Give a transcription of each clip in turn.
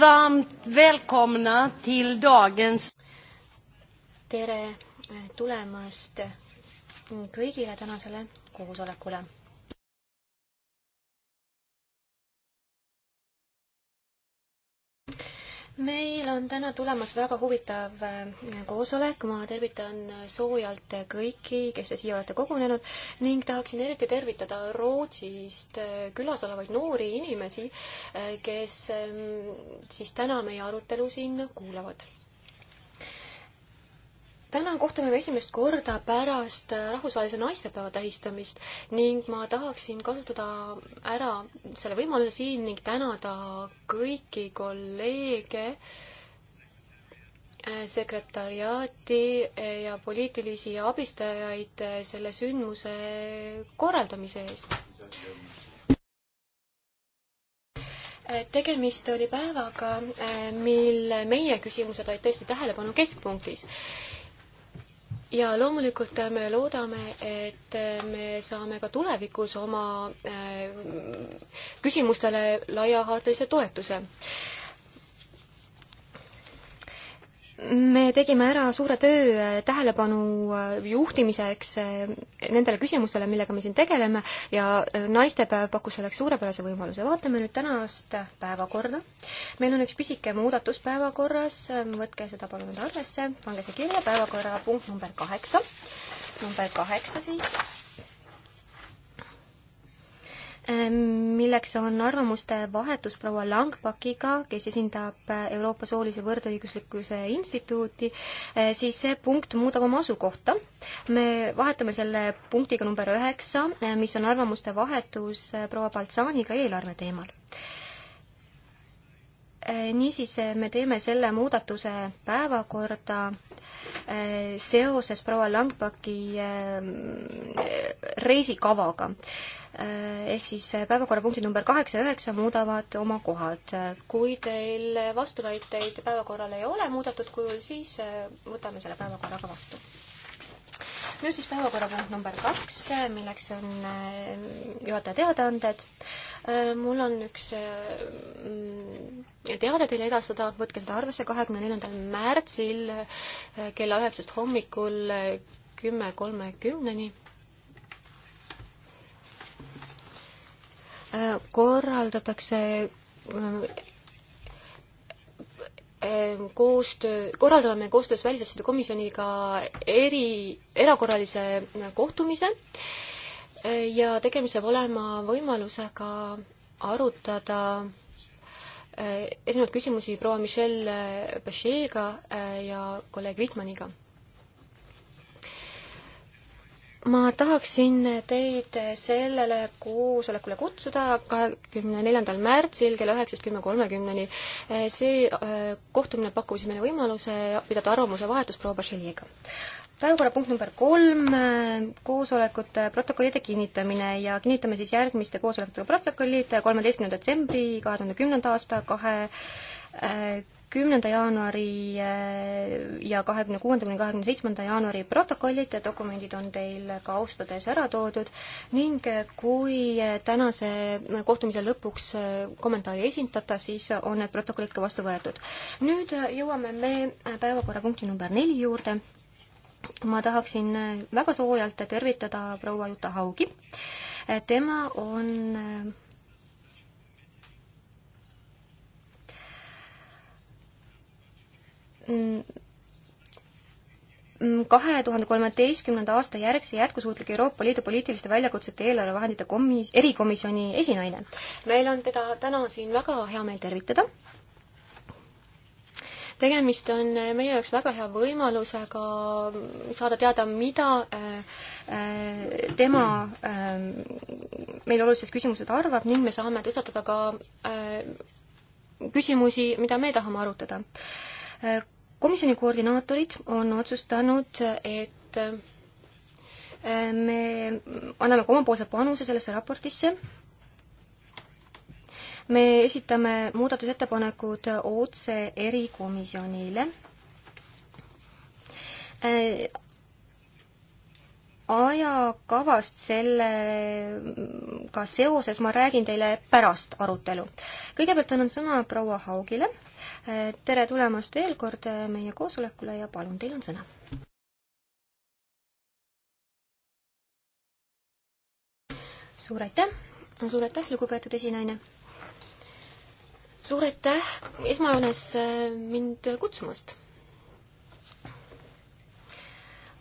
varmt välkomna till dagens... tere tulemast kõigile tänasele koosolekule meil on täna tulemas väga huvitav äh, koosolek, ma tervitan äh, soojalt äh, kõiki, kes te siia olete kogunenud ning tahaksin eriti tervitada Rootsist külas olevaid noori inimesi, kes ähm, siis täna meie arutelu siin kuulavad täna kohtume me esimest korda pärast äh, rahvusvahelise naistepäeva tähistamist ning ma tahaksin kasutada ära selle võimaluse siin ning tänada kõiki kolleege, äh, sekretariaati äh, ja poliitilisi abistajaid selle sündmuse korraldamise eest. tegemist oli päevaga, mil meie küsimused olid tõesti tähelepanu keskpunktis ja loomulikult äh, me loodame, et äh, me saame ka tulevikus oma äh, küsimustele laiahaardelise toetuse me tegime ära suure töö äh, tähelepanu äh, juhtimiseks äh, nendele küsimustele, millega me siin tegeleme ja naistepäev pakkus selleks suurepärase võimaluse. vaatame nüüd tänast päevakorda. meil on üks pisike muudatus päevakorras, võtke seda palun nüüd arvesse, pange see kirja, päevakorrapunkt number kaheksa, number kaheksa siis milleks on arvamuste vahetus proua Langbakiga, kes esindab eh, Euroopa Soolise Võrdõiguslikkuse Instituuti, eh, siis see punkt muudab oma asukohta. me vahetame selle punktiga number üheksa, eh, mis on arvamuste vahetus proua Baltsaaniga eelarve teemal. niisiis, me teeme selle muudatuse päevakorda seoses proua Langbaki reisikavaga Äh, ehk siis äh, päevakorrapunktid number kaheksa ja üheksa muudavad oma kohad. Äh, kui teil vastuväiteid päevakorrale ei ole muudetud kujul, siis võtame selle päevakorra ka vastu. nüüd siis päevakorrapunkt number kaks, milleks on juhataja teadaanded. mul on üks teade teile edastada, võtke seda arvesse, kahekümne neljandal märtsil kella üheksast hommikul kümme kolmekümneni korraldatakse äh, äh, koostöö, korraldame koostöös Välisasjade Komisjoniga eri, erakorralise äh, kohtumise ja tegemist saab olema võimalusega arutada erinevaid küsimusi proua Michelle Bachelga ja kolleeg Wittmanniga ma tahaksin teid sellele koosolekule kutsuda kahekümne neljandal märtsil kella üheksast kümme kolmekümneni. see äh, kohtumine pakkus meile võimaluse pidada arvamuse vahetust proua Bašiliga. päevakorrapunkt number kolm, äh, koosolekute protokollide kinnitamine ja kinnitame siis järgmiste koosolekutega protokollid kolmeteistkümnenda detsembri kahe tuhande kümnenda aasta kahe äh, kümnenda jaanuari eh, ja kahekümne kuuenda kuni kahekümne seitsmenda jaanuari protokollid ja dokumendid on teil ka austades ära toodud ning eh, kui eh, tänase kohtumise lõpuks kommentaari esitada, siis on need protokollid ka vastu võetud. nüüd jõuame me päevakorrapunkti number neli juurde ma tahaksin väga soojalt tervitada proua Juta Haugi. tema on kahe tuhande kolmeteistkümnenda aasta järgse jätkusuutliku Euroopa Liidu poliitiliste väljakutsete eelarvevahendite komi-, erikomisjoni esinaine. meil on teda täna siin väga hea meel tervitada. tegemist on eh, meie jaoks väga hea võimalusega saada teada, mida eh, eh, tema meile olulistes küsimused arvab ning me saame tõstatada ka küsimusi, mida me tahame arutada komisjoni koordinaatorid on otsustanud, et äh, me anname ka omapoolse panuse sellesse raportisse. me esitame muudatusettepanekud otse erikomisjonile äh, ajakavast sellega seoses ma räägin teile pärast arutelu. kõigepealt annan sõna proua Haugile tere tulemast veel kord meie koosolekule ja palun, teil on sõna. suur aitäh, suur aitäh, lugupeetud esinaine. suur aitäh esmajoones äh, mind kutsumast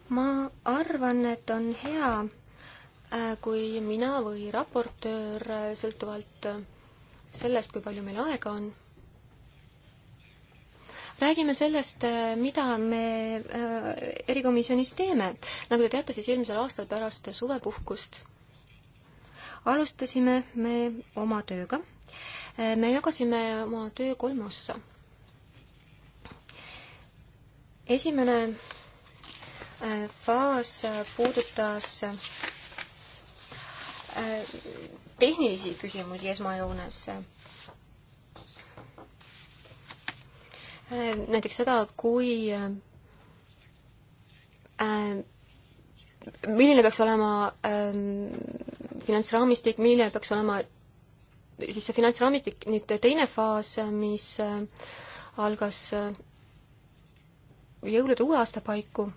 ma arvan, et on hea, äh, kui mina või raportöör, äh, sõltuvalt sellest, kui palju meil aega on, räägime sellest, äh, mida me äh, erikomisjonis teeme. nagu te teate, siis eelmisel aastal pärast suvepuhkust alustasime me oma tööga. Äh, me jagasime oma töö kolme ossa. esimene faas puudutas tehnilisi küsimusi esmajoones Äh, näiteks seda, kui äh, milline peaks olema ähm, finantsraamistik, milline peaks olema siis see finantsraamistik, nüüd teine faas, mis äh, algas jõulude uue aasta paiku,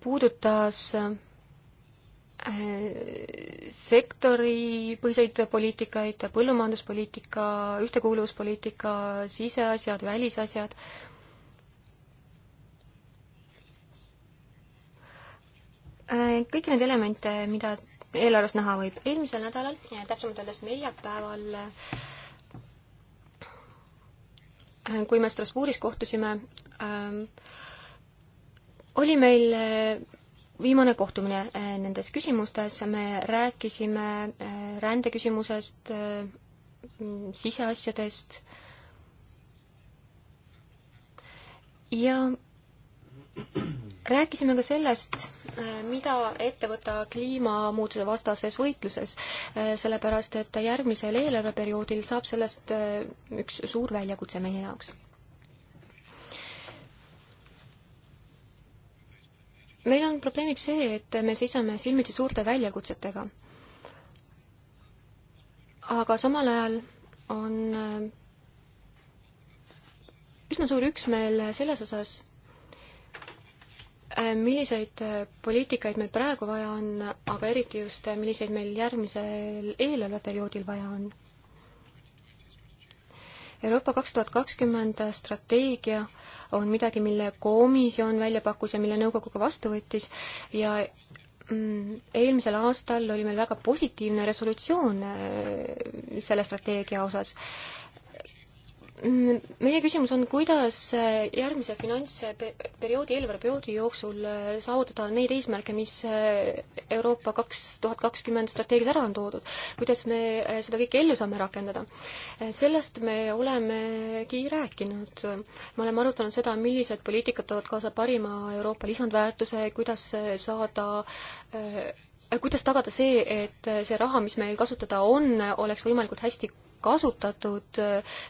puudutas äh, Äh, sektoripõhiseid poliitikaid, põllumajanduspoliitika, ühtekuuluvuspoliitika, siseasjad, välisasjad. Äh, kõiki neid elemente, mida eelarves näha võib. eelmisel nädalal, äh, täpsemalt öeldes neljapäeval, kui me Strasbourgis kohtusime, oli meil viimane kohtumine äh, nendes küsimustes, me rääkisime äh, rändeküsimusest, äh, siseasjadest ja rääkisime ka sellest, mida ette võtta kliimamuutuse vastases võitluses, sellepärast et järgmisel eelarveperioodil saab sellest üks suur väljakutse meie jaoks. meil on probleemiks see, et me seisame silmitsi suurte väljakutsetega. aga samal ajal on äh, üsna suur üksmeel selles osas, äh, milliseid äh, poliitikaid meil praegu vaja on, aga eriti just, milliseid meil järgmisel eelarveperioodil vaja on Euroopa kaks tuhat kakskümmend strateegia on midagi, mille komisjon välja pakkus ja mille nõukogu ka vastu võttis ja mm, eelmisel aastal oli meil väga positiivne resolutsioon äh, selle strateegia osas Mm, meie küsimus on, kuidas eh, järgmise finantsperioodi, eelarveperioodi jooksul eh, saavutada neid eesmärke, mis eh, Euroopa kaks tuhat kakskümmend strateegias ära on toodud, kuidas me seda kõike ellu saame rakendada. sellest me olemegi rääkinud. me oleme arutanud seda, millised poliitikad toovad kaasa parima Euroopa lisandväärtuse, kuidas saada kuidas tagada see, et see raha, mis meil kasutada on, oleks võimalikult hästi kasutatud,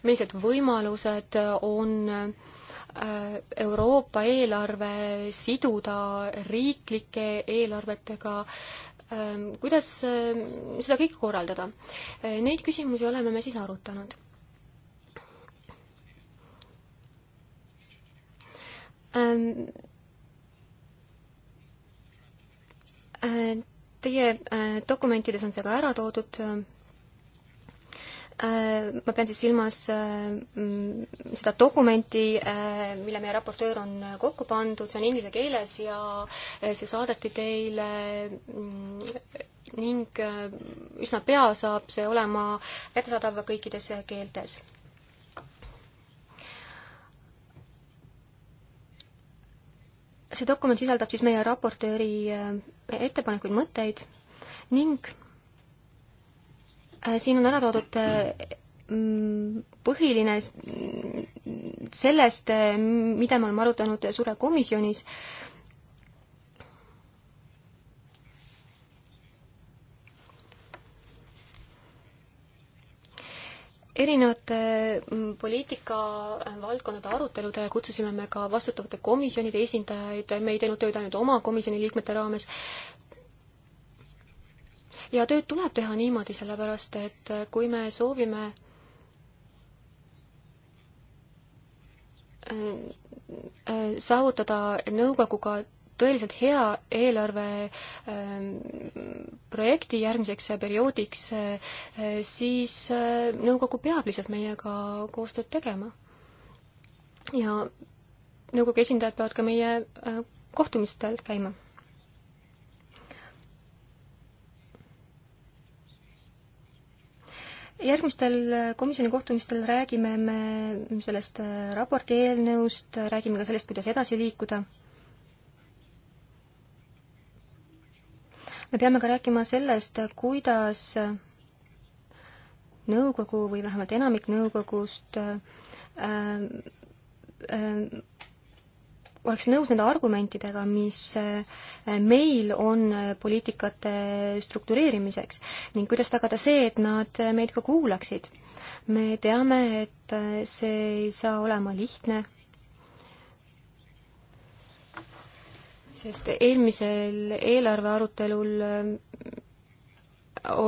millised võimalused on äh, Euroopa eelarve siduda riiklike eelarvetega, ähm, kuidas äh, seda kõike korraldada? Äh, neid küsimusi oleme me siis arutanud. Ähm, teie dokumentides on see ka ära toodud, Äh, ma pean siis silmas äh, mm, seda dokumenti, äh, mille meie raportöör on kokku pandud, see on inglise keeles ja see saadeti teile mm, ning üsna pea saab see olema kättesaadav kõikides keeltes. see dokument sisaldab siis meie raportööri ettepanekuid, mõtteid ning Äh, siin on ära toodud äh, põhiline sellest, äh, mida me oleme arutanud suure komisjonis, erinevate poliitikavaldkondade aruteludele kutsusime me ka vastutavate komisjonide esindajaid, me ei teinud tööd ainult oma komisjoni liikmete raames, ja tööd tuleb teha niimoodi, sellepärast et kui me soovime äh, äh, saavutada nõukoguga tõeliselt hea eelarve äh, projekti järgmiseks perioodiks, siis nõukogu peab lihtsalt meiega koostööd tegema. ja nõukogu esindajad peavad ka meie kohtumistel käima järgmistel komisjoni kohtumistel räägime me sellest äh, raporti eelnõust, räägime ka sellest, kuidas edasi liikuda. me peame ka rääkima sellest, kuidas nõukogu või vähemalt enamik nõukogust äh, äh, oleks nõus nende argumentidega, mis eh, meil on eh, poliitikate struktureerimiseks ning kuidas tagada see, et nad eh, meid ka kuulaksid. me teame, et see ei saa olema lihtne, sest eelmisel eelarve arutelul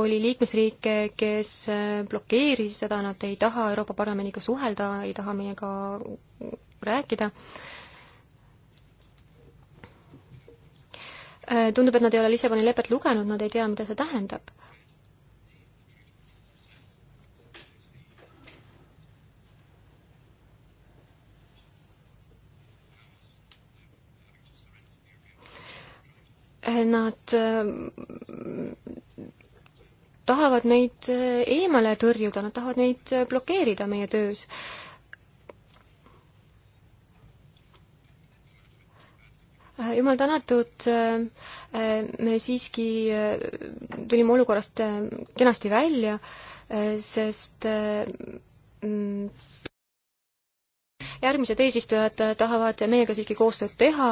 oli liikmesriike, kes blokeeris seda, nad ei taha Euroopa Parlamendiga suhelda, ei taha meiega rääkida Äh, tundub, et nad ei ole Lissaboni lepet lugenud, nad ei tea, mida see tähendab. Äh, nad äh, tahavad meid eemale tõrjuda, nad tahavad meid blokeerida meie töös Äh, jumal tänatud, äh, äh, me siiski tulime olukorrast kenasti välja, sest mm, järgmised eesistujad tahavad meiega siiski koostööd teha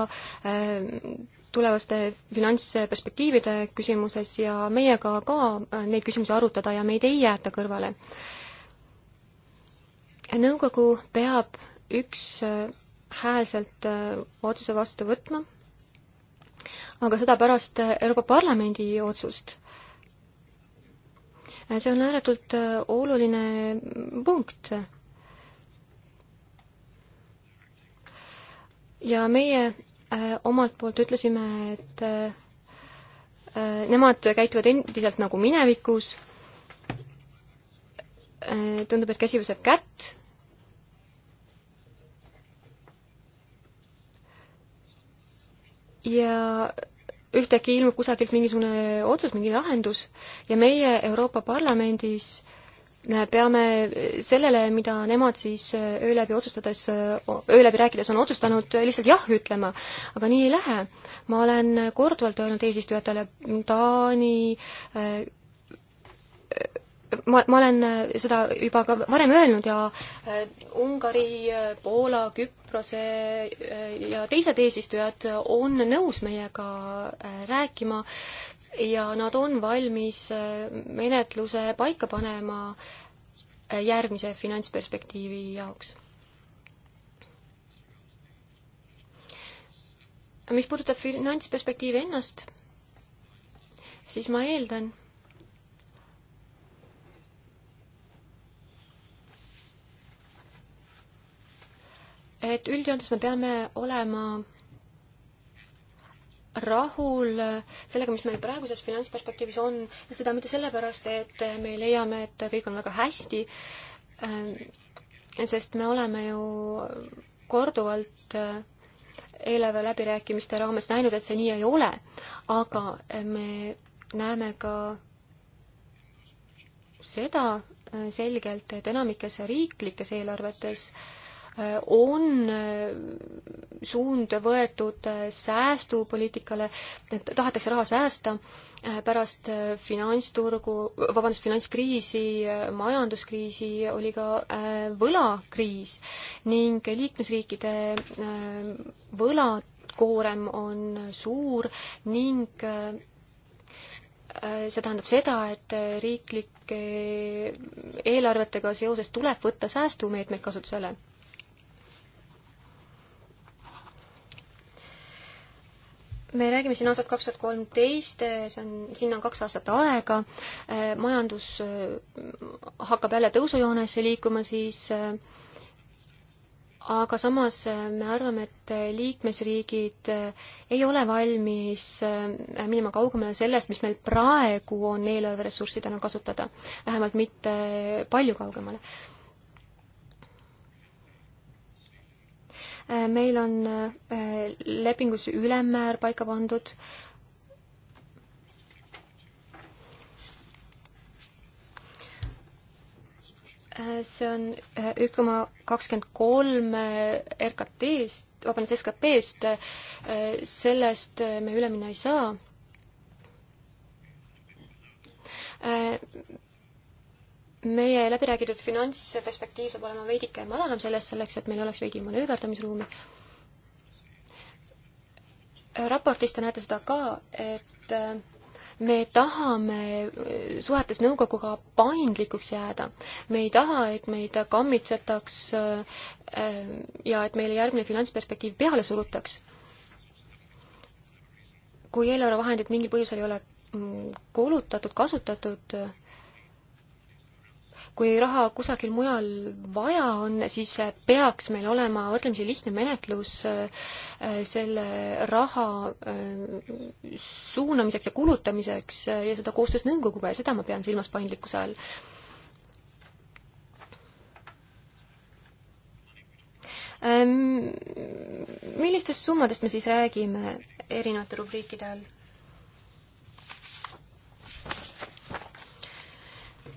tulevaste finantsperspektiivide küsimuses ja meiega ka neid küsimusi arutada ja meid ei jäeta kõrvale. nõukogu peab üks häälselt otsuse vastu võtma aga seda pärast Euroopa Parlamendi otsust. see on ääretult oluline punkt. ja meie äh, omalt poolt ütlesime, et äh, nemad käituvad endiselt nagu minevikus, äh, tundub, et käsi peseb kätt ja ühtäkki ilmub kusagilt mingisugune otsus, mingi lahendus ja meie Euroopa Parlamendis peame sellele, mida nemad siis äh, öö läbi otsustades, öö läbi rääkides on otsustanud, lihtsalt jah ütlema. aga nii ei lähe. ma olen korduvalt öelnud eesistujatele Taani äh, ma, ma olen äh, seda juba ka varem öelnud ja äh, Ungari, äh, Poola, Küprose ja teised eesistujad on nõus meiega rääkima ja nad on valmis menetluse paika panema järgmise finantsperspektiivi jaoks mis puudutab finantsperspektiivi ennast, siis ma eeldan, et üldjoontes me peame olema rahul sellega, mis meil praeguses finantsperspektiivis on, ja seda mitte sellepärast, et me leiame, et kõik on väga hästi, ähm, sest me oleme ju korduvalt äh, eelarve läbirääkimiste raames näinud, et see nii ei ole, aga me näeme ka seda äh, selgelt, et enamikes riiklikes eelarvetes äh, on suund võetud säästupoliitikale, et tahetakse raha säästa pärast finantsturgu, vabandust, finantskriisi, majanduskriisi oli ka äh, võlakriis ning liikmesriikide äh, võlakoorem on suur ning äh, see tähendab seda, et riiklike eelarvetega seoses tuleb võtta säästumeetmeid kasutusele me räägime siin aastast kaks tuhat kolmteist, see on, sinna on kaks aastat aega, majandus äh, hakkab jälle tõusujoonesse liikuma, siis äh, aga samas äh, me arvame, et liikmesriigid ei ole valmis minema kaugemale sellest, mis meil praegu on eelarveressurssidena kasutada, vähemalt mitte palju kaugemale Äh, meil on äh, lepingus ülemmäär paika pandud. Äh, see on üks koma kakskümmend kolm RKT-st, vabandust, SKP-st, sellest me üle minna ei saa meie läbi räägitud finantsperspektiiv saab olema veidike madalam sellest, selleks et meil oleks veidi manööverdamisruumi. raportis te näete seda ka, et äh, me tahame äh, suhetes nõukoguga paindlikuks jääda. me ei taha, et meid kammitsetaks äh, ja et meile järgmine finantsperspektiiv peale surutaks. kui eelarvevahendid mingil põhjusel ei ole mm, kulutatud, kasutatud, kui raha kusagil mujal vaja on, siis peaks meil olema võrdlemisi lihtne menetlus äh, selle raha äh, suunamiseks ja kulutamiseks ja seda koostöös nõukoguga ja seda ma pean silmas paindlikkuse all ähm, millistest summadest me siis räägime erinevate rubriikide all?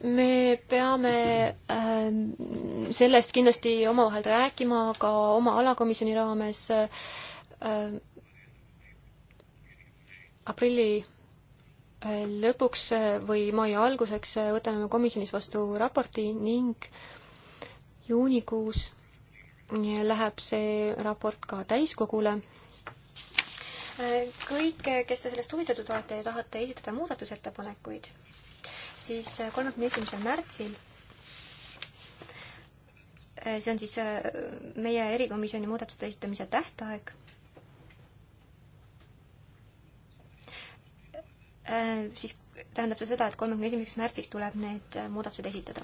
me peame äh, sellest kindlasti omavahel rääkima ka oma alakomisjoni raames äh, aprilli äh, lõpuks või mai alguseks võtame me komisjonis vastu raporti ning juunikuus läheb see raport ka täiskogule. kõik, kes te sellest huvitatud olete ja tahate esitada muudatusettepanekuid, siis äh, kolmekümne esimesel märtsil äh, see on siis äh, meie erikomisjoni muudatuste esitamise tähtaeg. siis tähendab see seda, et kolmekümne esimeseks märtsiks tuleb need muudatused esitada.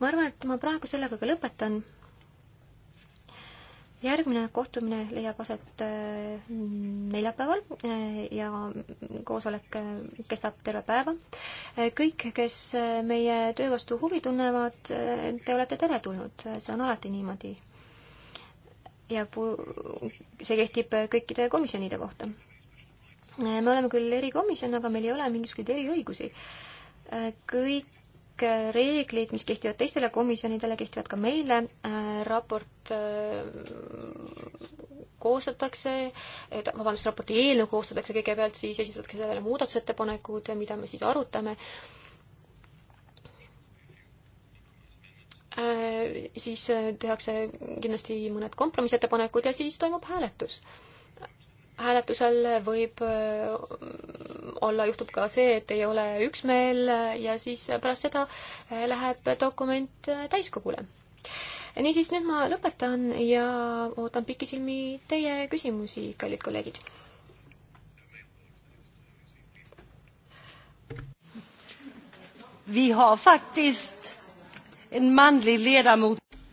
ma arvan, et ma praegu sellega ka lõpetan järgmine kohtumine leiab aset äh, neljapäeval äh, ja koosolek äh, kestab terve päeva. kõik, kes meie töö vastu huvi tunnevad, te olete teretulnud, see on alati niimoodi. ja pu-, see kehtib kõikide komisjonide kohta. me oleme küll erikomisjon, aga meil ei ole mingisuguseid eriõigusi. kõik reeglid, mis kehtivad teistele komisjonidele, kehtivad ka meile, äh, raport äh, koostatakse, vabandust, raporti eelnõu koostatakse kõigepealt, siis esitatakse sellele muudatusettepanekud, mida me siis arutame, äh, siis tehakse kindlasti mõned kompromissettepanekud ja siis toimub hääletus hääletusel võib äh, olla, juhtub ka see, et ei ole üksmeel ja siis pärast seda äh, läheb dokument äh, täiskogule. niisiis, nüüd ma lõpetan ja ootan pikisilmi teie küsimusi, kallid kolleegid.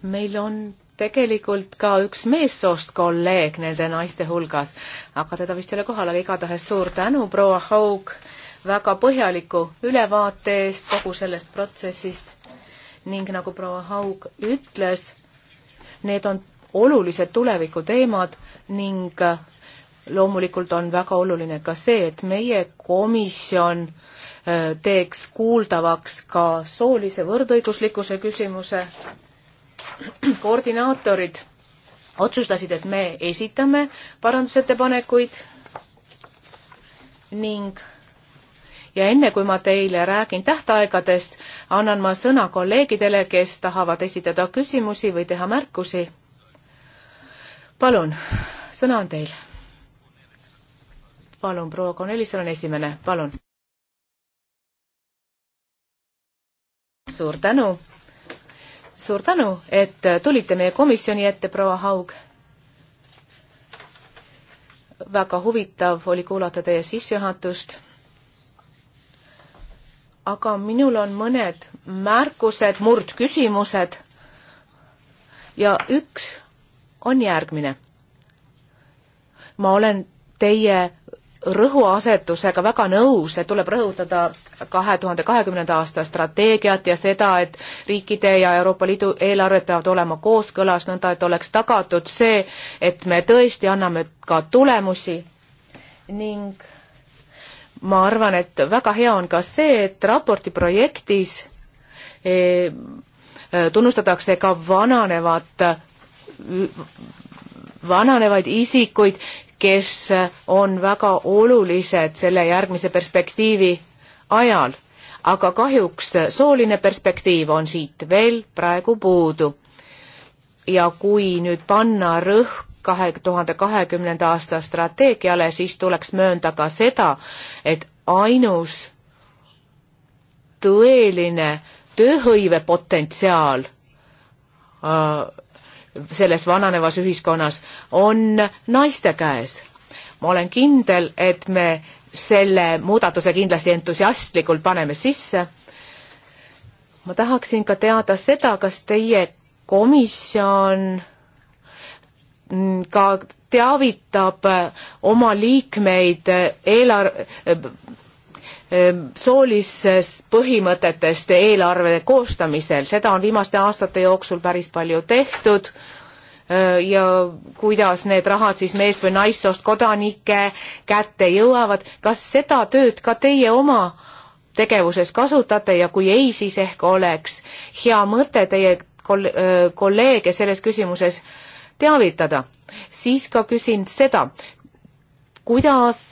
meil on tegelikult ka üks meessoost kolleeg nende naiste hulgas, aga teda vist ei ole kohal, aga igatahes suur tänu, proua Haug, väga põhjaliku ülevaate eest kogu sellest protsessist ning nagu proua Haug ütles, need on olulised tulevikuteemad ning loomulikult on väga oluline ka see, et meie komisjon äh, teeks kuuldavaks ka soolise võrdõiguslikkuse küsimuse koordinaatorid otsustasid, et me esitame parandusettepanekuid ning ja enne, kui ma teile räägin tähtaegadest, annan ma sõna kolleegidele, kes tahavad esitada küsimusi või teha märkusi. palun, sõna on teil. palun, proua Kornelisson on esimene, palun. suur tänu suur tänu, et tulite meie komisjoni ette, proua Haug. väga huvitav oli kuulata teie sissejuhatust. aga minul on mõned märkused, murdküsimused. ja üks on järgmine. ma olen teie rõhuasetusega väga nõus, et tuleb rõhutada kahe tuhande kahekümnenda aasta strateegiat ja seda, et riikide ja Euroopa Liidu eelarved peavad olema kooskõlas, nõnda et oleks tagatud see, et me tõesti anname ka tulemusi ning ma arvan, et väga hea on ka see, et raporti projektis e, tunnustatakse ka vananevat vananevaid isikuid kes on väga olulised selle järgmise perspektiivi ajal, aga kahjuks sooline perspektiiv on siit veel praegu puudu. ja kui nüüd panna rõhk kahe tuhande kahekümnenda aasta strateegiale, siis tuleks möönda ka seda, et ainus tõeline tööhõive potentsiaal äh, selles vananevas ühiskonnas on naiste käes. ma olen kindel, et me selle muudatuse kindlasti entusiastlikult paneme sisse. ma tahaksin ka teada seda, kas teie komisjon ka teavitab oma liikmeid eelar-, Ehm, soolistest põhimõtetest eelarve koostamisel, seda on viimaste aastate jooksul päris palju tehtud ehm, ja kuidas need rahad siis mees- või naissoost kodanike kätte jõuavad, kas seda tööd ka teie oma tegevuses kasutate ja kui ei, siis ehk oleks hea mõte teie kol-, ehm, kolleege selles küsimuses teavitada. siis ka küsin seda, kuidas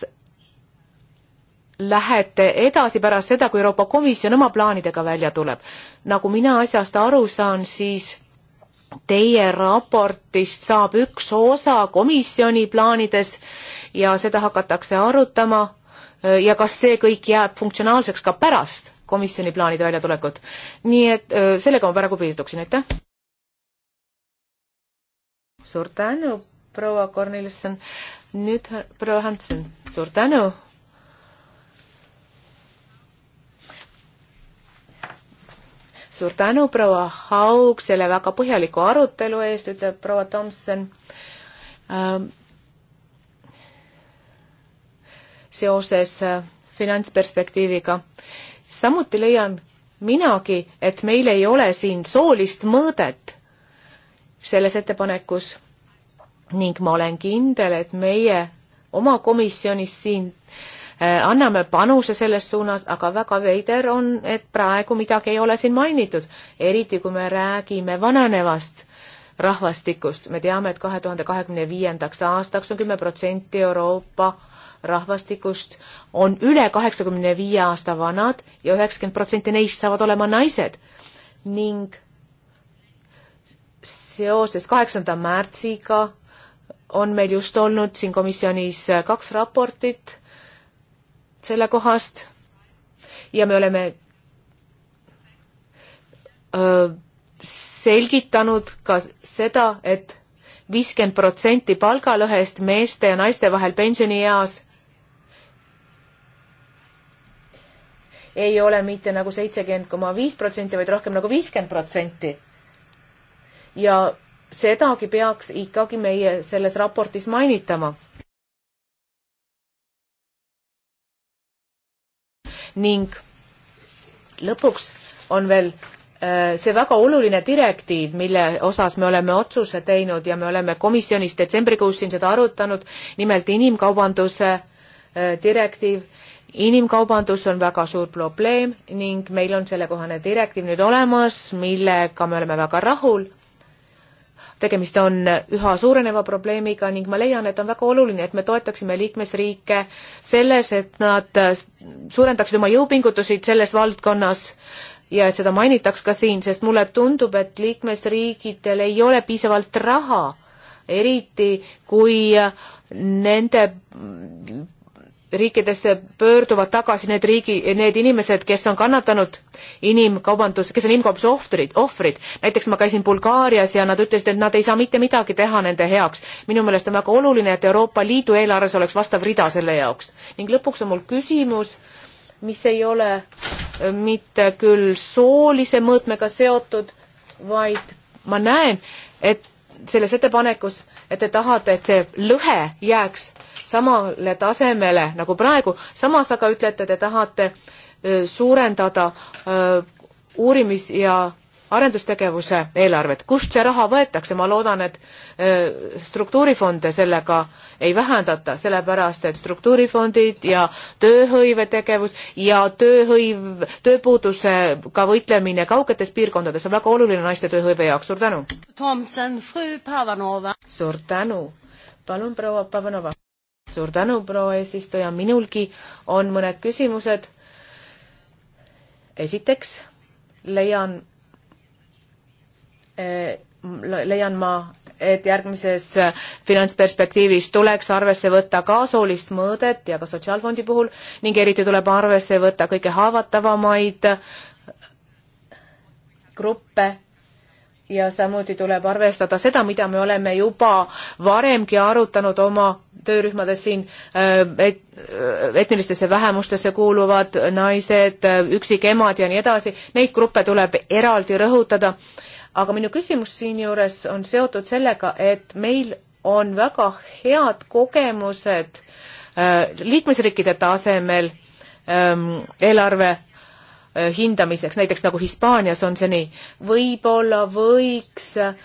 lähete edasi pärast seda, kui Euroopa Komisjon oma plaanidega välja tuleb. nagu mina asjast aru saan, siis teie raportist saab üks osa komisjoni plaanides ja seda hakatakse arutama ja kas see kõik jääb funktsionaalseks ka pärast komisjoni plaanide väljatulekut. nii et sellega ma praegu piirduksin, aitäh! suur tänu, proua Kornelisson. nüüd proua Hansen, suur tänu! suur tänu, proua Haug, selle väga põhjaliku arutelu eest, ütleb proua Tomson ähm,. seoses äh, finantsperspektiiviga. samuti leian minagi, et meil ei ole siin soolist mõõdet selles ettepanekus ning ma olen kindel, et meie oma komisjonis siin äh, Äh, anname panuse selles suunas, aga väga veider on, et praegu midagi ei ole siin mainitud, eriti kui me räägime vananevast rahvastikust. me teame, et kahe tuhande kahekümne viiendaks aastaks on kümme protsenti Euroopa rahvastikust on üle kaheksakümne viie aasta vanad ja üheksakümmend protsenti neist saavad olema naised ning seoses kaheksanda märtsiga on meil just olnud siin komisjonis kaks raportit selle kohast ja me oleme öö, selgitanud ka seda et, et viiskümmend protsenti palgalõhest meeste ja naiste vahel pensionieas ei ole mitte nagu seitsekümmend koma viis protsenti, vaid rohkem nagu viiskümmend protsenti. ja sedagi peaks ikkagi meie selles raportis mainitama ning lõpuks on veel äh, see väga oluline direktiiv, mille osas me oleme otsuse teinud ja me oleme komisjonis detsembrikuus siin seda arutanud, nimelt inimkaubanduse äh, direktiiv. inimkaubandus on väga suur probleem ning meil on sellekohane direktiiv nüüd olemas, millega me oleme väga rahul tegemist on üha suureneva probleemiga ning ma leian, et on väga oluline, et me toetaksime liikmesriike selles, et nad suurendaksid oma jõupingutusi selles valdkonnas ja et seda mainitaks ka siin, sest mulle tundub, et liikmesriikidel ei ole piisavalt raha, eriti kui nende riikidesse pöörduvad tagasi need riigi, need inimesed, kes on kannatanud inimkaubandus, kes on inimkaubanduse ohvrid, ohvrid. näiteks ma käisin Bulgaarias ja nad ütlesid, et nad ei saa mitte midagi teha nende heaks. minu meelest on väga oluline, et Euroopa Liidu eelarves oleks vastav rida selle jaoks. ning lõpuks on mul küsimus, mis ei ole äh, mitte küll soolise mõõtmega seotud, vaid ma näen, et selles ettepanekus et te tahate, et see lõhe jääks samale tasemele nagu praegu, samas aga ütlete, te tahate äh, suurendada äh, uurimis- ja arendustegevuse eelarvet, kust see raha võetakse, ma loodan, et äh, struktuurifonde sellega ei vähendata, sellepärast et struktuurifondid ja tööhõivetegevus ja tööhõiv, tööpuudusega võitlemine kaugetes piirkondades on väga oluline naiste tööhõive jaoks, suur tänu! suur tänu! palun, proua Pavanova! suur tänu, proua eesistuja, minulgi on mõned küsimused. esiteks leian Eh, leian ma, et järgmises eh, finantsperspektiivis tuleks arvesse võtta ka soolist mõõdet ja ka sotsiaalfondi puhul ning eriti tuleb arvesse võtta kõige haavatavamaid eh, gruppe ja samuti tuleb arvestada seda, mida me oleme juba varemgi arutanud oma töörühmades siin, et etnilistesse vähemustesse kuuluvad naised, üksikemad ja nii edasi, neid gruppe tuleb eraldi rõhutada aga minu küsimus siinjuures on seotud sellega, et meil on väga head kogemused äh, liikmesriikide tasemel ähm, eelarve äh, hindamiseks, näiteks nagu Hispaanias on see nii. võib-olla võiks äh,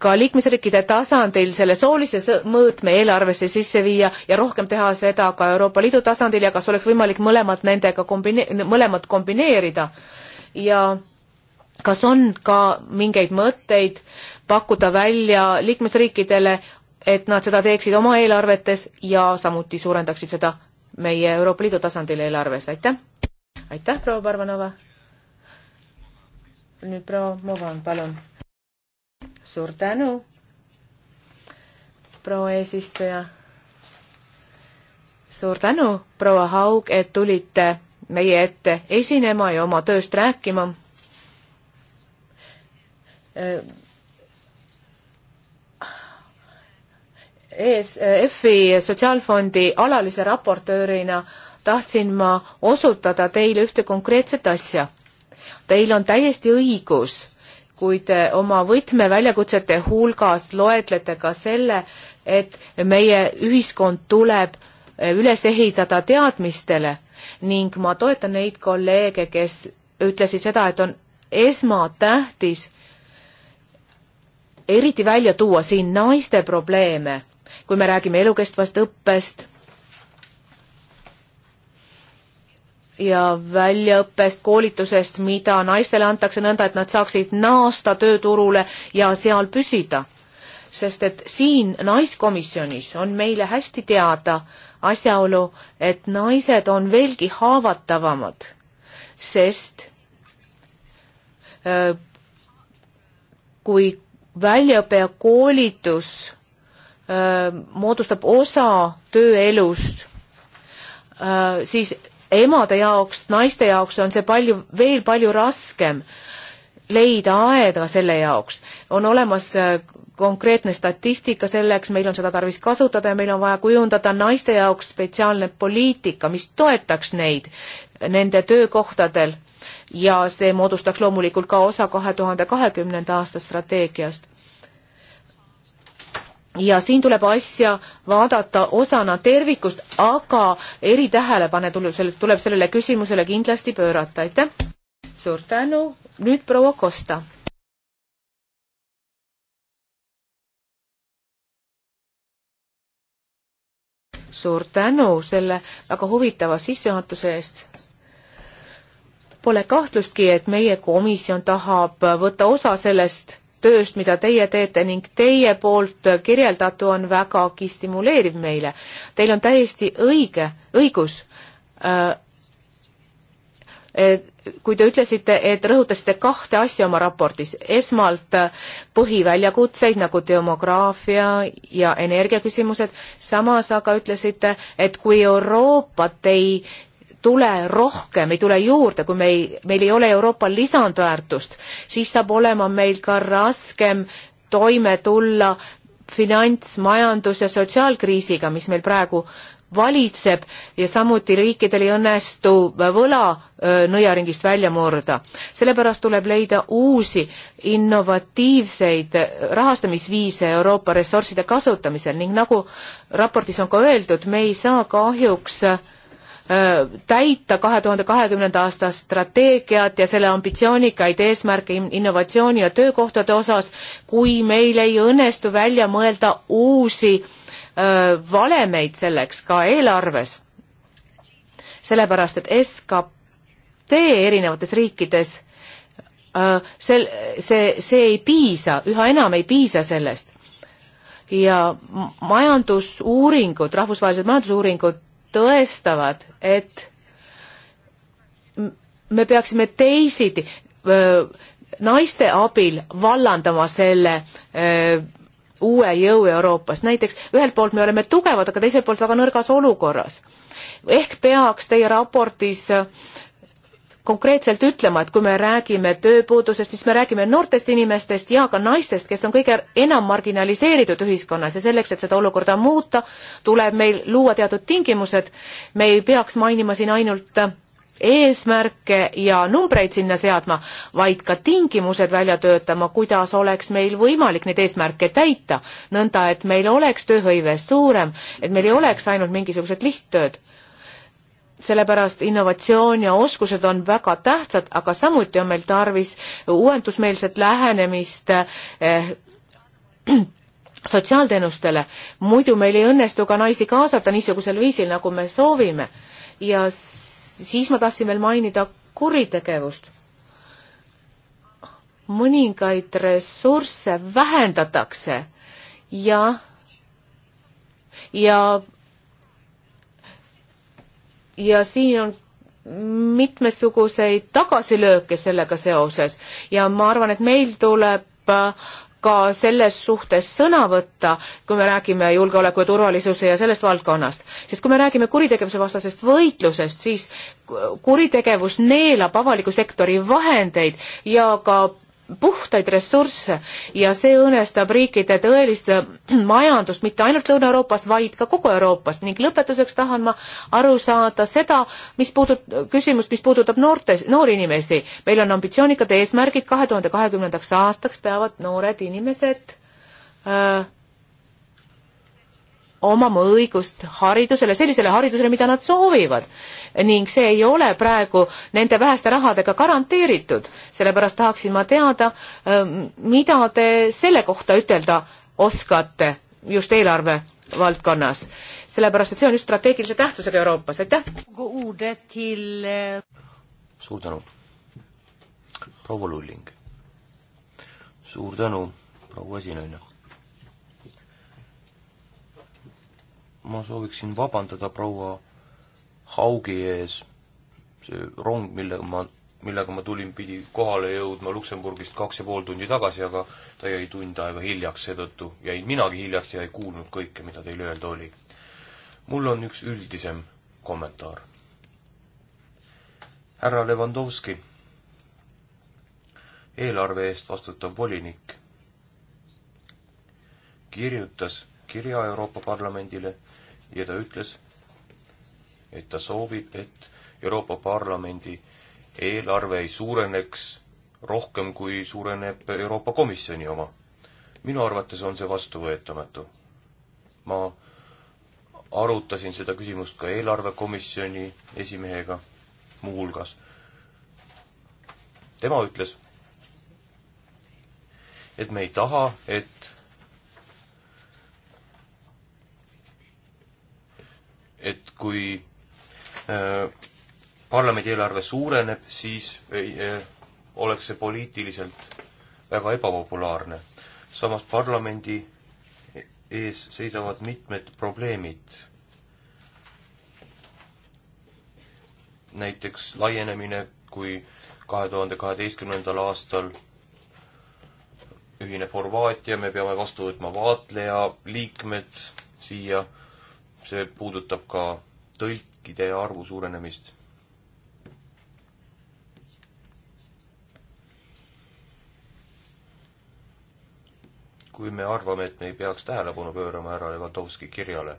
ka liikmesriikide tasandil selle soolise mõõtme eelarvesse sisse viia ja rohkem teha seda ka Euroopa Liidu tasandil ja kas oleks võimalik mõlemat nendega kombine-, mõlemat kombineerida ja äh, kas on ka mingeid mõtteid pakkuda välja liikmesriikidele, et nad seda teeksid oma eelarvetes ja samuti suurendaksid seda meie Euroopa Liidu tasandil eelarves, aitäh! aitäh, proua Parvanova! nüüd proua Movan, palun! suur tänu, proua eesistuja! suur tänu, proua Haug, et tulite meie ette esinema ja oma tööst rääkima Äh, ESF-i äh, sotsiaalfondi alalise raportöörina tahtsin ma osutada teile ühte konkreetset asja. Teil on täiesti õigus, kui te oma võtmeväljakutsete hulgas loetlete ka selle, et meie ühiskond tuleb äh, üles ehitada teadmistele ning ma toetan neid kolleege, kes ütlesid seda, et on esmatähtis eriti välja tuua siin naiste probleeme, kui me räägime elukestvast õppest ja väljaõppest, koolitusest, mida naistele antakse nõnda, et nad saaksid naasta tööturule ja seal püsida. sest et siin naiskomisjonis on meile hästi teada asjaolu, et naised on veelgi haavatavamad, sest öö, äh, kui väljaõpe ja koolitus öö, moodustab osa tööelust, siis emade jaoks, naiste jaoks on see palju, veel palju raskem leida aeda selle jaoks. on olemas äh, konkreetne statistika selleks, meil on seda tarvis kasutada ja meil on vaja kujundada naiste jaoks spetsiaalne poliitika, mis toetaks neid nende töökohtadel ja see moodustaks loomulikult ka osa kahe tuhande kahekümnenda aasta strateegiast ja siin tuleb asja vaadata osana tervikust, aga eritähelepanu tuleb, tuleb sellele küsimusele kindlasti pöörata, aitäh! suur tänu, nüüd proua Kosta. suur tänu selle väga huvitava sissejuhatuse eest. Pole kahtlustki, et meie komisjon tahab võtta osa sellest tööst, mida teie teete ning teie poolt kirjeldatu on vägagi stimuleeriv meile. Teil on täiesti õige, õigus äh,. Et kui te ütlesite, et rõhutasite kahte asja oma raportis, esmalt äh, põhiväljakutseid nagu demograafia ja energiaküsimused, samas aga ütlesite, et kui Euroopat ei tule rohkem, ei tule juurde, kui me ei, meil ei ole Euroopa lisandväärtust, siis saab olema meil ka raskem toime tulla finants, majandus ja sotsiaalkriisiga, mis meil praegu äh, valitseb ja samuti riikidel ei õnnestu võla nõiaringist välja murda. sellepärast tuleb leida uusi innovatiivseid rahastamisviise Euroopa ressursside kasutamisel ning nagu raportis on ka öeldud, me ei saa kahjuks täita kahe tuhande kahekümnenda aasta strateegiat ja selle ambitsioonikaid eesmärke innovatsiooni ja töökohtade osas, kui meil ei õnnestu välja mõelda uusi äh, valemeid selleks ka eelarves, sellepärast et SKT erinevates riikides sel-, see, see ei piisa, üha enam ei piisa sellest. ja majandusuuringud, rahvusvahelised majandusuuringud tõestavad, et me peaksime teisiti naiste abil vallandama selle öö, uue jõu Euroopas. näiteks ühelt poolt me oleme tugevad, aga teiselt poolt väga nõrgas olukorras. ehk peaks teie raportis äh, konkreetselt ütlema, et kui me räägime tööpuudusest, siis me räägime noortest inimestest ja ka naistest, kes on kõige enam marginaliseeritud ühiskonnas ja selleks, et seda olukorda muuta, tuleb meil luua teatud tingimused. me ei peaks mainima siin ainult äh, eesmärke ja numbreid sinna seadma, vaid ka tingimused välja töötama, kuidas oleks meil võimalik neid eesmärke täita, nõnda et meil oleks tööhõive suurem, et meil ei oleks ainult mingisugused lihttööd. sellepärast innovatsioon ja oskused on väga tähtsad, aga samuti on meil tarvis uuendusmeelset lähenemist eh, sotsiaalteenustele, muidu meil ei õnnestu ka naisi kaasata niisugusel viisil, nagu me soovime ja siis ma tahtsin veel mainida kuritegevust. mõningaid ressursse vähendatakse ja, ja, ja siin on mitmesuguseid tagasilööke sellega seoses ja ma arvan, et meil tuleb äh, ka selles suhtes sõna võtta, kui me räägime julgeoleku ja turvalisuse ja sellest valdkonnast. sest kui me räägime kuritegevuse vastasest võitlusest, siis kuritegevus neelab avaliku sektori vahendeid ja ka puhtaid ressursse ja see õõnestab riikide tõelist majandust mitte ainult Lõuna-Euroopas, vaid ka kogu Euroopas ning lõpetuseks tahan ma aru saada seda, mis puudut-, küsimust, mis puudutab noorte, noori inimesi. meil on ambitsioonikad eesmärgid, kahe tuhande kahekümnendaks aastaks peavad noored inimesed öö, äh, omama õigust haridusele, sellisele haridusele, mida nad soovivad. ning see ei ole praegu nende väheste rahadega garanteeritud, sellepärast tahaksin ma teada, ähm, mida te selle kohta ütelda oskate just eelarve valdkonnas, sellepärast et see on just strateegilise tähtsusega Euroopas, aitäh! Äh, suur tänu! proua Lulling. suur tänu, proua esinaine ma sooviksin vabandada proua Haugi ees, see rong, millega ma, millega ma tulin, pidi kohale jõudma Luksemburgist kaks ja pool tundi tagasi, aga ta jäi tund aega hiljaks, seetõttu jäin minagi hiljaks ja ei kuulnud kõike, mida teil öelda oli. mul on üks üldisem kommentaar. härra Levandovski, eelarve eest vastutav volinik, kirjutas kirja Euroopa Parlamendile ja ta ütles, et ta soovib, et Euroopa Parlamendi eelarve ei suureneks rohkem, kui suureneb Euroopa Komisjoni oma. minu arvates on see vastuvõetamatu. ma arutasin seda küsimust ka eelarvekomisjoni esimehega muuhulgas. tema ütles, et me ei taha, et et kui äh, parlamendi eelarve suureneb, siis ei, äh, oleks see poliitiliselt väga ebapopulaarne. samas parlamendi ees seisavad mitmed probleemid. näiteks laienemine, kui kahe tuhande kaheteistkümnendal aastal ühineb Horvaatia, me peame vastu võtma vaatleja liikmed siia see puudutab ka tõlkide arvu suurenemist. kui me arvame, et me ei peaks tähelepanu pöörama härra Levanovski kirjale,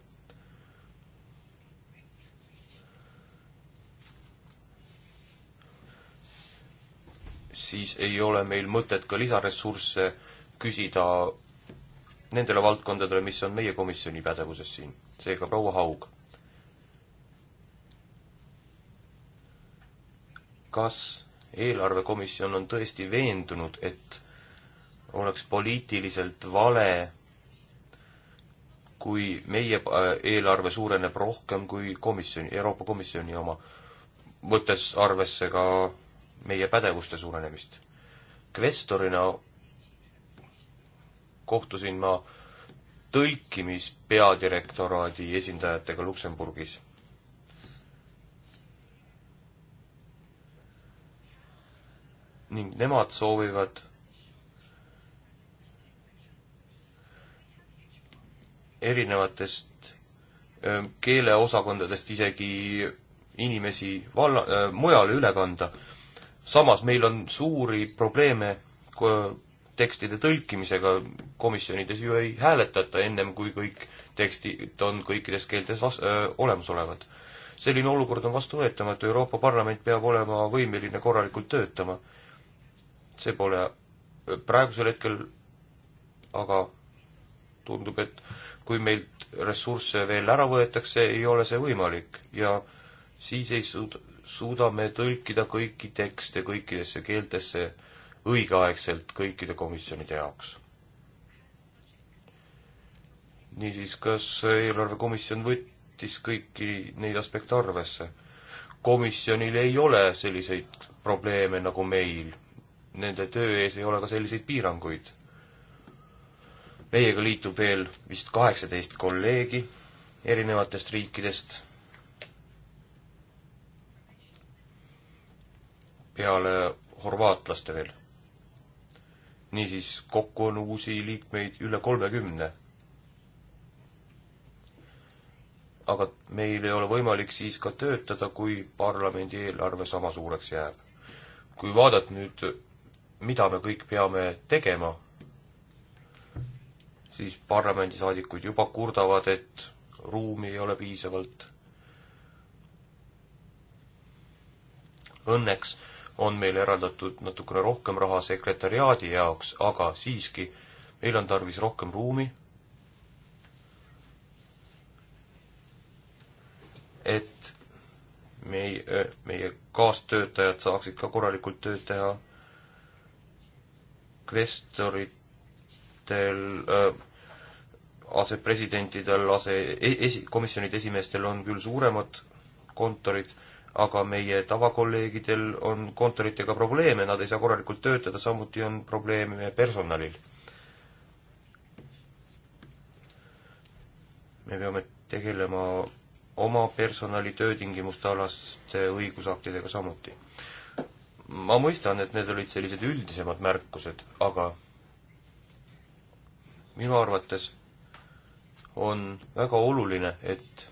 siis ei ole meil mõtet ka lisaressursse küsida nendele valdkondadele, mis on meie komisjoni pädevuses siin. seega proua Haug. kas eelarvekomisjon on tõesti veendunud, et oleks poliitiliselt vale, kui meie äh, eelarve suureneb rohkem kui komisjoni, Euroopa Komisjoni oma, võttes arvesse ka meie pädevuste suurenemist. kvestorina kohtusin ma tõlkimispeadirektoraadi esindajatega Luksemburgis. ning nemad soovivad erinevatest keeleosakondadest isegi inimesi valla, mujale üle kanda. samas meil on suuri probleeme tekstide tõlkimisega komisjonides ju ei hääletata ennem, kui kõik tekstid on kõikides keeltes vas-, öö, olemasolevad. selline olukord on vastuvõetamatu, Euroopa Parlament peab olema võimeline korralikult töötama. see pole praegusel hetkel aga tundub, et kui meilt ressursse veel ära võetakse, ei ole see võimalik ja siis ei suuda, suuda me tõlkida kõiki tekste kõikidesse keeltesse õigeaegselt kõikide komisjonide jaoks. niisiis, kas eelarvekomisjon võttis kõiki neid aspekte arvesse? komisjonil ei ole selliseid probleeme nagu meil. Nende töö ees ei ole ka selliseid piiranguid. meiega liitub veel vist kaheksateist kolleegi erinevatest riikidest. peale horvaatlaste veel niisiis, kokku on uusi liikmeid üle kolmekümne. aga meil ei ole võimalik siis ka töötada, kui parlamendi eelarve sama suureks jääb. kui vaadata nüüd, mida me kõik peame tegema, siis parlamendisaadikud juba kurdavad, et ruumi ei ole piisavalt. Õnneks on meil eraldatud natukene rohkem raha sekretäriaadi jaoks, aga siiski meil on tarvis rohkem ruumi. et meie, meie kaastöötajad saaksid ka korralikult tööd teha. kvestoritel äh,, asepresidentidel, ase, e-, esi-, komisjonide esimeestel on küll suuremad kontorid aga meie tavakolleegidel on kontoritega probleeme, nad ei saa korralikult töötada, samuti on probleeme personalil. me peame tegelema oma personali töötingimuste alaste õigusaktidega samuti. ma mõistan, et need olid sellised üldisemad märkused, aga minu arvates on väga oluline, et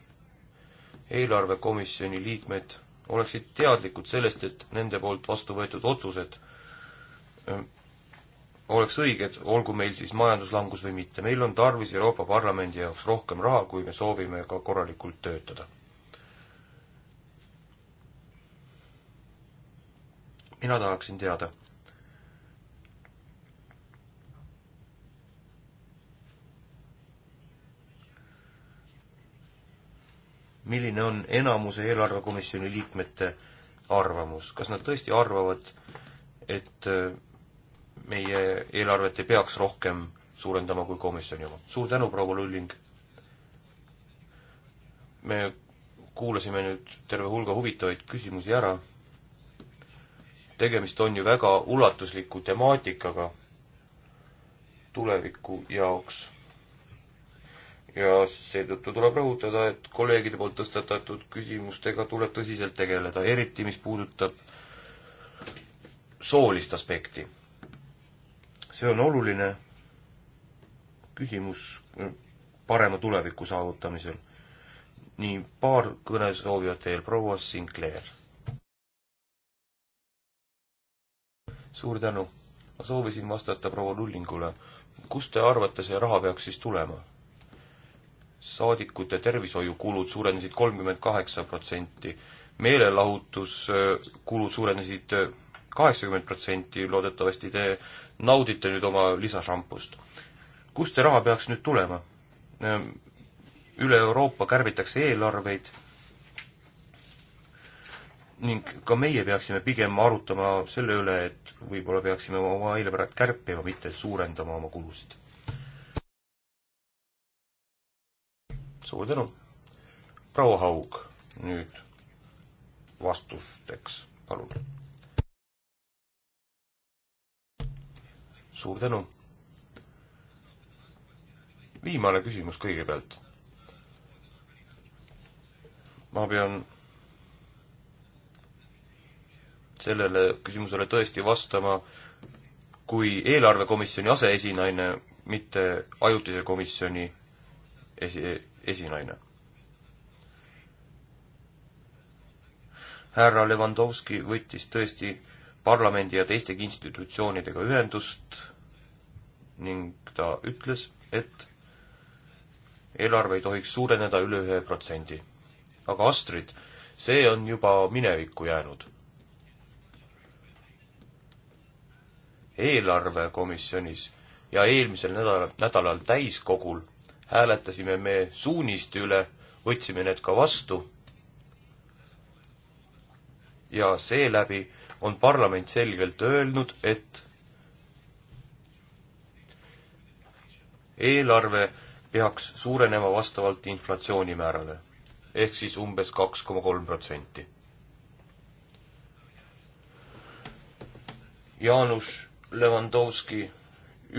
eelarvekomisjoni liikmed oleksid teadlikud sellest, et nende poolt vastu võetud otsused oleks õiged, olgu meil siis majanduslangus või mitte. meil on tarvis Euroopa Parlamendi jaoks rohkem raha, kui me soovime ka korralikult töötada. mina tahaksin teada milline on enamuse eelarvekomisjoni liikmete arvamus, kas nad tõesti arvavad, et äh, meie eelarvet ei peaks rohkem suurendama kui komisjoni oma. suur tänu, proua Lulling! me kuulasime nüüd terve hulga huvitavaid küsimusi ära. tegemist on ju väga ulatusliku temaatikaga tuleviku jaoks ja seetõttu tuleb rõhutada, et kolleegide poolt tõstatatud küsimustega tuleb tõsiselt tegeleda, eriti mis puudutab soolist aspekti. see on oluline küsimus parema tuleviku saavutamisel. nii, paar kõne soovivad veel, proua Sinclair. suur tänu. ma soovisin vastata proua Lullingule. kust te arvate, see raha peaks siis tulema? saadikute tervishoiukulud suurenesid kolmkümmend kaheksa protsenti, meelelahutuskulud suurenesid kaheksakümmend protsenti, loodetavasti te naudite nüüd oma lisašampust. kust see raha peaks nüüd tulema? üle Euroopa kärbitakse eelarveid ning ka meie peaksime pigem arutama selle üle, et võib-olla peaksime oma eelarvet kärpima, mitte suurendama oma kulusid suur tänu. proua Haug, nüüd vastusteks, palun. suur tänu. viimane küsimus kõigepealt. ma pean sellele küsimusele tõesti vastama kui eelarvekomisjoni aseesinaine, mitte ajutise komisjoni esi-, esinaine. härra Levandovski võttis tõesti parlamendi ja teistegi institutsioonidega ühendust ning ta ütles, et eelarve ei tohiks suureneda üle ühe protsendi. aga Astrid, see on juba minevikku jäänud. eelarvekomisjonis ja eelmisel nädalal, nädalal täiskogul hääletasime me suuniste üle, võtsime need ka vastu. ja seeläbi on parlament selgelt öelnud, et eelarve peaks suurenema vastavalt inflatsioonimäärale ehk siis umbes kaks koma kolm protsenti. Jaanus Levandovski,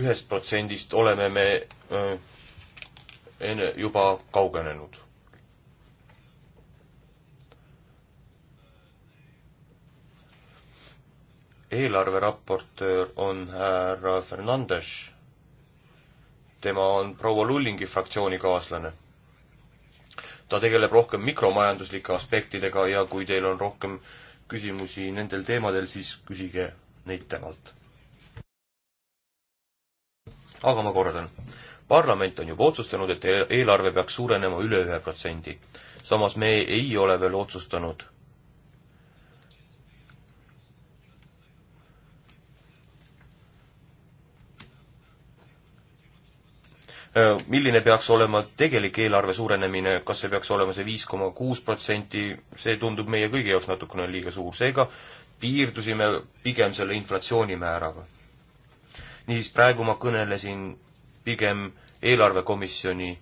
ühest protsendist oleme me öö, enne juba kaugenenud. eelarveraportöör on härra Fernandes. tema on proua Lullingi fraktsioonikaaslane. ta tegeleb rohkem mikromajanduslike aspektidega ja kui teil on rohkem küsimusi nendel teemadel, siis küsige neid temalt. aga ma kordan parlament on juba otsustanud, et e-, eelarve peaks suurenema üle ühe protsendi. samas me ei ole veel otsustanud, äh, milline peaks olema tegelik eelarve suurenemine, kas see peaks olema see viis koma kuus protsenti, see tundub meie kõigi jaoks natukene liiga suur, seega piirdusime pigem selle inflatsioonimääraga. niisiis, praegu ma kõnelesin pigem eelarvekomisjoni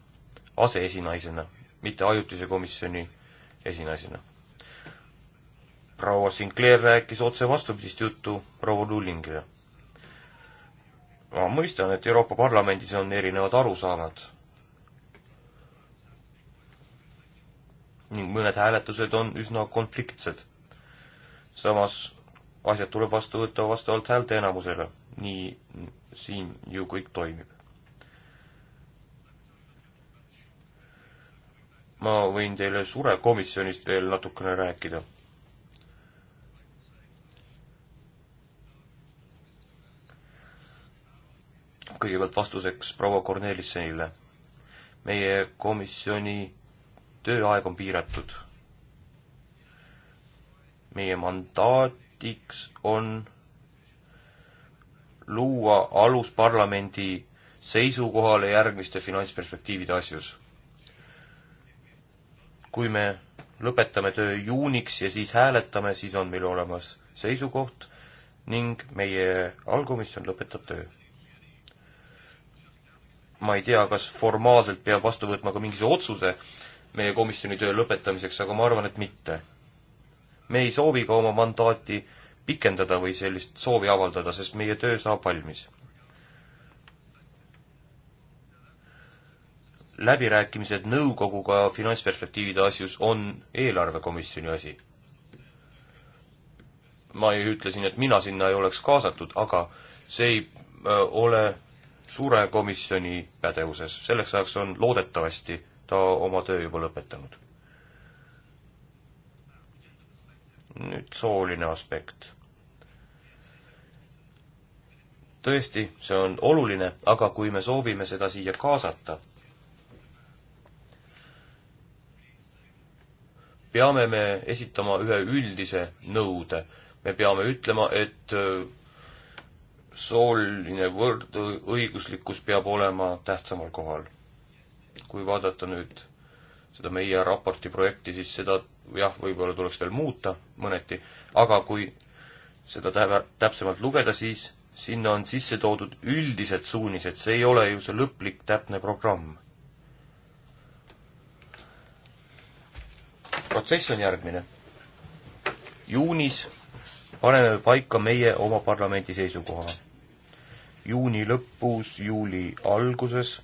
aseesinaisena, mitte ajutise komisjoni esinaisena. proua Sinclair rääkis otse vastupidist juttu proua Lullingile. ma mõistan, et Euroopa Parlamendis on erinevad arusaamad. ning mõned hääletused on üsna konfliktsed. samas asjad tuleb vastu võtta vastavalt häälteenamusele, nii siin ju kõik toimib. ma võin teile surekomisjonist veel natukene rääkida. kõigepealt vastuseks proua Kornelissenile. meie komisjoni tööaeg on piiratud. meie mandaatiks on luua alus parlamendi seisukohale järgmiste finantsperspektiivide asjus kui me lõpetame töö juuniks ja siis hääletame, siis on meil olemas seisukoht ning meie allkomisjon lõpetab töö. ma ei tea, kas formaalselt peab vastu võtma ka mingisuguse otsuse meie komisjoni töö lõpetamiseks, aga ma arvan, et mitte. me ei soovi ka oma mandaati pikendada või sellist soovi avaldada, sest meie töö saab valmis läbirääkimised nõukoguga finantsperspektiivide asjus on eelarvekomisjoni asi. ma ju ütlesin, et mina sinna ei oleks kaasatud, aga see ei ole suure komisjoni pädevuses, selleks ajaks on loodetavasti ta oma töö juba lõpetanud. nüüd sooline aspekt tõesti, see on oluline, aga kui me soovime seda siia kaasata, peame me esitama ühe üldise nõude. me peame ütlema, et äh, sooline võrdõiguslikkus peab olema tähtsamal kohal. kui vaadata nüüd seda meie raporti projekti, siis seda jah, võib-olla tuleks veel muuta mõneti, aga kui seda täpsemalt lugeda, siis sinna on sisse toodud üldised suunised, see ei ole ju see lõplik täpne programm protsess on järgmine. juunis paneme paika meie oma parlamendi seisukoha. juuni lõpus, juuli alguses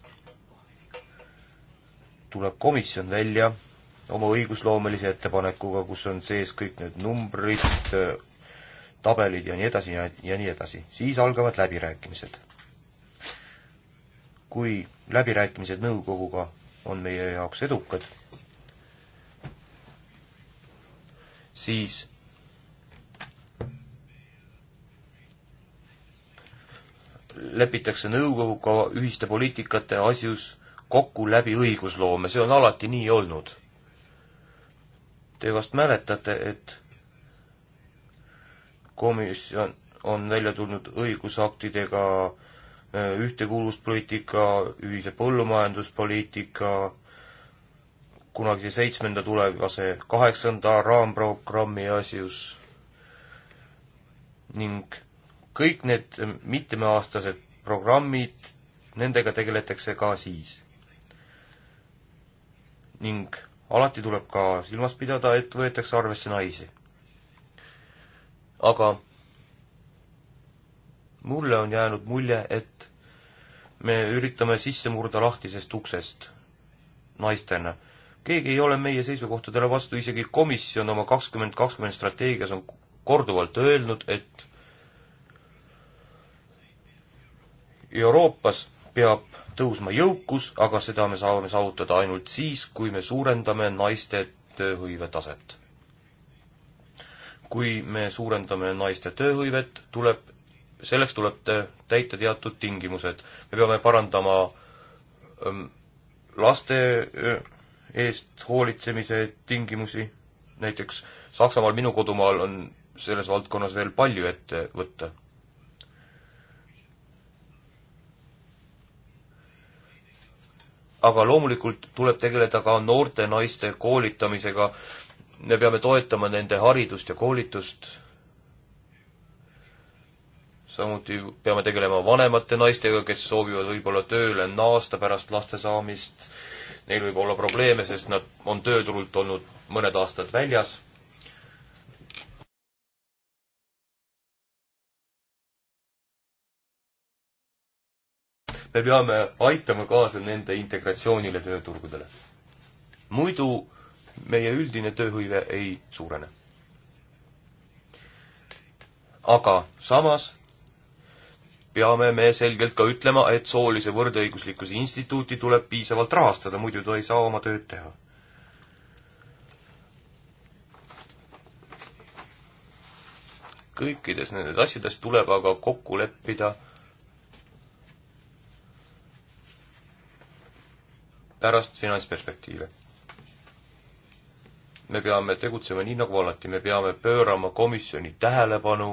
tuleb komisjon välja oma õigusloomelise ettepanekuga, kus on sees kõik need numbrid, tabelid ja nii edasi ja, ja nii edasi. siis algavad läbirääkimised. kui läbirääkimised nõukoguga on meie jaoks edukad, siis lepitakse nõukoguga ühiste poliitikate asjus kokku läbi õigusloome, see on alati nii olnud. Te vast mäletate, et komisjon on välja tulnud õigusaktidega ühtekuuluvuspoliitika, ühise põllumajanduspoliitika, kunagi seitsmenda tulevase kaheksanda raamprogrammi asjus ning kõik need mitmeaastased programmid, nendega tegeletakse ka siis. ning alati tuleb ka silmas pidada, et võetakse arvesse naisi. aga mulle on jäänud mulje, et me üritame sisse murda lahtisest uksest naistena keegi ei ole meie seisukohtadele vastu, isegi komisjon oma kakskümmend kakskümmend strateegias on korduvalt öelnud, et Euroopas peab tõusma jõukus, aga seda me saame saavutada ainult siis, kui me suurendame naiste tööhõive taset. kui me suurendame naiste tööhõivet, tuleb, selleks tuleb täita teatud tingimused. me peame parandama ähm, laste öö, äh, eest hoolitsemise tingimusi, näiteks Saksamaal, minu kodumaal, on selles valdkonnas veel palju ette võtta. aga loomulikult tuleb tegeleda ka noorte naiste koolitamisega, me peame toetama nende haridust ja koolitust, samuti peame tegelema vanemate naistega, kes soovivad võib-olla tööle naasta pärast laste saamist, neil võib olla probleeme, sest nad on tööturult olnud mõned aastad väljas. me peame aitama kaasa nende integratsioonile tööturgudele. muidu meie üldine tööhõive ei suurene. aga samas peame me selgelt ka ütlema, et soolise võrdõiguslikkuse instituuti tuleb piisavalt rahastada, muidu ta ei saa oma tööd teha. kõikides nendes asjades tuleb aga kokku leppida pärast finantsperspektiive. me peame tegutsema nii nagu alati, me peame pöörama komisjoni tähelepanu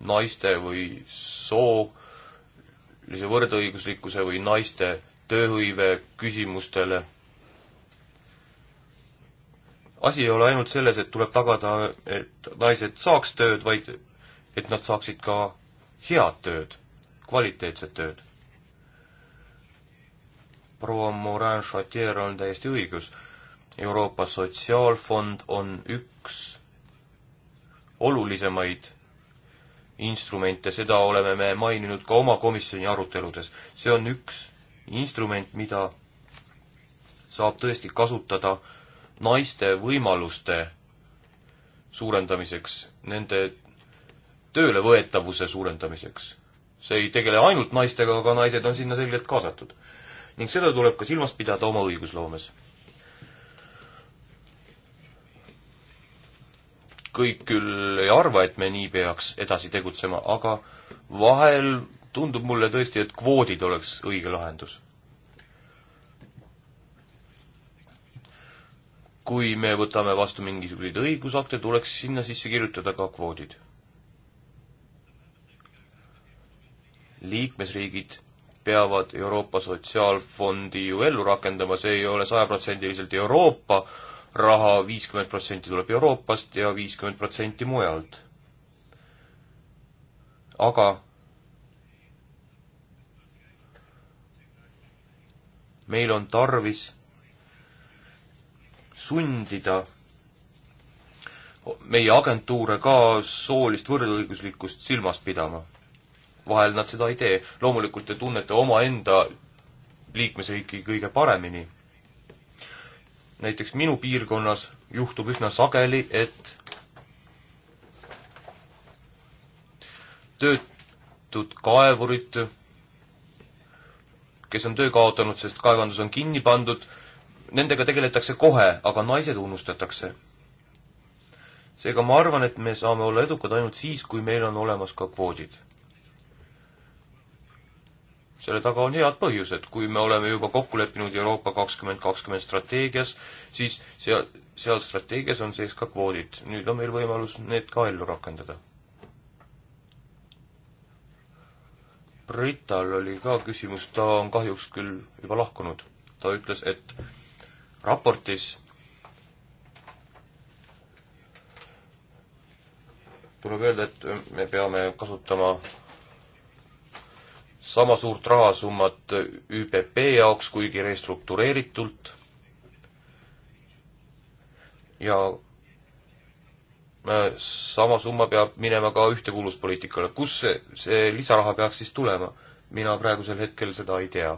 naiste või soolise võrdõiguslikkuse või naiste tööhõive küsimustele. asi ei ole ainult selles, et tuleb tagada, et naised saaks tööd, vaid et nad saaksid ka head tööd, kvaliteetset tööd. proua Morin Chatier on täiesti õigus. Euroopa Sotsiaalfond on üks olulisemaid instrumente, seda oleme me maininud ka oma komisjoni aruteludes. see on üks instrument, mida saab tõesti kasutada naiste võimaluste suurendamiseks, nende töölevõetavuse suurendamiseks. see ei tegele ainult naistega, aga naised on sinna selgelt kaasatud. ning seda tuleb ka silmas pidada oma õigusloomes kõik küll ei arva, et me nii peaks edasi tegutsema, aga vahel tundub mulle tõesti, et kvoodid oleks õige lahendus. kui me võtame vastu mingisuguseid õigusakte, tuleks sinna sisse kirjutada ka kvoodid. liikmesriigid peavad Euroopa Sotsiaalfondi ju ellu rakendama, see ei ole sajaprotsendiliselt Euroopa äh, raha viiskümmend protsenti tuleb Euroopast ja viiskümmend protsenti mujalt. aga meil on tarvis sundida meie agentuure ka soolist võrdõiguslikkust silmas pidama. vahel nad seda ei tee, loomulikult te tunnete omaenda liikmesriiki kõige paremini näiteks minu piirkonnas juhtub üsna sageli, et töötud kaevurid, kes on töö kaotanud, sest kaevandus on kinni pandud, nendega tegeletakse kohe, aga naised unustatakse. seega ma arvan, et me saame olla edukad ainult siis, kui meil on olemas ka kvoodid selle taga on head põhjused, kui me oleme juba kokku leppinud Euroopa kakskümmend kakskümmend strateegias, siis seal, seal strateegias on sees ka kvoodid, nüüd on meil võimalus need ka ellu rakendada. Brital oli ka küsimus, ta on kahjuks küll juba lahkunud, ta ütles, et raportis tuleb öelda, et me peame kasutama sama suurt rahasummat ÜPP jaoks, kuigi restruktureeritult. ja äh, sama summa peab minema ka ühtekuuluvuspoliitikale. kus see, see lisaraha peaks siis tulema? mina praegusel hetkel seda ei tea.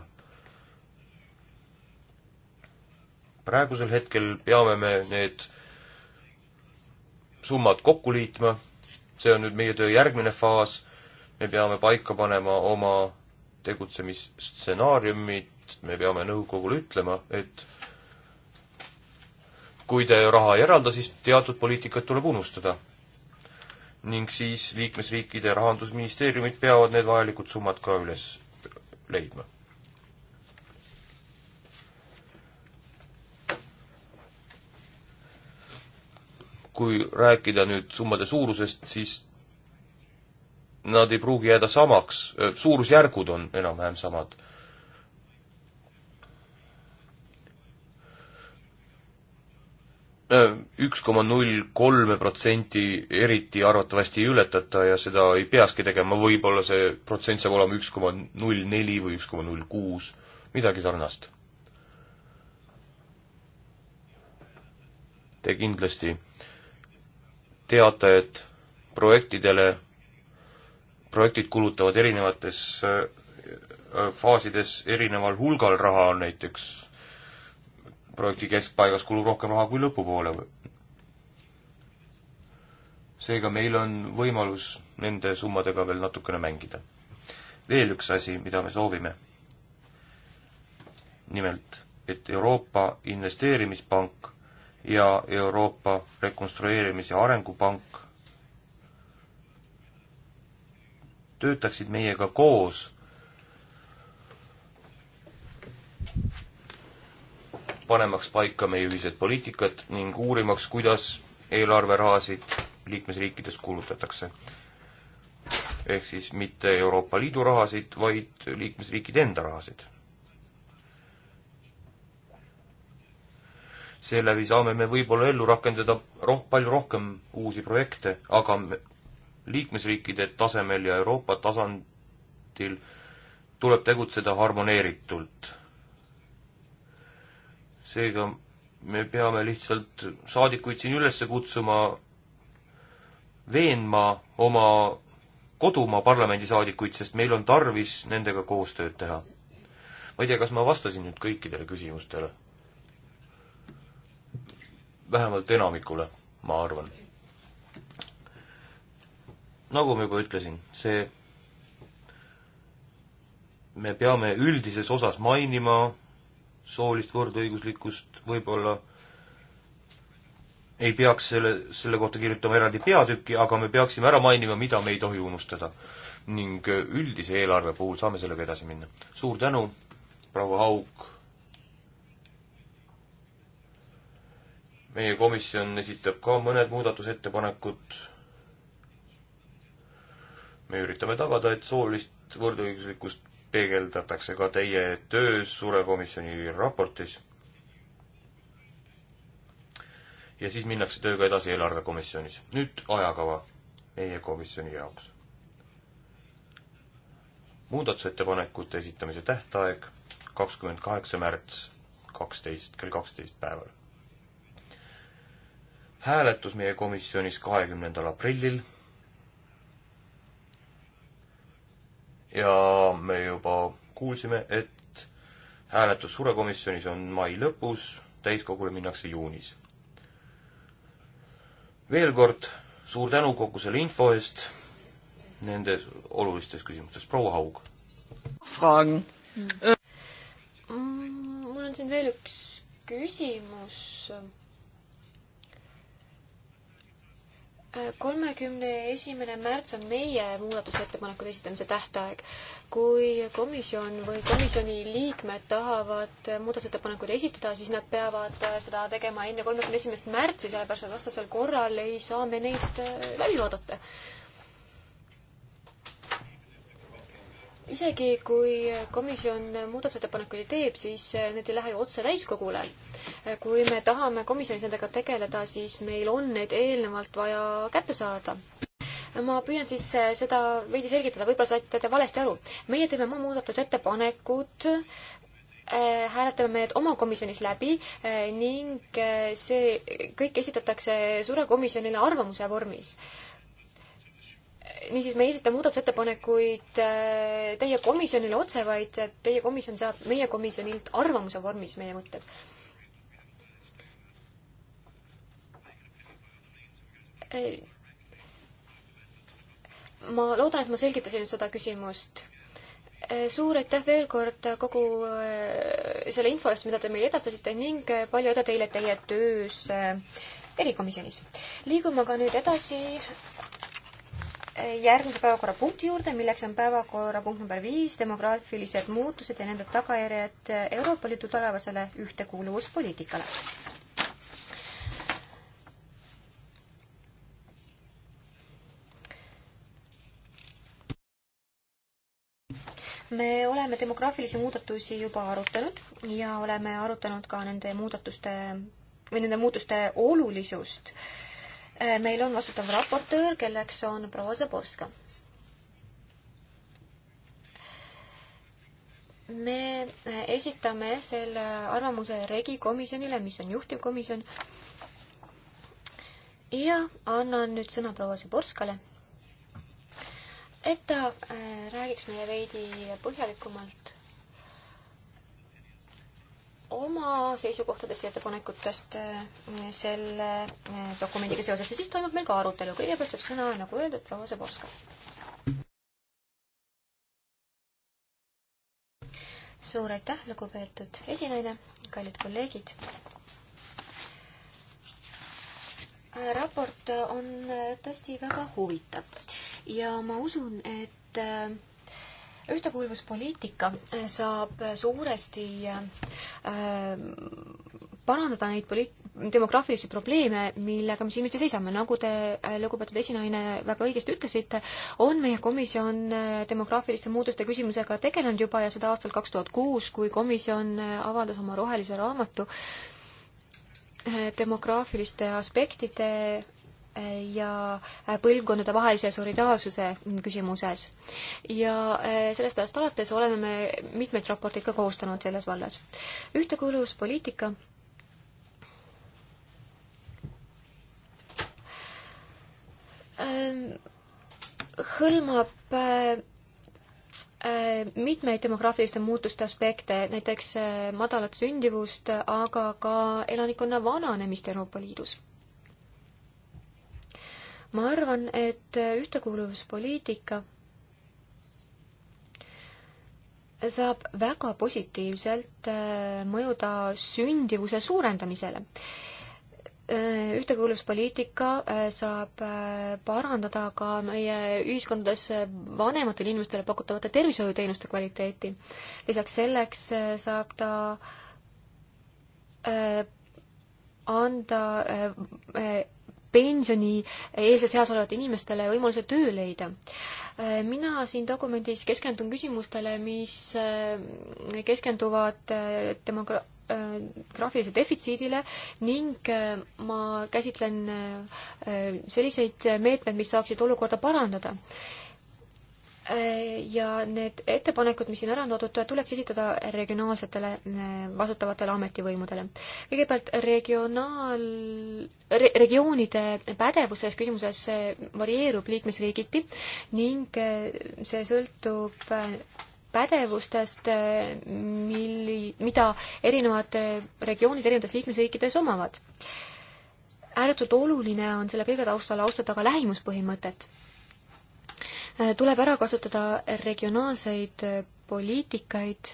praegusel hetkel peame me need summad kokku liitma, see on nüüd meie töö järgmine faas, me peame paika panema oma tegutsemisstsenaariumid, me peame nõukogule ütlema, et kui te raha ei eralda, siis teatud poliitikat tuleb unustada. ning siis liikmesriikide rahandusministeeriumid peavad need vajalikud summad ka üles leidma. kui rääkida nüüd summade suurusest, siis nad ei pruugi jääda samaks, suurusjärgud on enam-vähem samad. üks koma null kolme protsenti eriti arvatavasti ei ületata ja seda ei peakski tegema, võib-olla see protsent saab olema üks koma null neli või üks koma null kuus, midagi sarnast. Te kindlasti teate, et projektidele projektid kulutavad erinevates äh, äh, faasides erineval hulgal raha, on näiteks projekti keskpaigas kulub rohkem raha kui lõpupoole. seega meil on võimalus nende summadega veel natukene mängida. veel üks asi, mida me soovime. nimelt, et Euroopa Investeerimispank ja Euroopa Rekonstrueerimis- ja Arengupank töötaksid meiega koos. panemaks paika meie ühised poliitikad ning uurimaks, kuidas eelarverahasid liikmesriikides kulutatakse. ehk siis mitte Euroopa Liidu rahasid, vaid liikmesriikide enda rahasid. seeläbi saame me võib-olla ellu rakendada roh-, palju rohkem uusi projekte, aga me, liikmesriikide tasemel ja Euroopa tasandil tuleb tegutseda harmoneeritult. seega me peame lihtsalt saadikuid siin üles kutsuma, veenma oma kodumaa parlamendisaadikuid, sest meil on tarvis nendega koostööd teha. ma ei tea, kas ma vastasin nüüd kõikidele küsimustele? vähemalt enamikule, ma arvan nagu ma juba ütlesin, see, me peame üldises osas mainima soolist võrdõiguslikkust, võib-olla ei peaks selle, selle kohta kirjutama eraldi peatükki, aga me peaksime ära mainima, mida me ei tohi unustada. ning üldise eelarve puhul saame sellega edasi minna. suur tänu, proua Hauk. meie komisjon esitab ka mõned muudatusettepanekud me üritame tagada, et soolist võrdõiguslikkust peegeldatakse ka teie töös surekomisjoni raportis. ja siis minnakse tööga edasi eelarvekomisjonis. nüüd ajakava meie komisjoni jaoks. muudatusettepanekute esitamise tähtaeg kakskümmend kaheksa märts, kaksteist, kell kaksteist päeval. hääletus meie komisjonis kahekümnendal aprillil ja me juba kuulsime, et hääletus surekomisjonis on mai lõpus, täiskogule minnakse juunis. veel kord suur tänu kogu selle info eest nendes olulistes küsimustes, proua Haug. Mm. Mm, mul on siin veel üks küsimus kolmekümne esimene märts on meie muudatusettepanekute esitamise tähtaeg. kui komisjon või komisjoni liikmed tahavad muudatusettepanekuid esitada, siis nad peavad seda tegema enne kolmekümne esimest märtsi, sellepärast et vastasel korral ei saa me neid äh, läbi vaadata isegi kui komisjon muudatusettepanekuid teeb, siis äh, need ei lähe ju otse täiskogule. Äh, kui me tahame komisjonis nendega tegeleda, siis meil on need eelnevalt vaja kätte saada. ma püüan siis äh, seda veidi selgitada, võib-olla saite te valesti aru. meie teeme oma muudatusettepanekud, hääletame need oma komisjonis läbi ning see kõik esitatakse suure komisjonile arvamuse vormis niisiis, me ei esita muudatusettepanekuid äh, teie komisjonile otse, vaid äh, teie komisjon saab meie komisjonilt arvamuse vormis meie mõtted. Äh, ma loodan, et ma selgitasin seda küsimust suur aitäh veel kord kogu selle info eest, mida te meile edastasite ning palju edu teile teie töös erikomisjonis. liigume aga nüüd edasi järgmise päevakorrapunkti juurde, milleks on päevakorrapunkt number viis, demograafilised muutused ja nende tagajärjed Euroopa Liidu tulevasele ühtekuuluvuspoliitikale. me oleme demograafilisi muudatusi juba arutanud ja oleme arutanud ka nende muudatuste või nende muutuste olulisust äh, Eh, meil on vastutav raportöör, kelleks on proua Zabovska. me eh, esitame selle arvamuse Regi komisjonile, mis on juhtivkomisjon. ja annan nüüd sõna proua Zaborskale, et ta eh, räägiks meile veidi põhjalikumalt oma seisukohtadest ja ettepanekutest eh, selle eh, dokumendiga seoses ja siis toimub meil ka arutelu. kõigepealt saab sõna, nagu öeldud, proua Zaborska. suur aitäh, lugupeetud esinaine, kallid kolleegid. raport on tõesti väga huvitav ja ma usun, et eh, ühtekuuluvuspoliitika äh, saab äh, suuresti äh, parandada neid poliit-, demograafilisi probleeme, millega me silmitsi seisame. nagu te, äh, lugupeetud esinaine, väga õigesti ütlesite, on meie komisjon demograafiliste muutuste küsimusega tegelenud juba ja seda aastal kaks tuhat kuus, kui komisjon avaldas oma rohelise raamatu demograafiliste aspektide ja põlvkondade vahelise solidaarsuse küsimuses. ja eh, sellest ajast alates oleme me mitmeid raporteid ka koostanud selles vallas. ühtekuuluvuspoliitika ehm, hõlmab eh, mitmeid demograafiliste muutuste aspekte, näiteks eh, madalat sündivust, aga ka elanikkonna vananemist Euroopa Liidus ma arvan, et ühtekuuluvuspoliitika saab väga positiivselt äh, mõjuda sündivuse suurendamisele. Äh, ühtekuuluvuspoliitika äh, saab parandada ka meie ühiskondades vanematele inimestele pakutavate tervishoiuteenuste kvaliteeti. lisaks selleks saab ta anda pensionieelses eas olevatele inimestele võimaluse töö leida. mina siin dokumendis keskendun küsimustele, mis äh, keskenduvad äh, demogra-, äh, graafilise defitsiidile ning ma käsitlen selliseid meetmeid, mis saaksid olukorda parandada ja need ettepanekud, mis siin ära on toodud, tuleks esitada regionaalsetele eh, vastutavatele ametivõimudele. kõigepealt regionaal re,, regioonide pädevus selles küsimuses varieerub liikmesriigiti ning eh, see sõltub eh, pädevustest, milli, mida erinevad regioonid erinevates liikmesriikides omavad. ääretult oluline on selle kõige taustal austada ka lähimuspõhimõtet tuleb ära kasutada regionaalseid poliitikaid,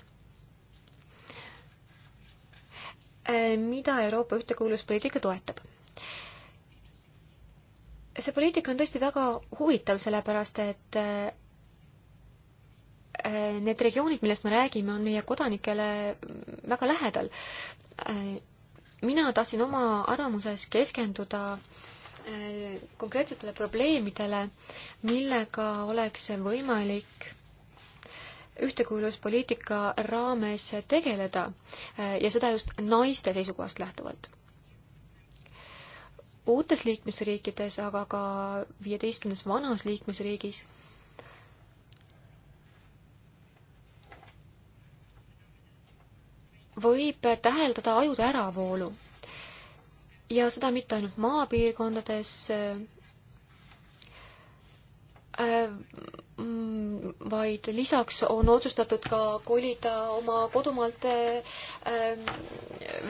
mida Euroopa ühtekuuluvuspoliitika toetab. see poliitika on tõesti väga huvitav, sellepärast et äh, need regioonid, millest me räägime, on meie kodanikele väga lähedal. Äh, mina tahtsin oma arvamuses keskenduda konkreetsetele probleemidele, millega oleks võimalik ühtekuuluvuspoliitika raames tegeleda eh, ja seda just naiste seisukohast lähtuvalt. uutes liikmesriikides, aga ka viieteistkümnes vanas liikmesriigis võib täheldada ajude äravoolu ja seda mitte ainult maapiirkondades, Äh, mm, vaid lisaks on otsustatud ka kolida oma kodumaalt äh,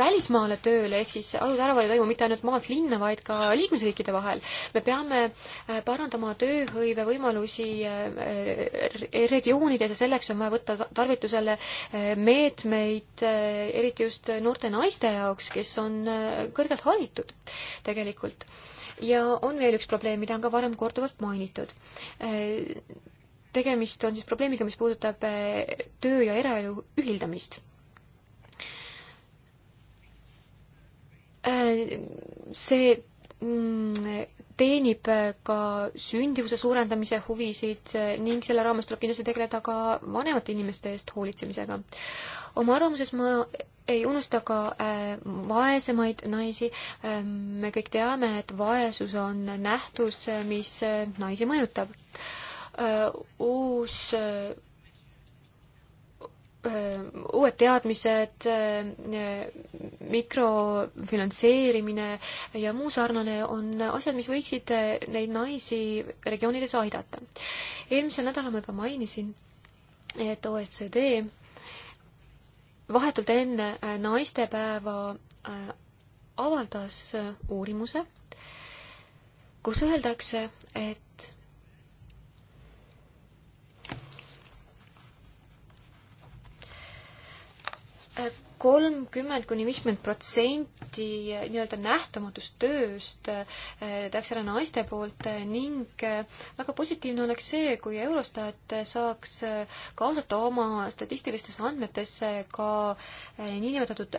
välismaale tööle, ehk siis ajude äraval ei toimu mitte ainult maalt linna, vaid ka liikmesriikide vahel. me peame äh, parandama tööhõive võimalusi regioonides ja selleks on vaja võtta tarvitusele meetmeid, eriti just noorte naiste jaoks, kes on kõrgelt haritud tegelikult ja on veel üks probleem, mida on ka varem korduvalt mainitud. Äh, tegemist on siis probleemiga, mis puudutab äh, töö ja eraelu ühildamist äh, see mm, teenib ka sündivuse suurendamise huvisid ning selle raames tuleb kindlasti tegeleda ka vanemate inimeste eest hoolitsemisega. oma arvamuses ma ei unusta ka äh, vaesemaid naisi. Ähm, me kõik teame, et vaesus on nähtus, äh, mis äh, naisi mõjutab. uus uued teadmised, mikrofinantseerimine ja muu sarnane on asjad, mis võiksid neid naisi regioonides aidata. eelmisel nädalal ma juba mainisin, et OECD vahetult enne äh, naistepäeva äh, avaldas äh, uurimuse, kus öeldakse, et et kolmkümmend kuni viiskümmend protsenti nii-öelda nähtamatust tööst eh, tehakse ära naiste poolt eh, ning eh, väga positiivne oleks see, kui Eurostat saaks kaasata oma statistilistesse andmetesse ka niinimetatud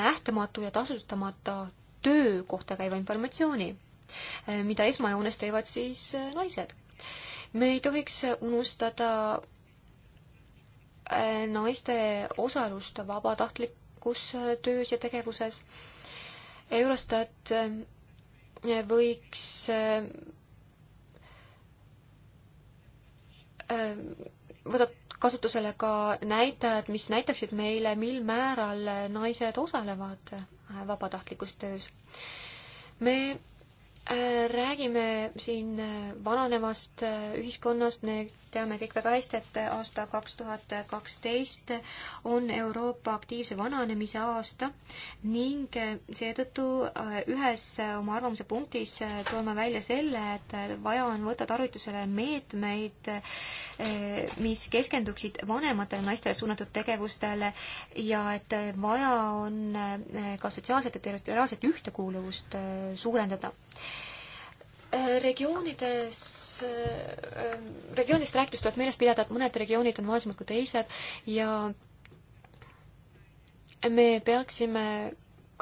nähtamatu ja tasustamata töö kohta käiva informatsiooni, mida esmajoones teevad siis naised. me ei tohiks unustada naiste osalust vabatahtlikus töös ja tegevuses. Eurostat eh, võiks eh, võtta kasutusele ka näitajad, mis näitaksid meile, mil määral naised osalevad eh, vabatahtlikus töös. me räägime siin vananevast ühiskonnast, me teame kõik väga hästi, et aasta kaks tuhat kaksteist on Euroopa aktiivse vananemise aasta ning seetõttu äh, ühes oma arvamuse punktis äh, toome välja selle, et äh, vaja on võtta tarvitusele meetmeid, mis keskenduksid vanematele naistele suunatud tegevustele ja et vaja on ka sotsiaalset ja territoriaalset ühtekuuluvust suurendada Äh, regioonides, äh, regioonidest rääkides tuleb meeles pidada, et mõned regioonid on vaesemad kui teised ja me peaksime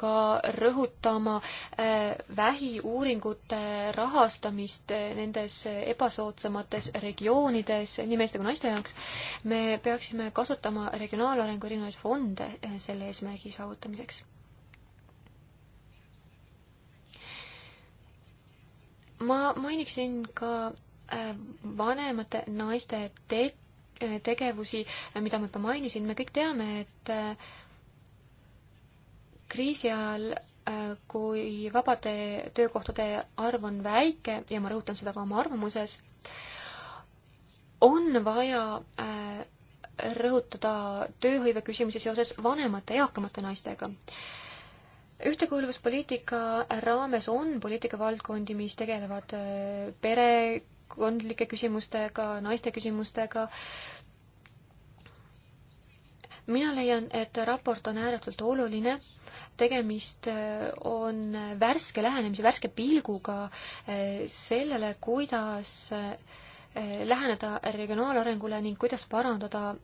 ka rõhutama äh, vähiuuringute rahastamist nendes ebasoodsamates regioonides nii meeste kui naiste jaoks. me peaksime kasutama regionaalarengu erinevaid fonde selle eesmärgi saavutamiseks ma mainiksin ka äh, vanemate naiste te-, äh, tegevusi, äh, mida ma juba mainisin, me kõik teame, et kriisi ajal, kui vabade töökohtade arv on väike ja ma rõhutan seda ka oma arvamuses, on vaja rõhutada tööhõive küsimusi seoses vanemate, eakamate naistega ühtekuuluvuspoliitika raames on poliitikavaldkondi, mis tegelevad äh, perekondlike küsimustega, naiste küsimustega. mina leian, et raport on ääretult oluline. tegemist äh, on värske lähenemise, värske pilguga äh, sellele, kuidas läheneda regionaalarengule ning kuidas parandada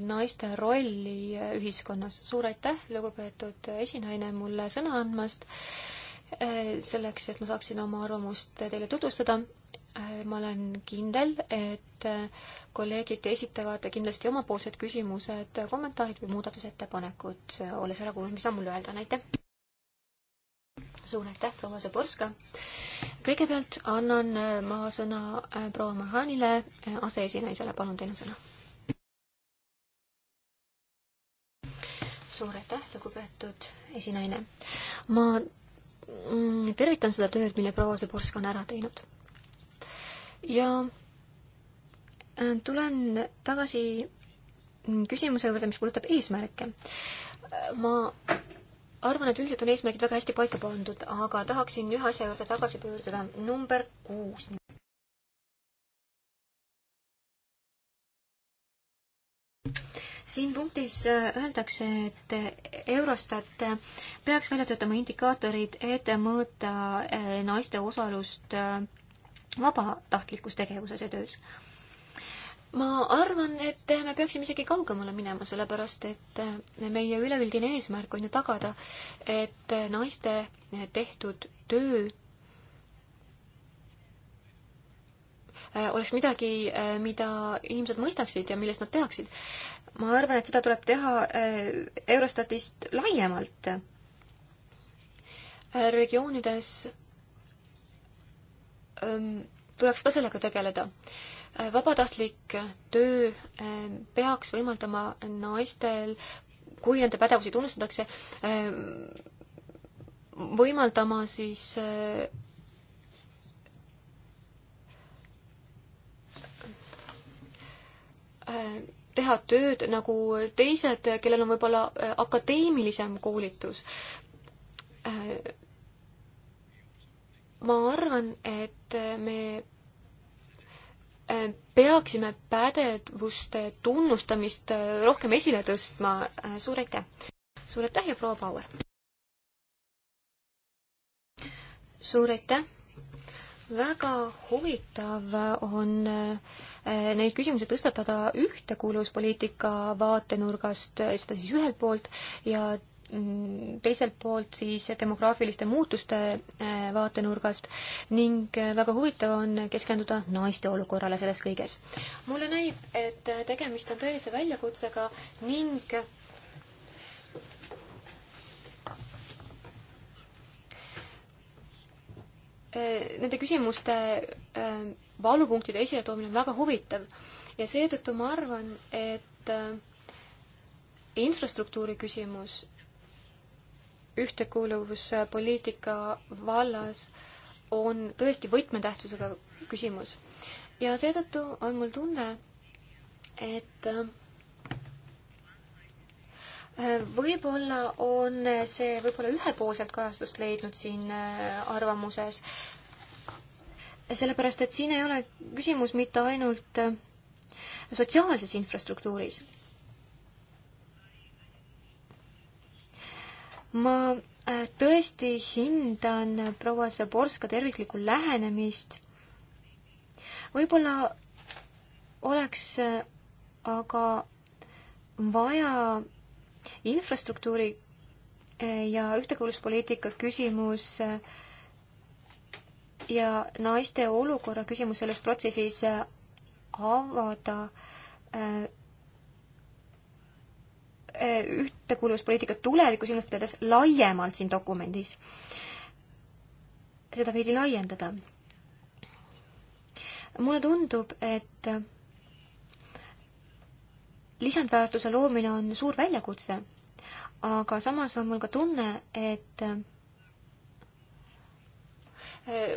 naiste rolli ühiskonnas. suur aitäh, lugupeetud esinaine, mulle sõna andmast, eh, selleks, et ma saaksin oma arvamust teile tutvustada. Eh, ma olen kindel, et eh, kolleegid esitavad kindlasti omapoolsed küsimused, kommentaarid või muudatusettepanekud, olles ära kuulnud, mis on mul öelda, aitäh! suur aitäh, proua Zaborska! kõigepealt annan ma sõna proua Mahanile, aseesinaisele, palun, teil on sõna suur aitäh, lugupeetud esinaine. ma mm, tervitan seda tööd, mille proua Seborsk on ära teinud. ja äh, tulen tagasi küsimuse juurde, mis puudutab eesmärke. Äh, ma arvan, et üldiselt on eesmärgid väga hästi paika pandud, aga tahaksin ühe asja juurde tagasi pöörduda, number kuus. siin punktis äh, öeldakse, et äh, Eurostat äh, peaks välja töötama indikaatorid, et mõõta naiste osalust vabatahtlikus tegevuses ja töös. ma arvan, et me peaksime isegi kaugemale minema, sellepärast et meie üleüldine eesmärk on ju tagada, et naiste tehtud töö oleks midagi, mida inimesed mõistaksid ja millest nad teaksid ma arvan, et seda tuleb teha äh, Eurostatist laiemalt. Äh, regioonides ähm, tuleks ka sellega tegeleda. Äh, vabatahtlik töö ähm, peaks võimaldama naistel, kui nende pädevusi tunnustatakse, ähm, võimaldama siis äh, teha tööd nagu teised, kellel on võib-olla äh, akadeemilisem koolitus. Äh, ma arvan, et me äh, peaksime pädevuste tunnustamist rohkem esile tõstma. suur aitäh! suur aitäh ja proua Bauer! suur aitäh! väga huvitav on äh, Äh, neid küsimusi tõstatada ühtekuuluvuspoliitika vaatenurgast, äh, seda siis ühelt poolt ja mm, teiselt poolt siis demograafiliste muutuste äh, vaatenurgast ning väga huvitav on keskenduda naiste olukorrale selles kõiges. mulle näib, et tegemist on tõelise väljakutsega ning nende küsimuste valupunktide esiletoomine on väga huvitav ja seetõttu ma arvan, et äh, infrastruktuuri küsimus ühtekuuluvuspoliitika vallas on tõesti võtmetähtsusega küsimus. ja seetõttu on mul tunne, et äh, võib-olla on see võib-olla ühepoolselt kajastust leidnud siin äh, arvamuses sellepärast et siin ei ole küsimus mitte ainult äh, sotsiaalses infrastruktuuris. ma äh, tõesti hindan proua Zaborska terviklikku lähenemist. võib-olla oleks äh, aga vaja infrastruktuuri ja ühtekuuluvuspoliitika küsimus äh, ja naiste olukorra küsimus selles protsessis äh, avada äh, äh, ühtekuuluvuspoliitikat tulevikus silmas pidades laiemalt siin dokumendis. seda veidi laiendada. mulle tundub, et lisandväärtuse loomine on suur väljakutse, aga samas on mul ka tunne, et Äh,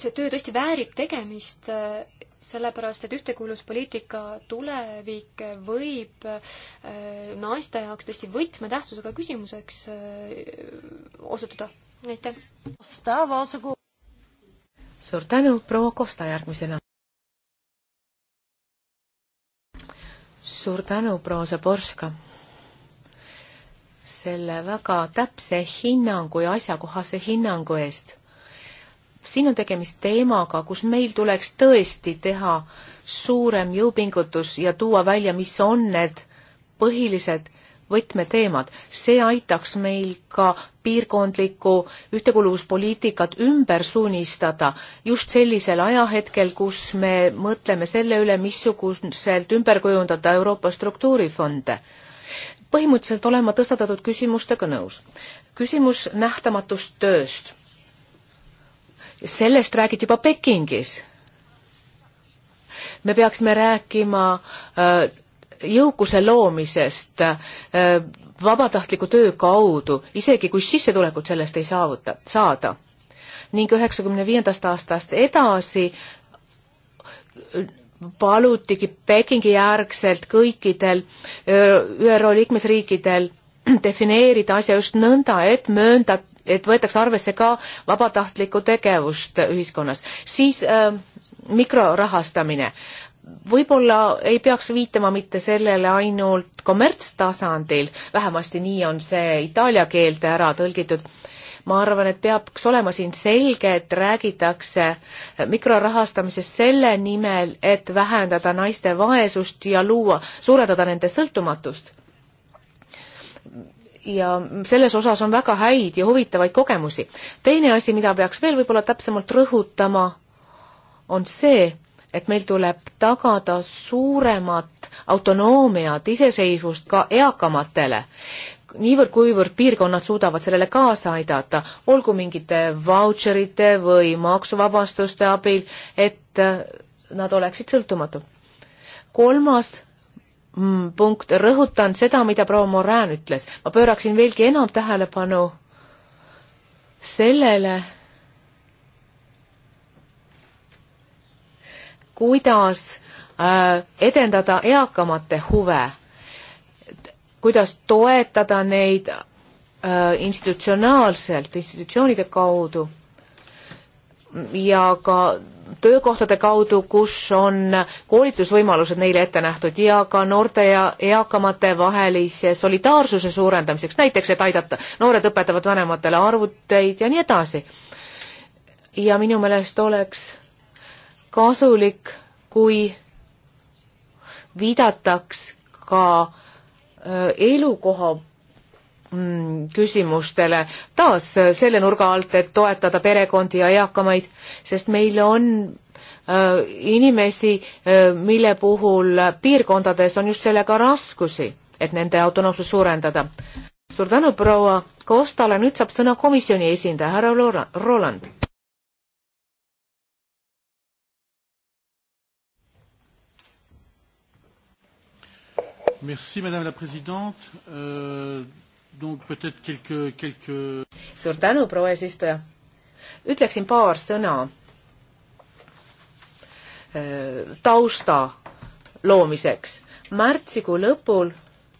see töö tõesti väärib tegemist, äh, sellepärast et ühtekuuluvuspoliitika tulevik võib äh, naiste jaoks tõesti võtmetähtsusega küsimuseks osutuda. aitäh! suur tänu, proua Kosta järgmisena! suur tänu, proua Zaborska, selle väga täpse hinnangu ja asjakohase hinnangu eest siin on tegemist teemaga, kus meil tuleks tõesti teha suurem jõupingutus ja tuua välja, mis on need põhilised võtmeteemad. see aitaks meil ka piirkondlikku ühtekuuluvuspoliitikat ümber suunistada just sellisel ajahetkel, kus me mõtleme selle üle, missuguselt ümber kujundada Euroopa struktuurifonde. põhimõtteliselt olen ma tõstatatud küsimustega nõus. küsimus nähtamatust tööst sellest räägiti juba Pekingis. me peaksime rääkima äh, jõukuse loomisest äh, vabatahtliku töö kaudu, isegi kui sissetulekut sellest ei saavuta, saada. ning üheksakümne viiendast aastast edasi äh, palutigi Pekingi järgselt kõikidel ÜRO liikmesriikidel defineerida asja just nõnda, et möönda, et võetakse arvesse ka vabatahtlikku tegevust ühiskonnas. siis äh, mikrorahastamine. võib-olla ei peaks viitama mitte sellele ainult kommertstasandil, vähemasti nii on see itaalia keelde ära tõlgitud, ma arvan, et peaks olema siin selge, et räägitakse mikrorahastamisest selle nimel, et vähendada naiste vaesust ja luua, suurendada nende sõltumatust ja selles osas on väga häid ja huvitavaid kogemusi. teine asi, mida peaks veel võib-olla täpsemalt rõhutama, on see, et meil tuleb tagada suuremat autonoomiat, iseseisvust ka eakamatele, niivõrd-kuivõrd piirkonnad suudavad sellele kaasa aidata, olgu mingite vautšerite või maksuvabastuste abil, et nad oleksid sõltumatud. kolmas Mm, punkt, rõhutan seda, mida proua Morin ütles. ma pööraksin veelgi enam tähelepanu sellele, kuidas äh, edendada eakamate huve, kuidas toetada neid äh, institutsionaalselt, institutsioonide kaudu ja ka töökohtade kaudu, kus on koolitusvõimalused neile ette nähtud ja ka noorte ja eakamate vahelise solidaarsuse suurendamiseks, näiteks et aidata, noored õpetavad vanematele arvuteid ja nii edasi. ja minu meelest oleks kasulik, kui viidataks ka äh, elukoha Mm, küsimustele taas äh, selle nurga alt, et toetada perekondi ja eakamaid, sest meil on äh, inimesi äh,, mille puhul piirkondades on just sellega raskusi, et nende autonoomsust suurendada. suur tänu, proua Kostale, nüüd saab sõna komisjoni esindaja, härra Roland. Merci Madame la Présidente. Euh, Quelques, quelques... suur tänu, proua eesistuja. ütleksin paar sõna äh, tausta loomiseks. märtsikuu lõpul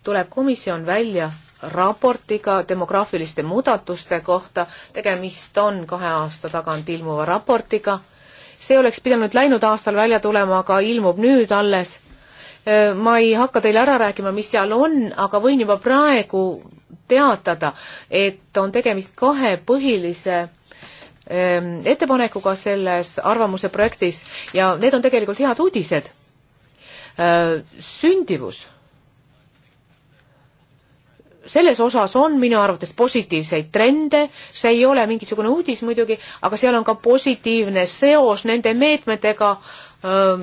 tuleb komisjon välja raportiga demograafiliste muudatuste kohta, tegemist on kahe aasta tagant ilmuva raportiga. see oleks pidanud läinud aastal välja tulema, aga ilmub nüüd alles Äh, ma ei hakka teile ära rääkima, mis seal on, aga võin juba praegu teatada, et on tegemist kahe põhilise ähm, ettepanekuga selles arvamuse projektis ja need on tegelikult head uudised. Äh, sündivus selles osas on minu arvates positiivseid trende, see ei ole mingisugune uudis muidugi, aga seal on ka positiivne seos nende meetmetega äh,,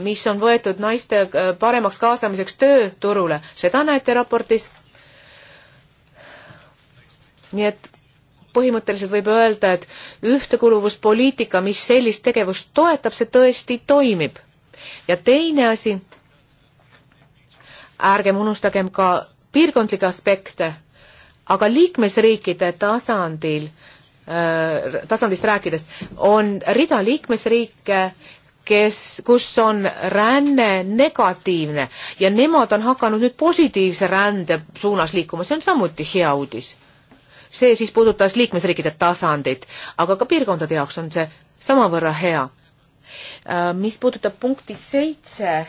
mis on võetud naiste paremaks kaasamiseks tööturule, seda näete raportis. nii et põhimõtteliselt võib öelda, et ühtekuluvuspoliitika, mis sellist tegevust toetab, see tõesti toimib. ja teine asi, ärgem unustagem ka piirkondlikke aspekte, aga liikmesriikide tasandil tasandist rääkides, on rida liikmesriike, kes, kus on ränne negatiivne ja nemad on hakanud nüüd positiivse rände suunas liikuma, see on samuti hea uudis. see siis puudutas liikmesriikide tasandit, aga ka piirkondade jaoks on see samavõrra hea. Äh, mis puudutab punkti seitse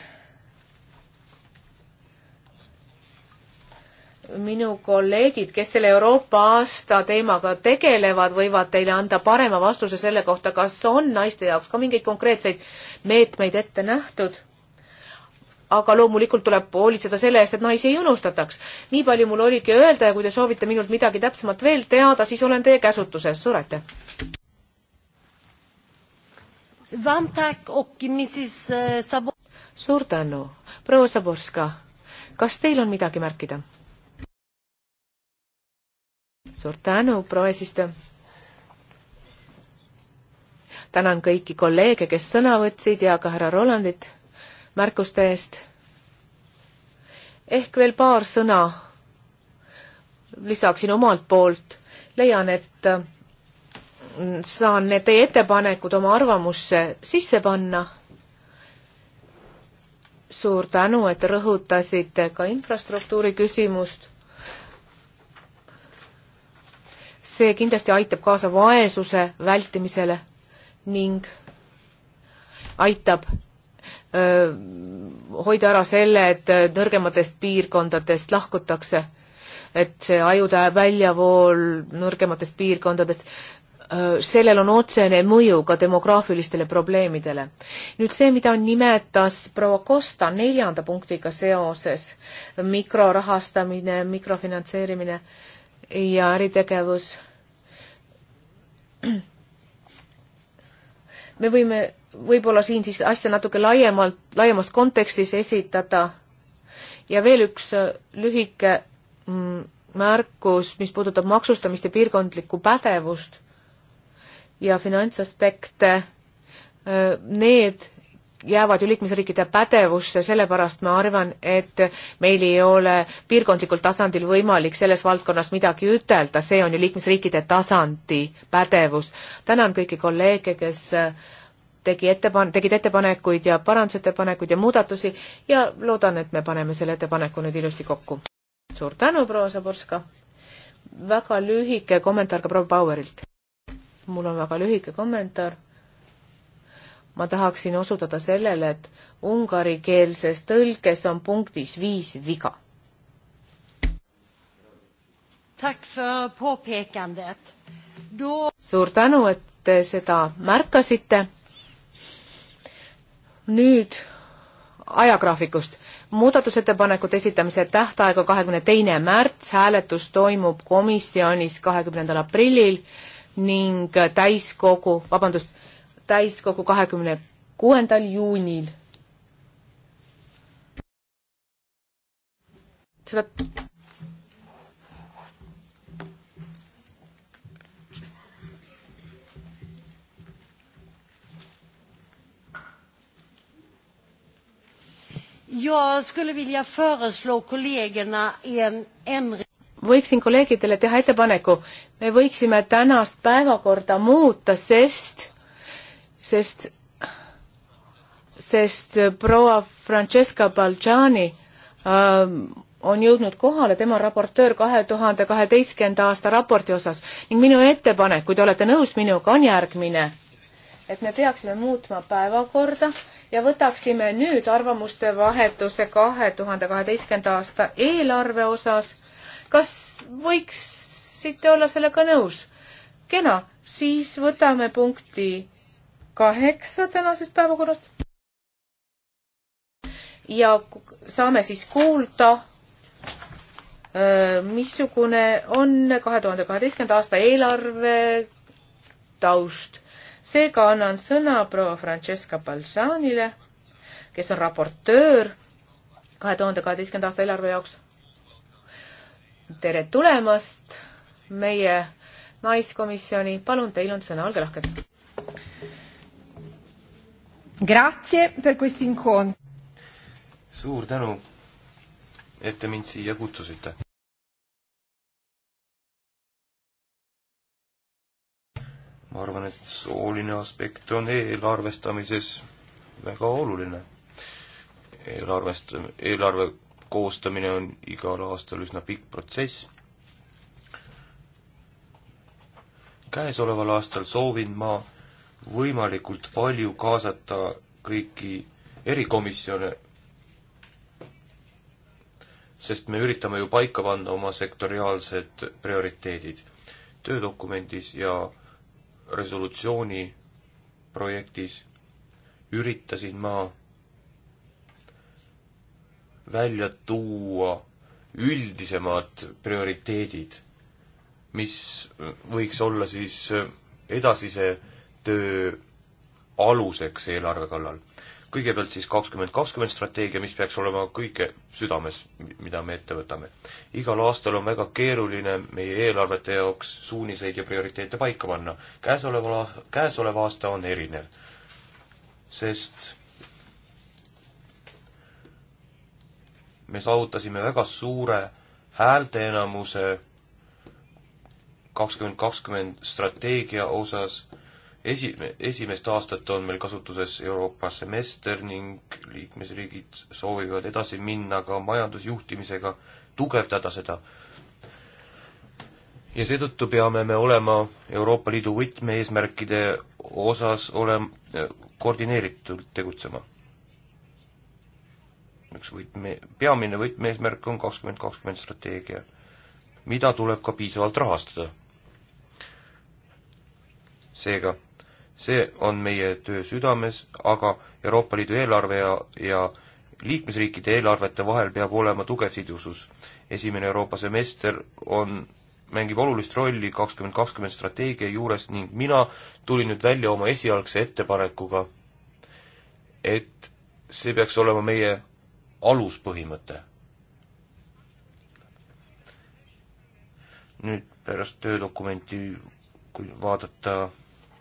minu kolleegid, kes selle Euroopa aasta teemaga tegelevad, võivad teile anda parema vastuse selle kohta, kas on naiste jaoks ka mingeid konkreetseid meetmeid ette nähtud. aga loomulikult tuleb hoolitseda selle eest, et naisi ei unustataks. nii palju mul oligi öelda ja kui te soovite minult midagi täpsemat veel teada, siis olen teie käsutuses, suur aitäh! Eh, suur tänu, proua Saborska, kas teil on midagi märkida? suur tänu, proua eesistuja. tänan kõiki kolleege, kes sõna võtsid ja ka härra Rolandit märkuste eest. ehk veel paar sõna lisaksin omalt poolt. leian, et mm, saan need teie ettepanekud oma arvamusse sisse panna suur tänu, et rõhutasite ka infrastruktuuri küsimust. see kindlasti aitab kaasa vaesuse vältimisele ning aitab öö, hoida ära selle, et nõrgematest piirkondadest lahkutakse, et see ajude väljavool nõrgematest piirkondadest, sellel on otsene mõju ka demograafilistele probleemidele. nüüd see, mida nimetas proua Costa neljanda punktiga seoses, mikrorahastamine, mikrofinantseerimine äh,, ja äritegevus. me võime võib-olla siin siis asja natuke laiemalt, laiemas kontekstis esitada. ja veel üks äh, lühike mm, märkus, mis puudutab maksustamist ja piirkondlikku pädevust ja finantsaspekte. Äh, need jäävad ju liikmesriikide pädevusse, sellepärast ma arvan, et meil ei ole piirkondlikul tasandil võimalik selles valdkonnas midagi ütelda, see on ju liikmesriikide tasandi pädevus. tänan kõiki kolleege, kes äh, tegi ettepan-, tegid ettepanekuid ja parandusettepanekuid ja muudatusi ja loodan, et me paneme selle ettepaneku nüüd ilusti kokku. suur tänu, proua Zaborska! väga lühike kommentaar ka proua Bauerilt. mul on väga lühike kommentaar ma tahaksin osutada sellele, et ungarikeelses tõlkes on punktis viis viga. suur tänu, et te seda märkasite. nüüd ajagraafikust. muudatusettepanekute esitamise tähtaeg on kahekümne teine märts, hääletus toimub komisjonis kahekümnendal aprillil ning täiskogu, vabandust täiskogu kahekümne kuuendal juunil. seda Jag skulle vilja föreslå kollegorna en ändring. võiksin kolleegidele teha ettepaneku, me võiksime tänast päevakorda muuta, sest sest, sest proua Francesca Balciani äh, on jõudnud kohale, tema raportöör kahe tuhande kaheteistkümnenda aasta raporti osas ning minu ettepanek, kui te olete nõus minuga, on järgmine. et me peaksime muutma päevakorda ja võtaksime nüüd arvamuste vahetuse kahe tuhande kaheteistkümnenda aasta eelarve osas. kas võiksite olla sellega nõus? kena, siis võtame punkti kaheksa tänasest päevakorrast. ja saame siis kuulda, missugune on kahe tuhande kaheteistkümnenda aasta eelarve taust. seega annan sõna proua Francesca Balzanile, kes on raportöör kahe tuhande kaheteistkümnenda aasta eelarve jaoks. tere tulemast meie naiskomisjoni, palun, teil on sõna, olge lahked Grazie per questo incontro. suur tänu, et te mind siia kutsusite. ma arvan, et sooline aspekt on eelarvestamises väga oluline. eelarvest-, eelarve koostamine on igal aastal üsna pikk protsess. käesoleval aastal soovin ma võimalikult palju kaasata kõiki erikomisjone, sest me üritame ju paika panna oma sektoriaalsed prioriteedid töödokumendis ja resolutsiooni projektis üritasin ma välja tuua üldisemad prioriteedid, mis võiks olla siis edasise töö aluseks eelarve kallal. kõigepealt siis kakskümmend kakskümmend strateegia, mis peaks olema kõige südames, mida me ette võtame. igal aastal on väga keeruline meie eelarvete jaoks suuniseid ja prioriteete paika panna. käesoleva, käesolev aasta on erinev, sest me saavutasime väga suure häälteenamuse kakskümmend kakskümmend strateegia osas esi, esimest aastat on meil kasutuses Euroopa semester ning liikmesriigid soovivad edasi minna ka majandusjuhtimisega, tugevdada seda. ja seetõttu peame me olema Euroopa Liidu võtmeeesmärkide osas olema, koordineeritult tegutsema. üks võtme, peamine võtmeeesmärk on kakskümmend kakskümmend strateegia, mida tuleb ka piisavalt rahastada seega see on meie töö südames, aga Euroopa Liidu eelarve ja, ja liikmesriikide eelarvete vahel peab olema tugev sidusus. esimene Euroopa semester on, mängib olulist rolli kakskümmend kakskümmend strateegia juures ning mina tulin nüüd välja oma esialgse ettepanekuga, et see peaks olema meie aluspõhimõte. nüüd pärast töödokumenti, kui vaadata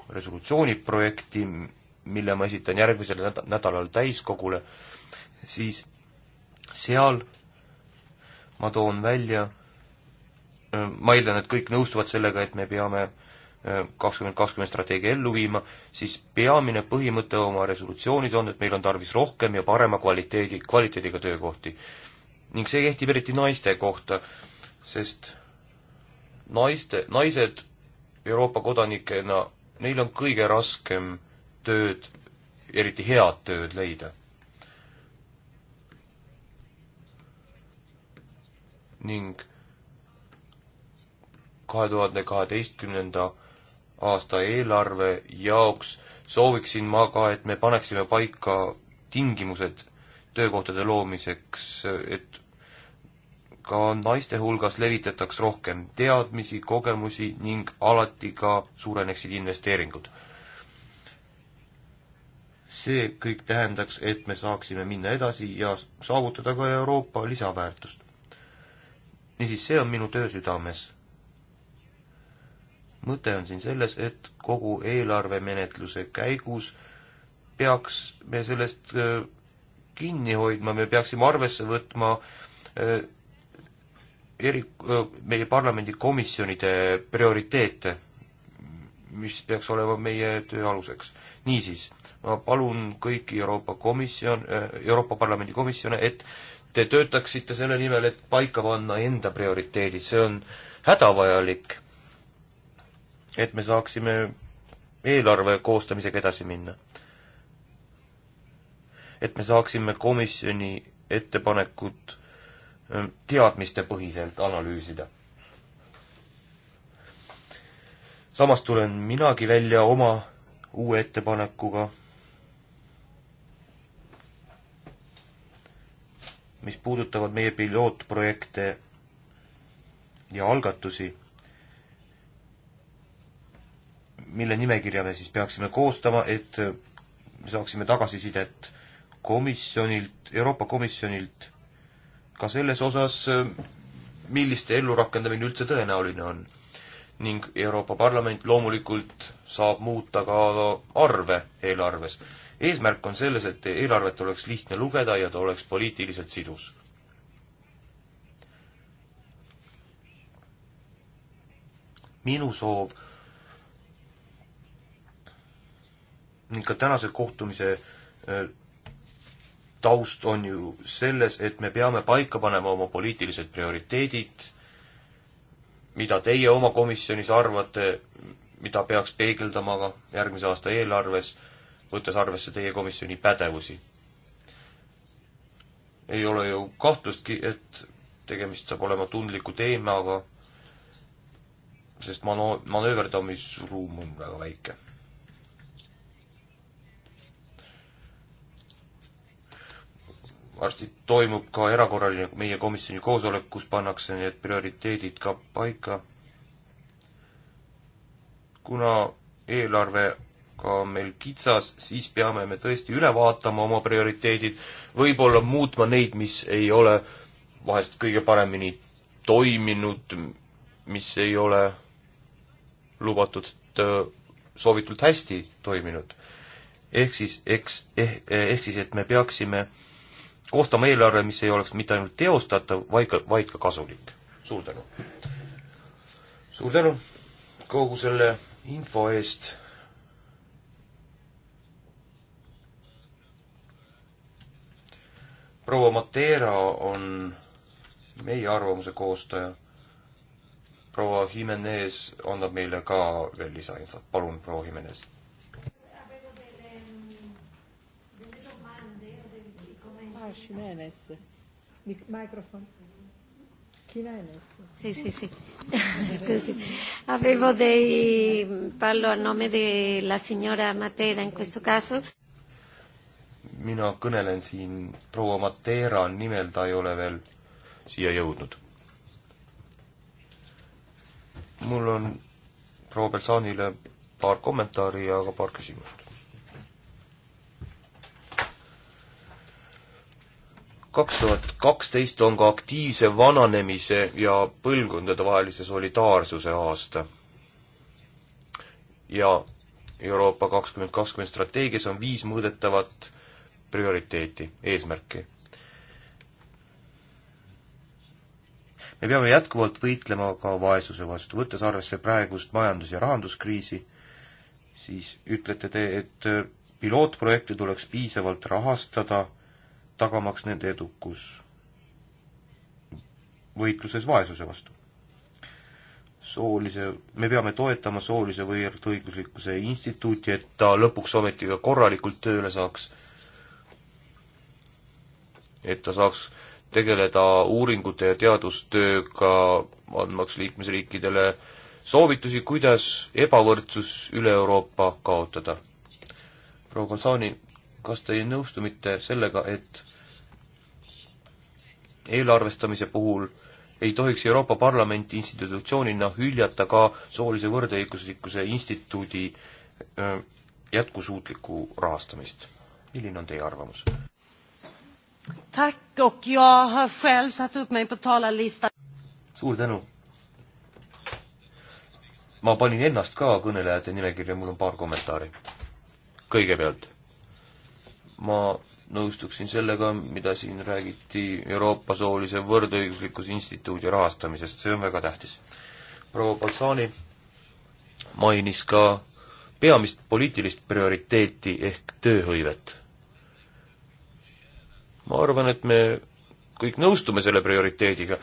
resolutsiooni projekti, mille ma esitan järgmisel nädalal täiskogule, siis seal ma toon välja, äh, ma eeldan, et kõik nõustuvad sellega, et me peame äh, kakskümmend kakskümmend strateegia ellu viima, siis peamine põhimõte oma resolutsioonis on, et meil on tarvis rohkem ja parema kvaliteedi, kvaliteediga töökohti. ning see kehtib eriti naiste kohta, sest naiste, naised Euroopa kodanikena neil on kõige raskem tööd, eriti head tööd leida. ning kahe tuhande kaheteistkümnenda aasta eelarve jaoks sooviksin ma ka, et me paneksime paika tingimused töökohtade loomiseks, et ka naiste hulgas levitataks rohkem teadmisi, kogemusi ning alati ka suureneksid investeeringud. see kõik tähendaks, et me saaksime minna edasi ja saavutada ka Euroopa lisaväärtust. niisiis, see on minu töö südames. mõte on siin selles, et kogu eelarvemenetluse käigus peaks me sellest äh, kinni hoidma, me peaksime arvesse võtma äh, eri, meie parlamendikomisjonide prioriteete, mis peaks olema meie töö aluseks. niisiis, ma palun kõiki Euroopa Komisjon, Euroopa Parlamendi komisjone, et te töötaksite selle nimel, et paika panna enda prioriteedid, see on hädavajalik, et me saaksime eelarve koostamisega edasi minna. et me saaksime komisjoni ettepanekud Äh, teadmistepõhiselt analüüsida. samas tulen minagi välja oma uue ettepanekuga, mis puudutavad meie pilootprojekte ja algatusi, mille nimekirja me siis peaksime koostama, et saaksime tagasisidet komisjonilt, Euroopa Komisjonilt ka selles osas, äh, milliste ellurakendamine üldse tõenäoline on. ning Euroopa Parlament loomulikult saab muuta ka arve eelarves. eesmärk on selles, et eelarvet oleks lihtne lugeda ja ta oleks poliitiliselt sidus. minu soov ning ka tänase kohtumise äh, taust on ju selles, et me peame paika panema oma poliitilised prioriteedid, mida teie oma komisjonis arvate, mida peaks peegeldama ka järgmise aasta eelarves, võttes arvesse teie komisjoni pädevusi. ei ole ju kahtlustki, et tegemist saab olema tundliku teemaga, sest mano-, manööverdamisruum on väga väike varsti toimub ka erakorraline meie komisjoni koosolek, kus pannakse need prioriteedid ka paika. kuna eelarve ka on meil kitsas, siis peame me tõesti üle vaatama oma prioriteedid, võib-olla muutma neid, mis ei ole vahest kõige paremini toiminud, mis ei ole lubatud äh, soovitult hästi toiminud. ehk siis, eks eh,, eh ehk siis, et me peaksime äh, koostama eelarve, mis ei oleks mitte ainult teostatav, vaid ka, vaid ka kasulik. suur tänu! suur tänu kogu selle info eest. proua Matera on meie arvamuse koostaja. proua Jimenez annab meile ka veel lisainfot, palun, proua Jimenez Ah, Jiménez. Mic microphone. Jiménez. Sì, sì, sì. Scusi. Avevo dei... parlo a nome della signora Matera in questo caso. Mina kõnelen siin proua Matera nimel, ta ei ole veel siia jõudnud. mul on proua Belsanile paar kommentaari ja ka paar küsimust. kaks tuhat kaksteist on ka aktiivse vananemise ja põlvkondadevahelise solidaarsuse aasta. ja Euroopa kakskümmend kakskümmend strateegias on viis mõõdetavat prioriteeti, eesmärki. me peame jätkuvalt võitlema ka vaesuse vastu, võttes arvesse praegust majandus- ja rahanduskriisi, siis ütlete te, et pilootprojekte tuleks piisavalt rahastada tagamaks nende edukus võitluses vaesuse vastu. soolise, me peame toetama soolise võrdõiguslikkuse instituuti, et ta lõpuks ometi ka korralikult tööle saaks. et ta saaks tegeleda uuringute ja teadustööga, andmaks liikmesriikidele soovitusi, kuidas ebavõrdsus üle Euroopa kaotada. proua Kansani kas te ei nõustu mitte sellega, et eelarvestamise puhul ei tohiks Euroopa Parlament institutsioonina hüljata ka soolise võrdõiguslikkuse instituudi jätkusuutlikku rahastamist. milline on teie arvamus? suur tänu! ma panin ennast ka kõnelejate nimekirja, mul on paar kommentaari. kõigepealt ma nõustuksin sellega, mida siin räägiti Euroopa soolise võrdõiguslikkuse instituudi rahastamisest, see on väga tähtis. proua Balsani mainis ka peamist poliitilist prioriteeti ehk tööhõivet. ma arvan, et me kõik nõustume selle prioriteediga.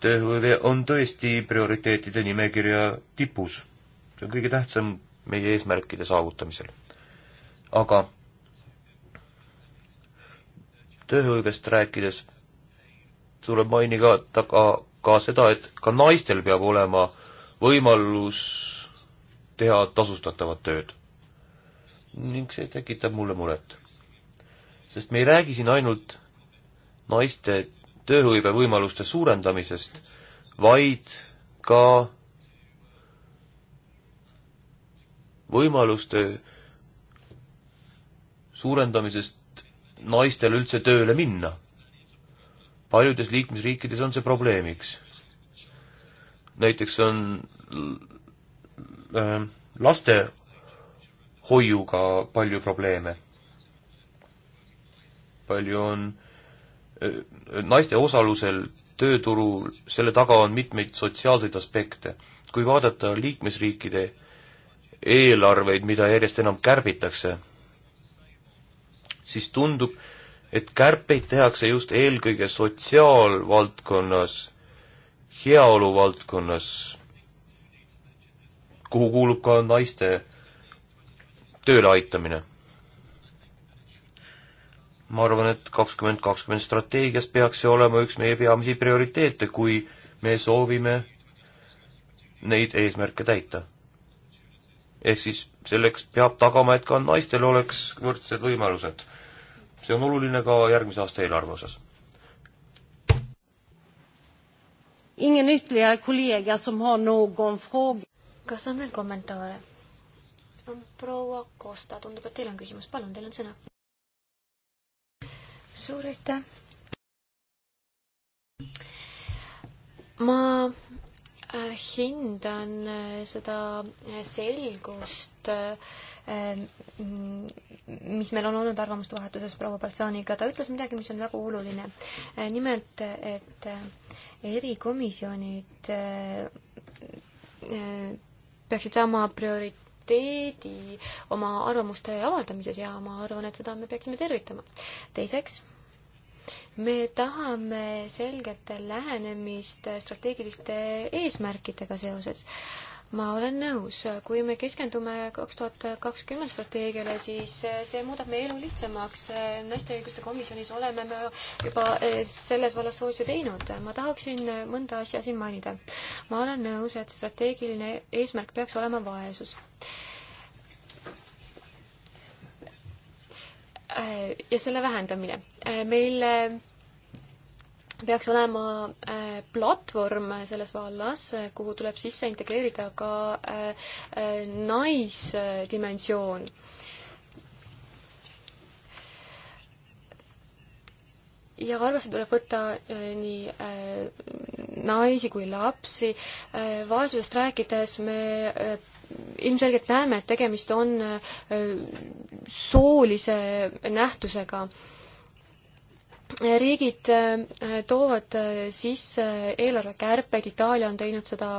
tööhõive on tõesti prioriteetide nimekirja tipus. see on kõige tähtsam meie eesmärkide saavutamisel. aga tööhõivest rääkides tuleb mainida ka, ka seda, et ka naistel peab olema võimalus teha tasustatavat tööd. ning see tekitab mulle muret. sest me ei räägi siin ainult naiste tööhõive võimaluste suurendamisest, vaid ka võimaluste suurendamisest naistel üldse tööle minna. paljudes liikmesriikides on see probleemiks. näiteks on äh, lastehoiuga palju probleeme. palju on äh, naiste osalusel tööturul, selle taga on mitmeid sotsiaalseid aspekte. kui vaadata liikmesriikide eelarveid, mida järjest enam kärbitakse siis tundub, et kärpeid tehakse just eelkõige sotsiaalvaldkonnas, heaolu valdkonnas, kuhu kuulub ka naiste tööle aitamine. ma arvan, et kakskümmend kakskümmend strateegias peaks see olema üks meie peamisi prioriteete, kui me soovime neid eesmärke täita. ehk siis selleks peab tagama, et ka naistel oleks võrdsed võimalused. see on oluline ka järgmise aasta eelarve osas. kas on veel kommentaare? proua Kosta, tundub, et teil on küsimus, palun, teil on sõna. suur aitäh. ma Äh, hindan äh, seda äh, selgust, mm, mis meil on olnud arvamuste vahetuses proua Baltsaaniga, ta ütles midagi, mis on väga oluline. nimelt, et erikomisjonid peaksid saama prioriteedi oma arvamuste avaldamises ja ma arvan, et seda me peaksime tervitama. teiseks me tahame selget lähenemist strateegiliste eesmärkidega seoses ma olen nõus, kui me keskendume kaks tuhat kakskümmend strateegiale, siis see muudab meie elu lihtsamaks. naiste õiguste komisjonis oleme me juba eh, selles vallas soos ju teinud. ma tahaksin mõnda asja siin mainida. ma olen nõus, et strateegiline eesmärk peaks olema vaesus Äh, ja selle vähendamine. Äh, meil äh, peaks olema platvorm selles vallas, kuhu tuleb sisse integreerida ka naisdimensioon ja arvesse tuleb võtta nii äh, naisi kui lapsi äh,. vaesusest rääkides me äh, ilmselgelt näeme, et tegemist on äh, soolise nähtusega riigid äh, toovad äh, sisse eelarvekärpeid, Itaalia on teinud seda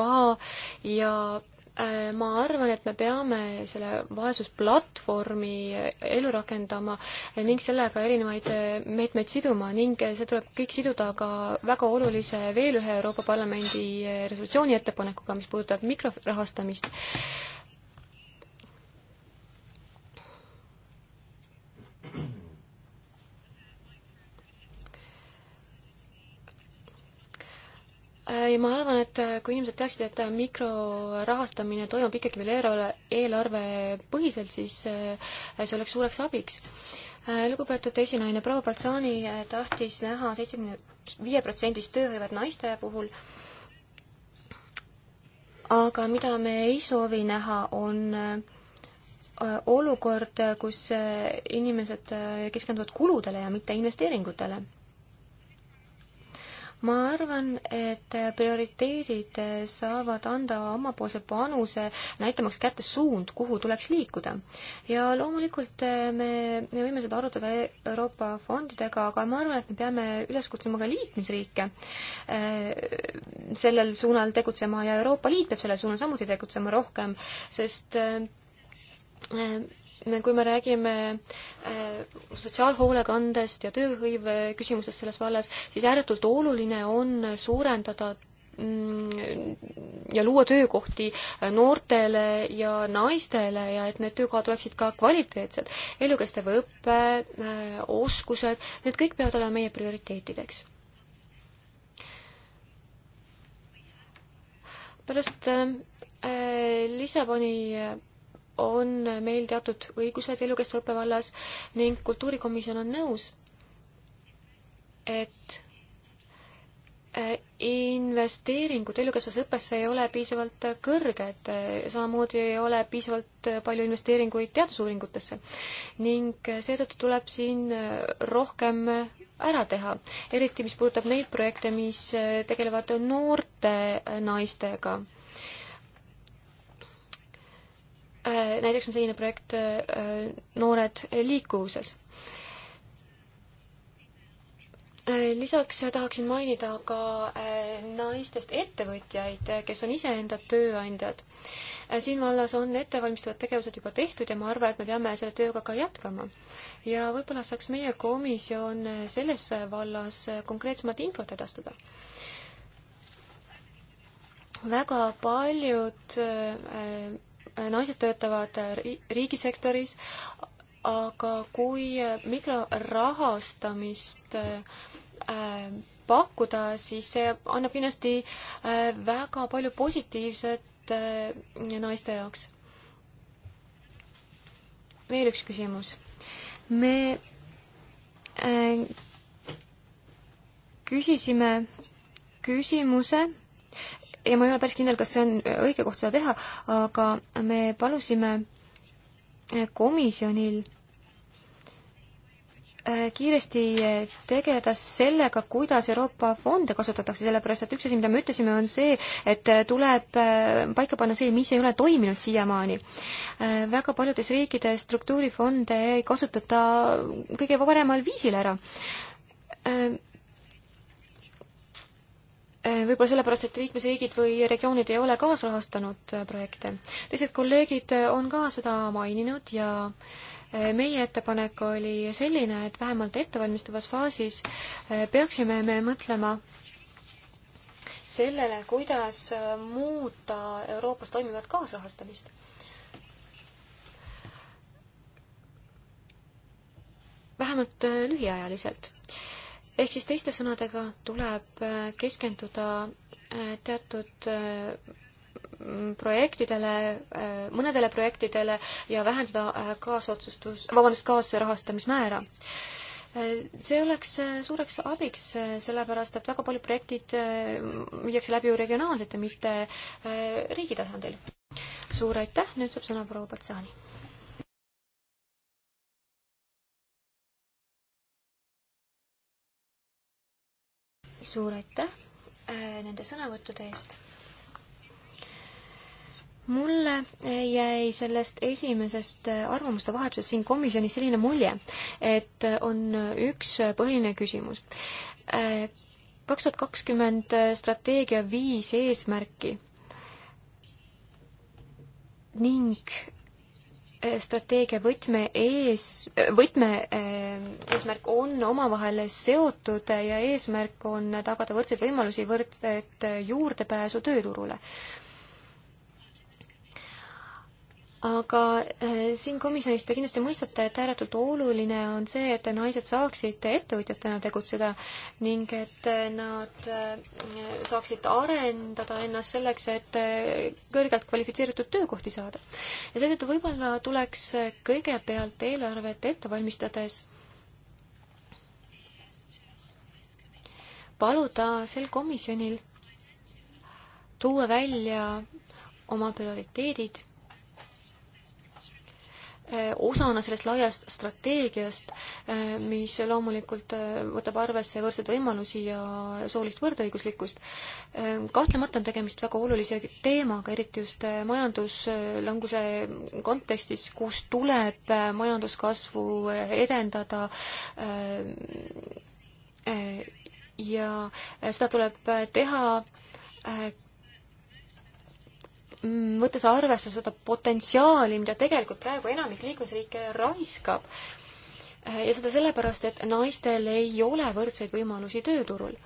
ka ja Äh, ma arvan, et me peame selle vaesusplatvormi ellu rakendama ning sellega erinevaid äh, meetmeid siduma ning see tuleb kõik siduda ka väga olulise veel ühe Euroopa Parlamendi äh, resolutsiooni ettepanekuga, mis puudutab mikrorahastamist Äh, ja ma arvan, et äh, kui inimesed teaksid, et äh, mikrorahastamine toimub ikkagi veel eelarve, eelarvepõhiselt, siis see oleks suureks abiks. lugupeetud esinaine proua Baltsani tahtis näha seitsmekümne viie protsendist tööhõivet naiste puhul, aga mida me ei soovi näha, on olukord, kus inimesed keskenduvad kuludele ja mitte investeeringutele ma arvan, et prioriteedid saavad anda omapoolse panuse, näitamaks kätte suund, kuhu tuleks liikuda. ja loomulikult me, eh, me võime seda arutada Euroopa fondidega, aga ma arvan, et me peame üles kutsuma ka liikmesriike eh, sellel suunal tegutsema ja Euroopa Liit peab sellel suunal samuti tegutsema rohkem, sest eh, kui me räägime äh, sotsiaalhoolekandest ja tööhõive küsimustest selles vallas, siis ääretult oluline on suurendada mm, ja luua töökohti äh, noortele ja naistele ja et need töökohad oleksid ka kvaliteetsed. elukestev õpe, äh, oskused, need kõik peavad olema meie prioriteetideks pärast äh, Lissaboni on meil teatud õigused elukestva õppe vallas ning kultuurikomisjon on nõus, et äh, investeeringud elukestvas õppesse ei ole piisavalt kõrged, samamoodi ei ole piisavalt palju investeeringuid teadusuuringutesse. ning seetõttu tuleb siin rohkem ära teha, eriti mis puudutab neid projekte, mis tegelevad noorte naistega Äh, näiteks on selline projekt äh, Noored liikuvuses. Äh, lisaks tahaksin mainida ka naistest ettevõtjaid, kes on iseenda tööandjad. siin vallas on ettevalmistavad tegevused juba tehtud ja ma arvan, et me peame selle tööga ka jätkama. ja võib-olla saaks meie komisjon selles vallas konkreetsemat infot edastada väga paljud äh, naised töötavad riigisektoris, aga kui mikrorahastamist äh, pakkuda, siis see annab kindlasti äh, väga palju positiivset äh, naiste jaoks. veel üks küsimus. me küsisime küsimuse, ja ma ei ole päris kindel, kas see on õige koht seda teha, aga me palusime komisjonil äh, kiiresti tegeleda sellega, kuidas Euroopa fonde kasutatakse, sellepärast et üks asi, mida me ütlesime, on see, et tuleb äh, paika panna see, mis ei ole toiminud siiamaani. Äh, väga paljudes riikides struktuurifonde ei kasutata kõige paremal viisil ära Eh, võib-olla sellepärast, et liikmesriigid või regioonid ei ole kaasrahastanud eh, projekte. teised kolleegid eh, on ka seda maininud ja meie ettepanek oli selline, et vähemalt ettevalmistavas faasis peaksime me mõtlema sellele, kuidas muuta Euroopas toimivat kaasrahastamist. vähemalt lühiajaliselt ehk siis teiste sõnadega tuleb äh, keskenduda äh, teatud äh, projektidele, mõnedele projektidele ja vähendada kaasotsustus, vabandust, kaasrahastamismäära. See oleks suureks abiks, sellepärast et väga paljud projektid viiakse läbi ju regionaalselt ja mitte riigi tasandil. suur aitäh, nüüd saab sõna proua Patsani suur aitäh äh, nende sõnavõttude eest. mulle äh, jäi sellest esimesest äh, arvamuste vahetusest siin komisjonis selline mulje, et on üks põhiline küsimus. kaks tuhat kakskümmend strateegia viis eesmärki ning strateegia võtme ees, võtme eh, eesmärk on omavahel seotud ja eesmärk on tagada võrdseid võimalusi, võrdset juurdepääsu tööturule aga äh, siin komisjonis te kindlasti mõistate, et ääretult oluline on see, et naised saaksid ettevõtjatena tegutseda ning et äh, nad äh, saaksid arendada ennast selleks, et kõrgelt kvalifitseeritud töökohti saada. ja seetõttu võib-olla tuleks kõigepealt eelarvet ette valmistades paluda sel komisjonil tuua välja oma prioriteedid Eh, osana sellest laiast strateegiast, eh, mis loomulikult eh, võtab arvesse võrdseid võimalusi ja soolist võrdõiguslikkust. kahtlemata on tegemist väga olulise teemaga, eriti just majanduslanguse kontekstis, kus tuleb majanduskasvu edendada ja seda tuleb teha Mm, võttes arvesse seda potentsiaali, mida tegelikult praegu enamik liikmesriike raiskab. Eh, ja seda sellepärast, et naistel ei ole võrdseid võimalusi tööturul.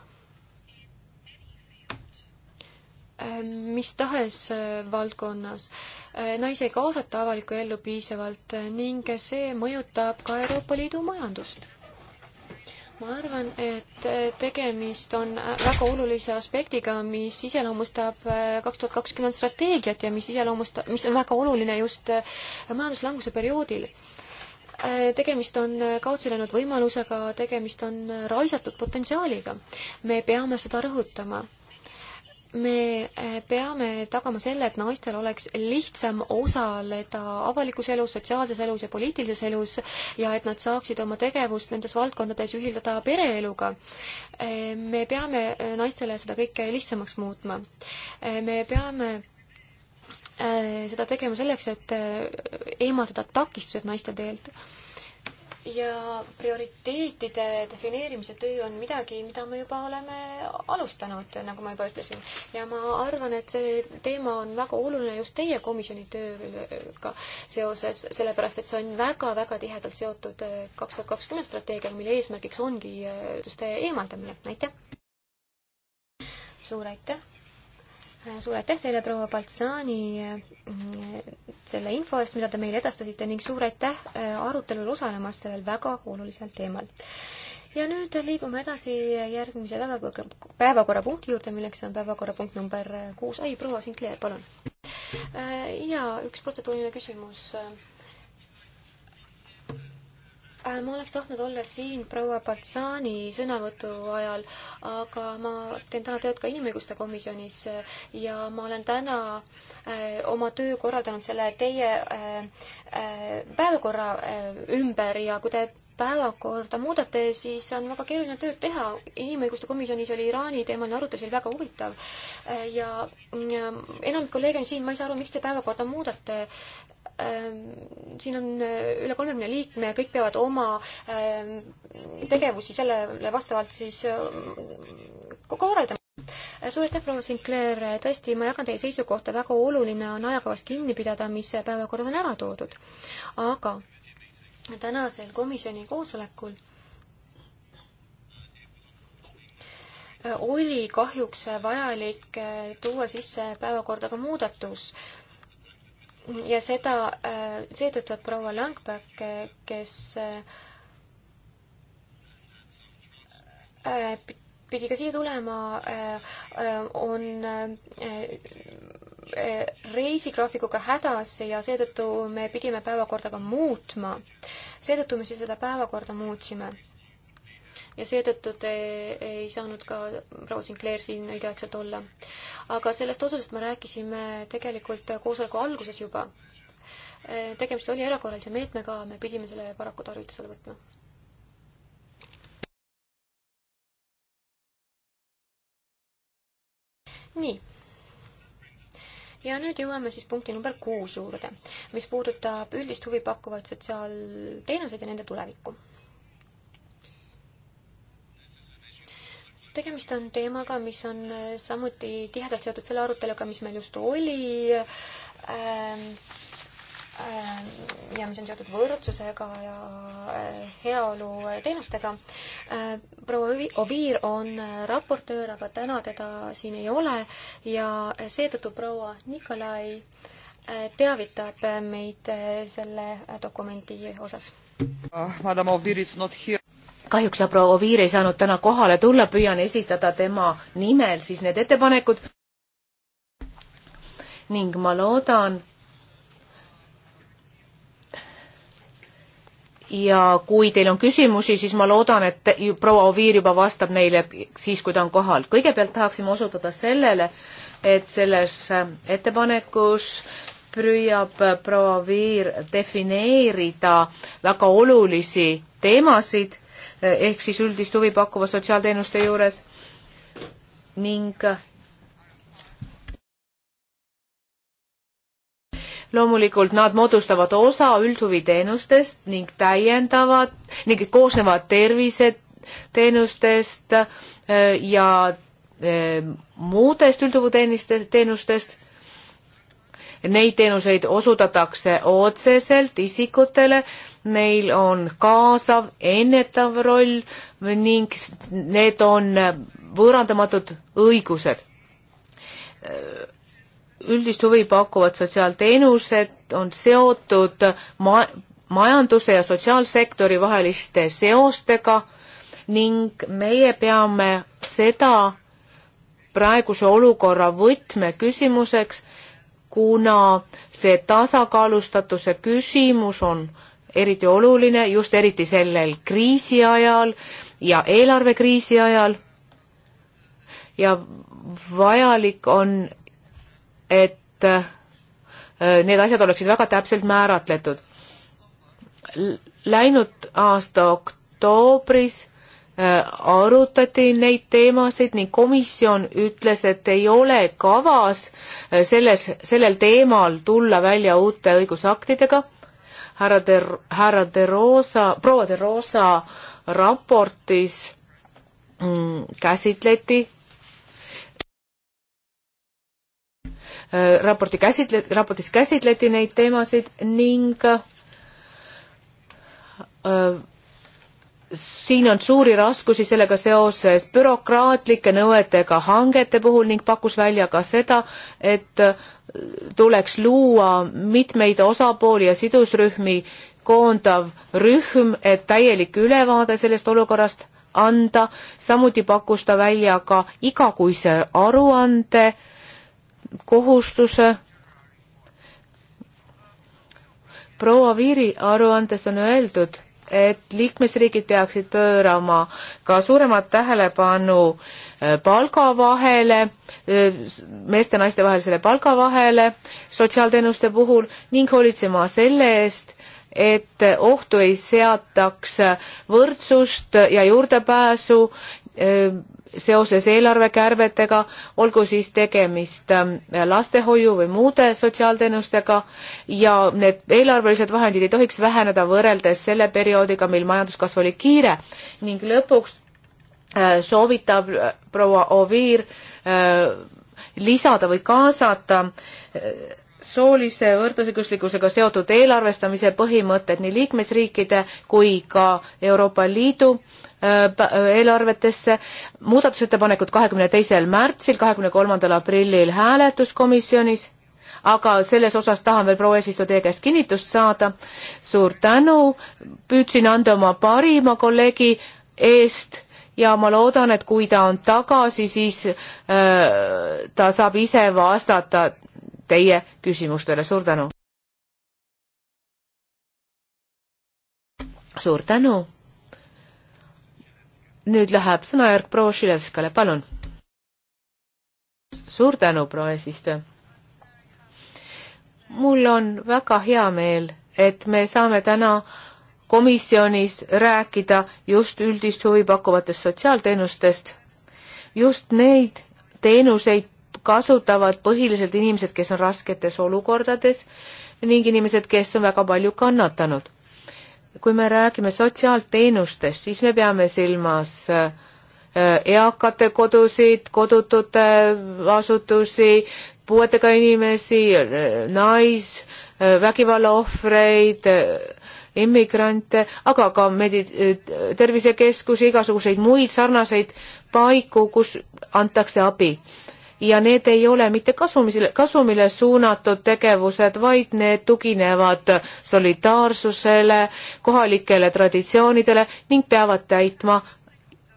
Eh, mis tahes eh, valdkonnas. naisi ei kaasata avalikku ellu piisavalt ning see mõjutab ka Euroopa Liidu majandust ma arvan, et äh, tegemist on äh, väga olulise aspektiga, mis iseloomustab äh, kaks tuhat kakskümmend strateegiat ja mis iseloomustab, mis on väga oluline just majanduslanguse perioodil. tegemist on kaotsi läinud võimalusega, tegemist on raisatud potentsiaaliga. me peame seda rõhutama me eh, peame tagama selle, et naistel oleks lihtsam osaleda avalikus elus, sotsiaalses elus ja poliitilises elus ja et nad saaksid oma tegevust nendes valdkondades ühildada pereeluga. Eh, me peame eh, naistele seda kõike lihtsamaks muutma. me peame seda tegema selleks, et eemaldada takistused naiste teelt ja prioriteetide defineerimise töö on midagi, mida me juba oleme alustanud, nagu ma juba ütlesin. ja ma arvan, et see teema on väga oluline just teie komisjoni tööga seoses, sellepärast et see on väga-väga tihedalt seotud äh, kaks tuhat kakskümmend strateegiaga, mille eesmärgiks ongi tööstuste äh, äh, eemaldamine. aitäh! suur aitäh! suur aitäh teile, proua Baltsani, selle info eest, mida te meile edastasite ning suur aitäh äh, arutelul osalemast sellel väga olulisel teemal. ja nüüd liigume edasi järgmise päevakorra, päevakorrapunkti juurde, milleks on päevakorrapunkt number kuus. ai, proua Sinclair, palun. Äh, ja üks protseduuriline küsimus äh, Äh, ma oleks tahtnud olla siin proua Baltsani sõnavõtu ajal, aga ma teen täna tööd ka inimõiguste komisjonis äh, ja ma olen täna äh, oma töö korraldanud selle teie päevakorra ümber ja kui te päevakorda muudate, siis on väga keeruline tööd teha. inimõiguste komisjonis oli Iraani teemaline arutlus, oli väga huvitav ja enamik kolleege on siin, ma ei saa aru, miks te päevakorda muudate Ehm, siin on äh, üle kolmekümne liikme ja kõik peavad oma ehm, tegevusi sellele vastavalt siis ehm, korraldama. Äh, suur aitäh, proua Sinclair, äh, tõesti, ma jagan teie seisukohta, väga oluline on ajakavast kinni pidada, mis päevakorras on ära toodud. aga tänasel komisjoni koosolekul oli kahjuks vajalik tuua sisse päevakorda ka muudatus ja seda äh, seetõttu, et proua Langback, kes äh, pidi ka siia tulema, äh, on reisigraafikuga hädas ja seetõttu me pidime päevakorda ka muutma. seetõttu me siis seda päevakorda muutsime ja seetõttu te ei saanud ka proua Sinclair siin õigeaegselt olla. aga sellest otsusest me rääkisime tegelikult koosoleku alguses juba. tegemist oli erakorralise meetmega, me pidime selle paraku tarvitusele võtma nii. ja nüüd jõuame siis punkti number kuus juurde, mis puudutab üldist huvi pakkuvaid sotsiaalteenuseid ja nende tulevikku. tegemist on teemaga, mis on äh, samuti tihedalt seotud selle aruteluga, mis meil just oli ähm, ähm, ja mis on seotud võrdsusega ja äh, heaolu teenustega äh,. proua Oviir on äh, raportöör, aga täna teda siin ei ole ja seetõttu proua Nikolai teavitab meid selle dokumendi osas. Madam Oviir is not here kahjuks proua Oviir ei saanud täna kohale tulla, püüan esitada tema nimel siis need ettepanekud. ning ma loodan, ja kui teil on küsimusi, siis ma loodan, et proua Oviir juba vastab neile siis, kui ta on kohal. kõigepealt tahaksime osutada sellele, et selles äh, ettepanekus püüab äh, proua Oviir defineerida väga olulisi teemasid ehk siis üldist huvi pakkuva sotsiaalteenuste juures ning loomulikult nad moodustavad osa üldhuviteenustest ning täiendavad ning koosnevad terviseteenustest äh, ja äh, muudest üldhuviteenustest. Neid teenuseid osutatakse otseselt isikutele neil on kaasav, ennetav roll ning need on võõrandamatud õigused. üldist huvi pakuvad sotsiaalteenused on seotud ma-, majanduse ja sotsiaalsektori vaheliste seostega ning meie peame seda praeguse olukorra võtmeküsimuseks, kuna see tasakaalustatuse küsimus on äh, eriti oluline just eriti sellel kriisi ajal ja eelarvekriisi ajal. ja vajalik on, et äh, need asjad oleksid väga täpselt määratletud. Läinud aasta oktoobris äh, arutati neid teemasid ning komisjon ütles, et ei ole kavas äh, selles, sellel teemal tulla välja uute õigusaktidega härra De, härra De Rosa, proua De Rosa raportis mm, käsitleti äh, raporti käsitle-, raportis käsitleti neid teemasid ning äh, siin on suuri raskusi sellega seoses bürokraatlike nõuetega hangete puhul ning pakkus välja ka seda, et äh, tuleks luua mitmeid osapooli ja sidusrühmi koondav rühm, et täielik ülevaade sellest olukorrast anda, samuti pakkus ta välja ka igakuise aruande kohustuse. proua Viiri aruandes on öeldud et liikmesriigid peaksid pöörama ka suuremat tähelepanu äh, palgavahele, äh, meeste ja naiste vahelisele palgavahele sotsiaalteenuste puhul ning hoolitsema selle eest, et ohtu ei seataks võrdsust ja juurdepääsu äh, seoses eelarvekärbetega, olgu siis tegemist ähm, lastehoiu või muude sotsiaalteenustega ja need eelarvelised vahendid ei tohiks väheneda võrreldes selle perioodiga, mil majanduskasv oli kiire ning lõpuks äh, soovitab äh, proua Oviir äh, lisada või kaasata soolise võrdõiguslikkusega seotud eelarvestamise põhimõtted nii liikmesriikide kui ka Euroopa Liidu äh, äh, eelarvetesse. muudatusettepanekud kahekümne teisel märtsil, kahekümne kolmandal aprillil hääletuskomisjonis, aga selles osas tahan veel proua eesistuja teie käest kinnitust saada. suur tänu, püüdsin anda oma parima kolleegi eest ja ma loodan, et kui ta on tagasi, siis öö, äh, ta saab ise vastata teie küsimustele, suur tänu! suur tänu! nüüd läheb sõnajärg proua Šilevskale, palun! suur tänu, proua eesistuja! mul on väga hea meel, et me saame täna komisjonis rääkida just üldist huvi pakkuvatest sotsiaalteenustest, just neid teenuseid kasutavad põhiliselt inimesed, kes on rasketes olukordades ning inimesed, kes on väga palju kannatanud. kui me räägime sotsiaalteenustest, siis me peame silmas äh, eakate kodusid, kodutute asutusi, puuetega inimesi, nais, vägivalla ohvreid, immigrante, aga ka medi-, tervisekeskusi, igasuguseid muid sarnaseid paiku, kus antakse abi ja need ei ole mitte kasumisele, kasumile suunatud tegevused, vaid need tuginevad solidaarsusele, kohalikele traditsioonidele ning peavad täitma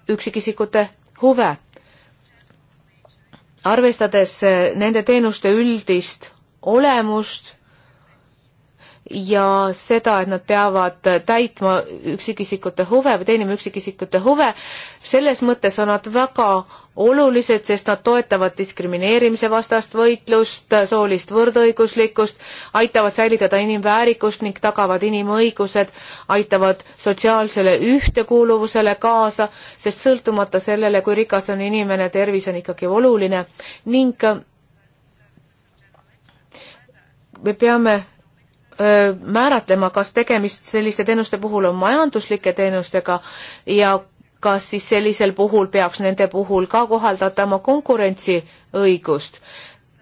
üksikisikute huve. arvestades nende teenuste üldist olemust ja seda, et nad peavad täitma üksikisikute huve või teenima üksikisikute huve, selles mõttes on nad väga olulised, sest nad toetavad diskrimineerimise vastast võitlust, soolist võrdõiguslikkust, aitavad säilitada inimväärikust ning tagavad inimõigused, aitavad sotsiaalsele ühtekuuluvusele kaasa, sest sõltumata sellele, kui rikas on inimene, tervis on ikkagi oluline ning me peame määratlema, kas tegemist selliste teenuste puhul on majanduslike teenustega ja kas siis sellisel puhul peaks nende puhul ka kohaldatama konkurentsiõigust.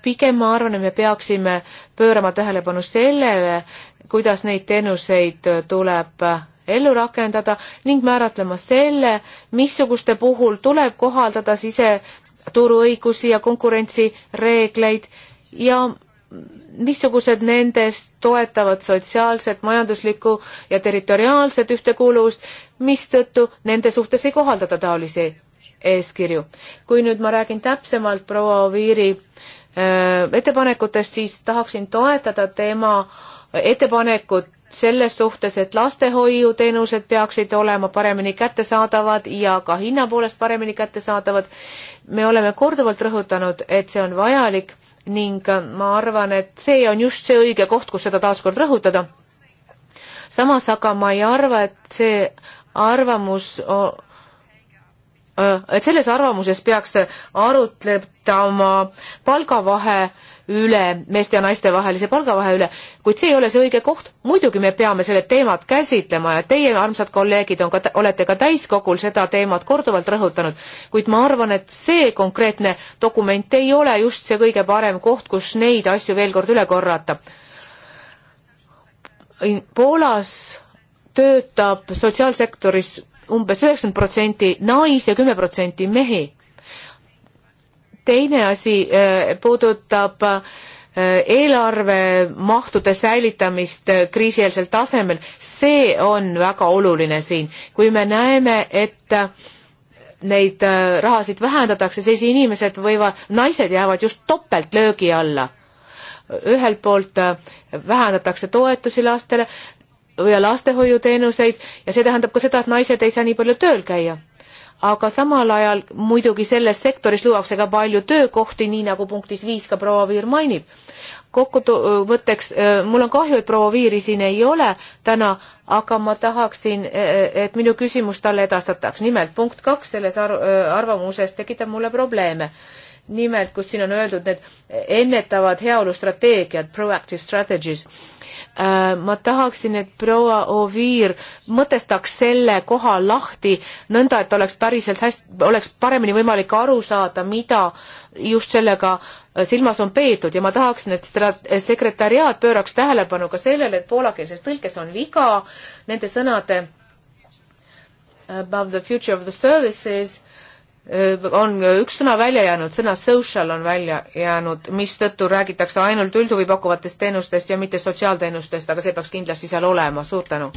pigem ma arvan, et me peaksime pöörama tähelepanu sellele, kuidas neid teenuseid tuleb ellu rakendada ning määratlema selle, missuguste puhul tuleb kohaldada siseturuõigusi ja konkurentsireegleid ja missugused nendest toetavad sotsiaalset, majanduslikku ja territoriaalset ühtekuuluvust, mistõttu nende suhtes ei kohaldata taolisi eeskirju. kui nüüd ma räägin täpsemalt proua Oviiri äh, ettepanekutest, siis tahaksin toetada tema ettepanekut selles suhtes, et lastehoiuteenused peaksid olema paremini kättesaadavad ja ka hinna poolest paremini kättesaadavad. me oleme korduvalt rõhutanud, et see on vajalik ning äh, ma arvan, et see on just see õige koht, kus seda taaskord rõhutada. samas aga ma ei arva, et see arvamus Äh, et selles arvamuses peaks arutletama palgavahe üle, meeste ja naiste vahelise palgavahe üle, kuid see ei ole see õige koht. muidugi me peame selle teemat käsitlema ja teie, armsad kolleegid, on ka, olete ka täiskogul seda teemat korduvalt rõhutanud, kuid ma arvan, et see konkreetne dokument ei ole just see kõige parem koht, kus neid asju veel kord üle korrata. Poolas töötab sotsiaalsektoris umbes üheksakümmend protsenti naisi ja kümme protsenti mehi. teine asi äh, puudutab äh, eelarvemahtude säilitamist äh, kriisieelsel tasemel, see on väga oluline siin. kui me näeme, et neid rahasid vähendatakse, siis inimesed võivad, naised jäävad just topeltlöögi alla ühelt poolt vähendatakse toetusi lastele, või lastehoiuteenuseid ja see tähendab ka seda, et naised ei saa nii palju tööl käia. aga samal ajal muidugi selles sektoris luuakse ka palju töökohti, nii nagu punktis viis ka proua Viir mainib. kokkuvõtteks, äh, mul on kahju, et proua Viiri siin ei ole täna, aga ma tahaksin, äh, et minu küsimus talle edastataks. nimelt punkt kaks selles arv äh, arvamuses tekitab mulle probleeme nimelt, kus siin on öeldud need ennetavad heaolustrateegiad, proactive strategies. Äh, ma tahaksin, et proua Oviir mõtestaks selle koha lahti nõnda, et oleks päriselt hästi, oleks paremini võimalik aru saada, mida just sellega silmas on peetud ja ma tahaksin, et seda sekretäriaat pööraks tähelepanu ka sellele, et poolakeelses tõlkes on viga nende sõnade about the future of the services on üks sõna välja jäänud, sõna social on välja jäänud, mistõttu räägitakse ainult üldhuvi pakkuvatest teenustest ja mitte sotsiaalteenustest, aga see peaks kindlasti seal olema, suur tänu.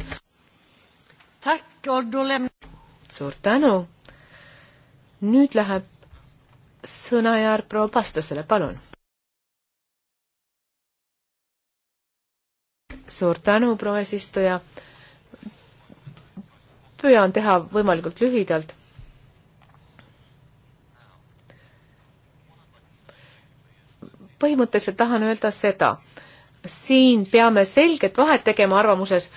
suur tänu. nüüd läheb sõnajärg proua Pastasele, palun. suur tänu, proua eesistuja. püüan teha võimalikult lühidalt põhimõtteliselt tahan öelda seda, siin peame selget vahet tegema arvamuses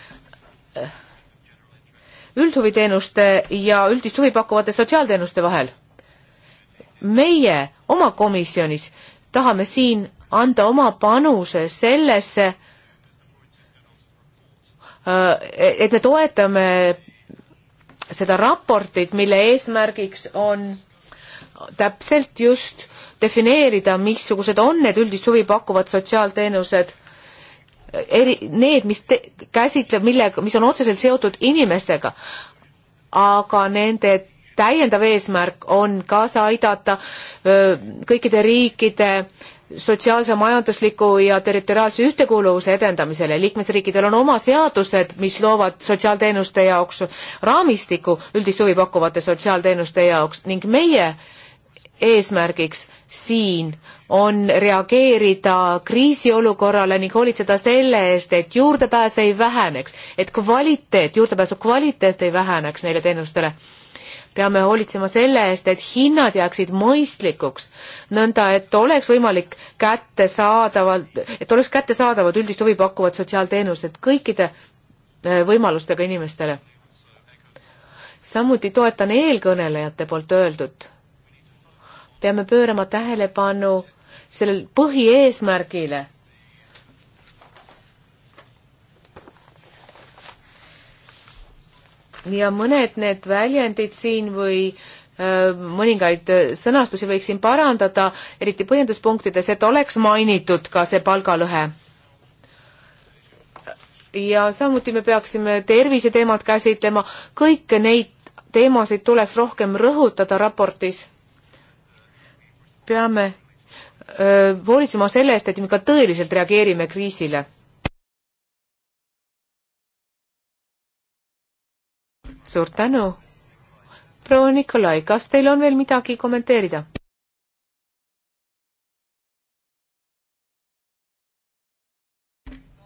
äh, üldhuviteenuste ja üldist huvi pakkuvate sotsiaalteenuste vahel. meie oma komisjonis tahame siin anda oma panuse sellesse, äh, et me toetame seda raportit, mille eesmärgiks on täpselt just defineerida, missugused on need üldist huvi pakkuvad sotsiaalteenused, eri, need, mis käsitleb, millega, mis on otseselt seotud inimestega, aga nende täiendav eesmärk on kaasa aidata öö, kõikide riikide sotsiaalse, majandusliku ja territoriaalse ühtekuuluvuse edendamisele. liikmesriikidel on oma seadused, mis loovad sotsiaalteenuste jaoks raamistiku üldist huvi pakkuvate sotsiaalteenuste jaoks ning meie äh, eesmärgiks siin on reageerida kriisiolukorrale ning hoolitseda selle eest, et juurdepääs ei väheneks, et kvaliteet, juurdepääsu kvaliteet ei väheneks neile teenustele. peame hoolitsema selle eest, et hinnad jääksid mõistlikuks, nõnda et oleks võimalik kättesaadavalt, et oleks kättesaadavad üldist huvi pakkuvad sotsiaalteenused kõikide eh, võimalustega inimestele. samuti toetan eelkõnelejate poolt öeldut peame pöörama tähelepanu sellel põhieesmärgile. ja mõned need väljendid siin või öö, äh, mõningaid äh, sõnastusi võiksin parandada, eriti põhjenduspunktides, et oleks mainitud ka see palgalõhe ja samuti me peaksime terviseteemat käsitlema, kõiki neid teemasid tuleks rohkem rõhutada raportis peame hoolitsema selle eest, et me ka tõeliselt reageerime kriisile. suur tänu. proua Nikolai, kas teil on veel midagi kommenteerida?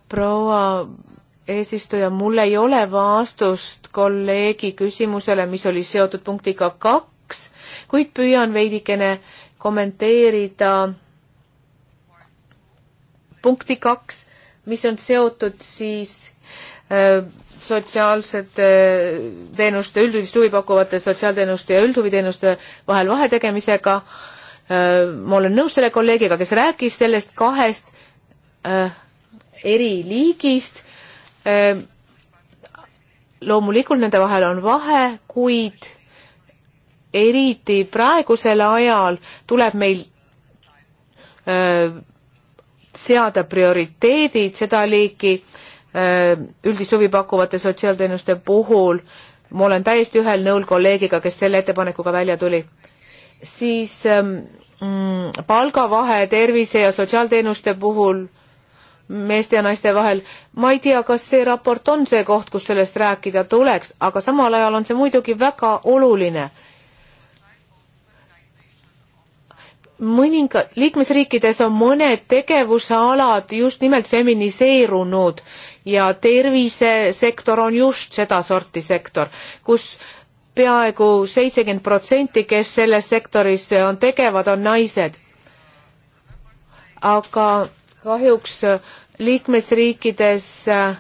proua eesistuja, mul ei ole vastust kolleegi küsimusele, mis oli seotud punktiga kaks, kuid püüan veidikene kommenteerida punkti kaks, mis on seotud siis äh, sotsiaalsete äh, teenuste, üldhuvist huvi pakkuvate sotsiaalteenuste ja üldhuviteenuste vahel vahe tegemisega äh,. ma olen nõus selle kolleegiga, kes rääkis sellest kahest äh, eri liigist. Äh, loomulikult nende vahel on vahe, kuid eriti praegusel ajal tuleb meil öö, seada prioriteedid seda liiki öö, üldist huvi pakkuvate sotsiaalteenuste puhul. ma olen täiesti ühel nõul kolleegiga, kes selle ettepanekuga välja tuli. siis öö, mm, palgavahe tervise ja sotsiaalteenuste puhul meeste ja naiste vahel. ma ei tea, kas see raport on see koht, kus sellest rääkida tuleks, aga samal ajal on see muidugi väga oluline mõningad liikmesriikides on mõned tegevusalad just nimelt feminiseerunud ja tervisesektor on just sedasorti sektor, kus peaaegu seitsekümmend protsenti, kes selles sektoris on tegevad, on naised. aga kahjuks liikmesriikides äh,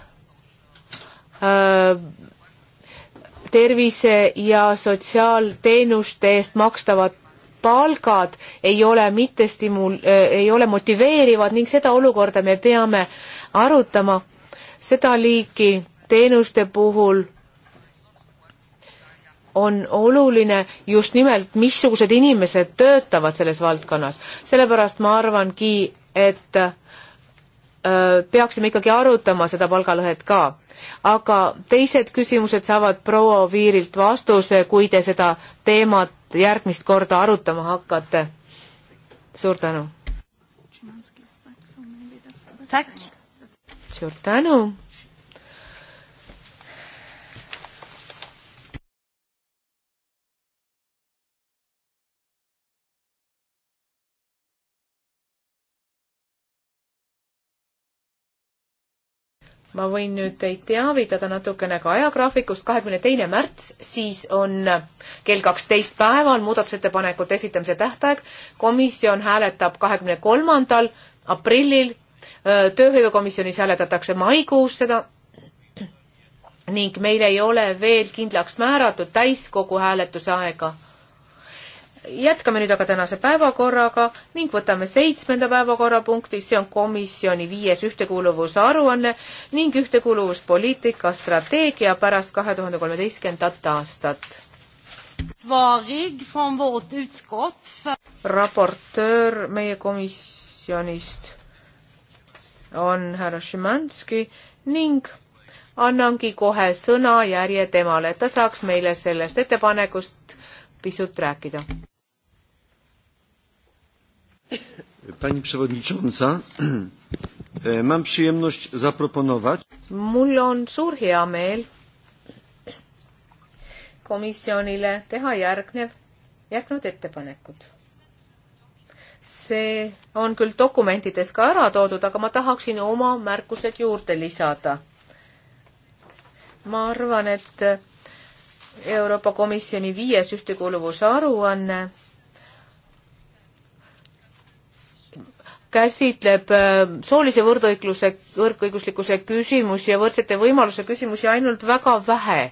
tervise ja sotsiaalteenuste eest makstavad palgad ei ole mitte stimul-, äh, ei ole motiveerivad ning seda olukorda me peame arutama. seda liiki teenuste puhul on oluline just nimelt, missugused inimesed töötavad selles valdkonnas. sellepärast ma arvangi, et äh, peaksime ikkagi arutama seda palgalõhet ka. aga teised küsimused saavad proua Oviirilt vastuse, kui te seda teemat järgmist korda arutama hakkate. suur tänu! suur tänu! ma võin nüüd teid teavitada natukene ka ajagraafikust, kahekümne teine märts, siis on kell kaksteist päeval muudatusettepanekute esitamise tähtaeg, komisjon hääletab kahekümne kolmandal aprillil, tööhõivekomisjonis hääletatakse maikuus seda ning meil ei ole veel kindlaks määratud täiskogu hääletuse aega jätkame nüüd aga tänase päevakorraga ning võtame seitsmenda päevakorrapunkti, see on komisjoni viies ühtekuuluvusaruanne ning ühtekuuluvuspoliitika strateegia pärast kahe tuhande kolmeteistkümnendat aastat. raportöör meie komisjonist on härra Šimanski ning annangi kohe sõna järje temale, et ta saaks meile sellest ettepanekust pisut rääkida. Pani przewodnicząca, e, mam przyjemność zaproponować. mul on suur heameel komisjonile teha järgnev, järgnevad ettepanekud. see on küll dokumentides ka ära toodud, aga ma tahaksin oma märkused juurde lisada. ma arvan, et Euroopa Komisjoni viies ühtekuuluvusaruanne käsitleb äh, soolise võrdõigluse, võrdõiguslikkuse küsimusi ja võrdsete võimaluse küsimusi ainult väga vähe.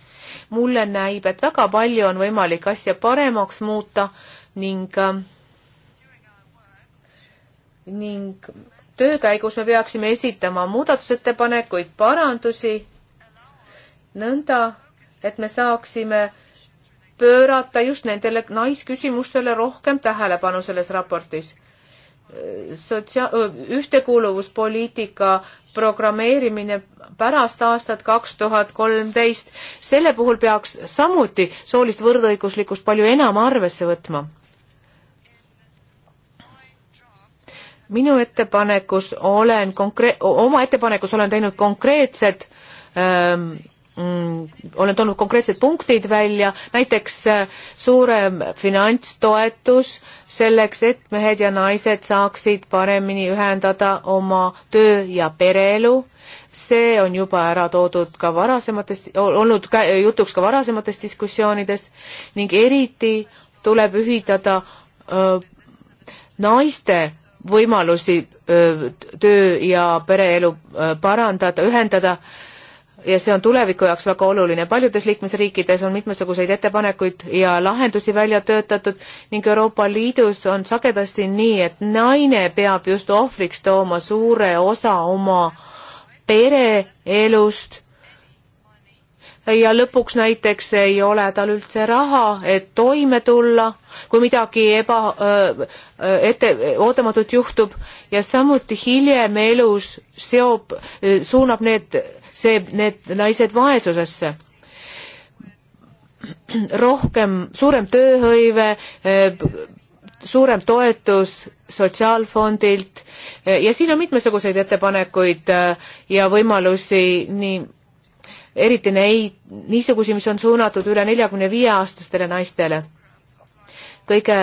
mulle näib, et väga palju on võimalik asja paremaks muuta ning, äh, ning töö käigus me peaksime esitama muudatusettepanekuid, parandusi, nõnda, et me saaksime pöörata just nendele naisküsimustele rohkem tähelepanu selles raportis sotsia-, ühtekuuluvuspoliitika programmeerimine pärast aastat kaks tuhat kolmteist, selle puhul peaks samuti soolist võrdõiguslikkust palju enam arvesse võtma. minu ettepanekus olen konkre-, oma ettepanekus olen teinud konkreetsed öö, ähm, mm, olen toonud konkreetsed punktid välja, näiteks äh, suurem finantstoetus selleks, et mehed ja naised saaksid paremini ühendada oma töö ja pereelu. see on juba ära toodud ka varasemates, olnud ka, jutuks ka varasemates diskussioonides ning eriti tuleb ühitada öö, äh, naiste võimalusi öö, äh, töö ja pereelu öö, parandada, ühendada öö, ja see on tuleviku jaoks väga oluline. paljudes liikmesriikides on mitmesuguseid ettepanekuid ja lahendusi välja töötatud ning Euroopa Liidus on sagedasti nii, et naine peab just ohvriks tooma suure osa oma pereelust ja lõpuks näiteks ei ole tal üldse raha, et toime tulla, kui midagi eba, ette, ootamatut juhtub ja samuti hiljem elus seob, suunab need see, need naised vaesusesse rohkem, suurem tööhõive, suurem toetus sotsiaalfondilt ja siin on mitmesuguseid ettepanekuid ja võimalusi nii, eriti neid, niisugusi, mis on suunatud üle neljakümne viie aastastele naistele. kõige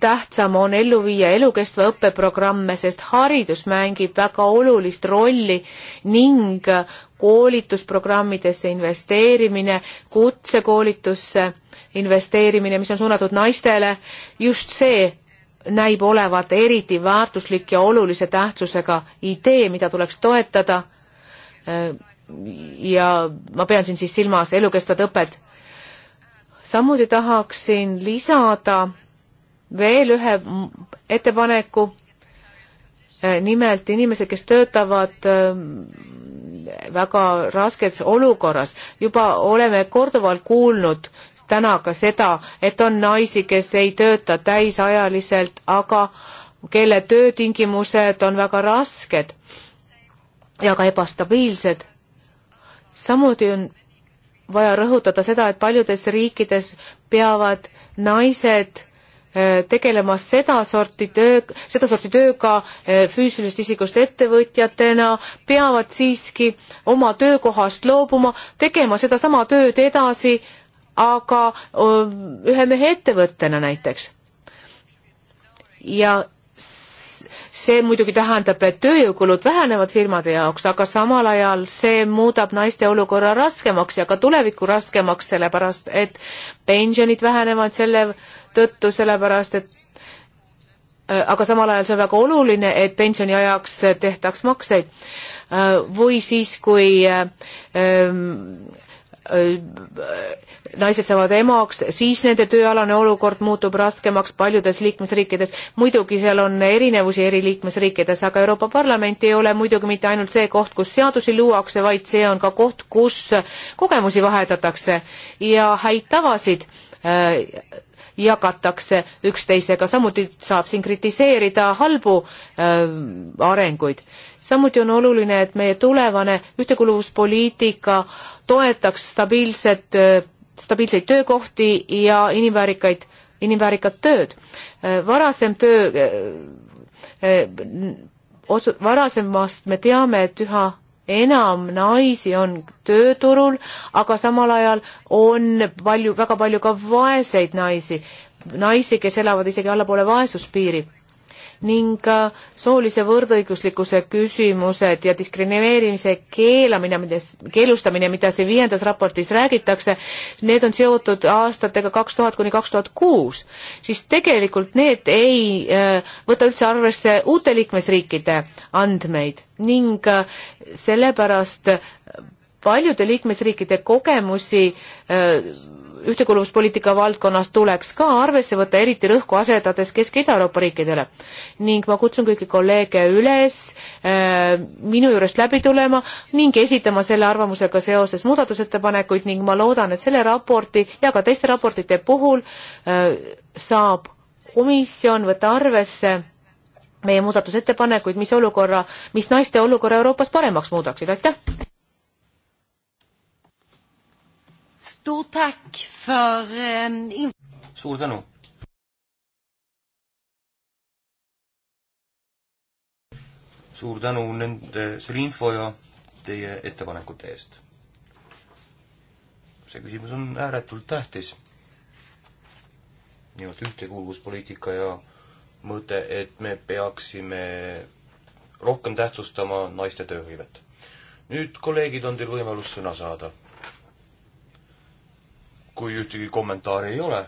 tähtsam on ellu viia elukestva õppe programme, sest haridus mängib väga olulist rolli ning koolitusprogrammidesse investeerimine, kutsekoolitusse investeerimine, mis on suunatud naistele, just see näib olevat eriti väärtuslik ja olulise tähtsusega idee, mida tuleks toetada. ja ma pean siin siis silmas elukestvat õpet. samuti tahaksin lisada veel ühe ettepaneku nimelt inimesed, kes töötavad väga raskes olukorras. juba oleme korduvalt kuulnud täna ka seda, et on naisi, kes ei tööta täisajaliselt, aga kelle töötingimused on väga rasked ja ka ebastabiilsed. samuti on vaja rõhutada seda, et paljudes riikides peavad naised Äh, tegelema sedasorti töö, sedasorti tööga äh, füüsilisest isikust ettevõtjatena, peavad siiski oma töökohast loobuma, tegema sedasama tööd edasi, aga ühe mehe ettevõttena näiteks. ja see muidugi tähendab, et tööjõukulud vähenevad firmade jaoks, aga samal ajal see muudab naiste olukorra raskemaks ja ka tuleviku raskemaks, sellepärast et pensionid vähenevad selle tõttu, sellepärast et äh, aga samal ajal see on väga oluline, et pensioni ajaks tehtaks makseid. Äh, või siis, kui äh, ähm, Äh, naised saavad emaks, siis nende tööalane olukord muutub raskemaks paljudes liikmesriikides. muidugi seal on erinevusi eri liikmesriikides, aga Euroopa Parlament ei ole muidugi mitte ainult see koht, kus seadusi luuakse, vaid see on ka koht, kus kogemusi vahetatakse ja häid tavasid äh, jagatakse üksteisega, samuti saab siin kritiseerida halbu äh, arenguid. samuti on oluline, et meie tulevane ühtekuuluvuspoliitika toetaks stabiilset äh,, stabiilseid töökohti ja inimväärikaid, inimväärikat tööd äh,. varasem töö äh, äh, osu-, varasemast me teame, et üha enam naisi on tööturul, aga samal ajal on palju, väga palju ka vaeseid naisi, naisi, kes elavad isegi allapoole vaesuspiiri ning ka soolise võrdõiguslikkuse küsimused ja diskrimineerimise keelamine, mida, keelustamine, mida siin viiendas raportis räägitakse, need on seotud aastatega kaks tuhat kuni kaks tuhat kuus, siis tegelikult need ei äh, võta üldse arvesse uute liikmesriikide andmeid ning äh, sellepärast paljude liikmesriikide kogemusi äh, ühtekuuluvuspoliitika valdkonnas tuleks ka arvesse võtta, eriti rõhku asetades Kesk- ja Ida-Euroopa riikidele. ning ma kutsun kõiki kolleege üles äh, minu juurest läbi tulema ning esitama selle arvamusega seoses muudatusettepanekuid ning ma loodan, et selle raporti ja ka teiste raportite puhul äh, saab komisjon võtta arvesse meie muudatusettepanekuid, mis olukorra, mis naiste olukorra Euroopas paremaks muudaksid, aitäh! stort tack för... Ehm, suur tänu! suur tänu nende, selle info ja teie ettepanekute eest. see küsimus on ääretult tähtis. nimelt ühtekuuluvuspoliitika ja mõte, et me peaksime rohkem tähtsustama naiste tööhõivet. nüüd, kolleegid, on teil võimalus sõna saada kui ühtegi kommentaari ei ole,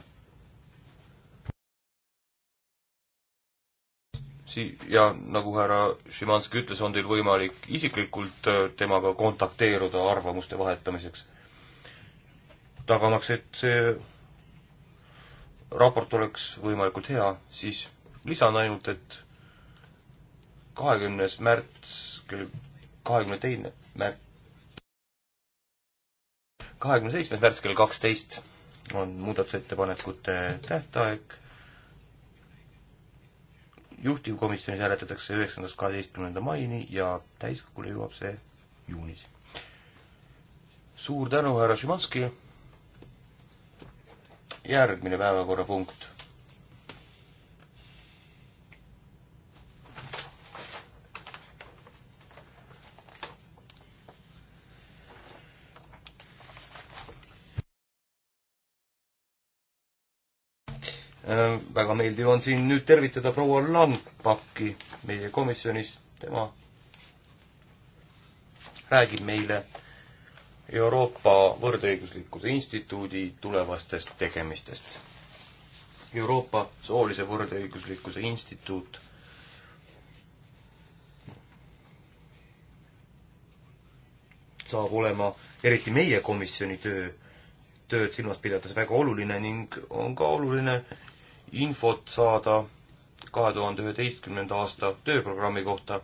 si-, ja nagu härra Šimanski ütles, on teil võimalik isiklikult äh, temaga kontakteeruda arvamuste vahetamiseks, tagamaks, et see raport oleks võimalikult hea, siis lisan ainult, et kahekümnes märts, kell kahekümne teine märts, kahekümne seitsmes märts kell kaksteist on muudatusettepanekute tähtaeg. juhtivkomisjonis hääletatakse üheksandast kaheteistkümnenda maini ja täiskogule jõuab see juunis. suur tänu härra Šimanskile. järgmine päevakorrapunkt Äh, väga meeldiv on siin nüüd tervitada proua Landbaki meie komisjonis, tema räägib meile Euroopa Võrdõiguslikkuse Instituudi tulevastest tegemistest. Euroopa Soolise Võrdõiguslikkuse Instituut saab olema eriti meie komisjoni töö, tööd silmas pidades väga oluline ning on ka oluline äh, infot saada kahe tuhande üheteistkümnenda aasta tööprogrammi kohta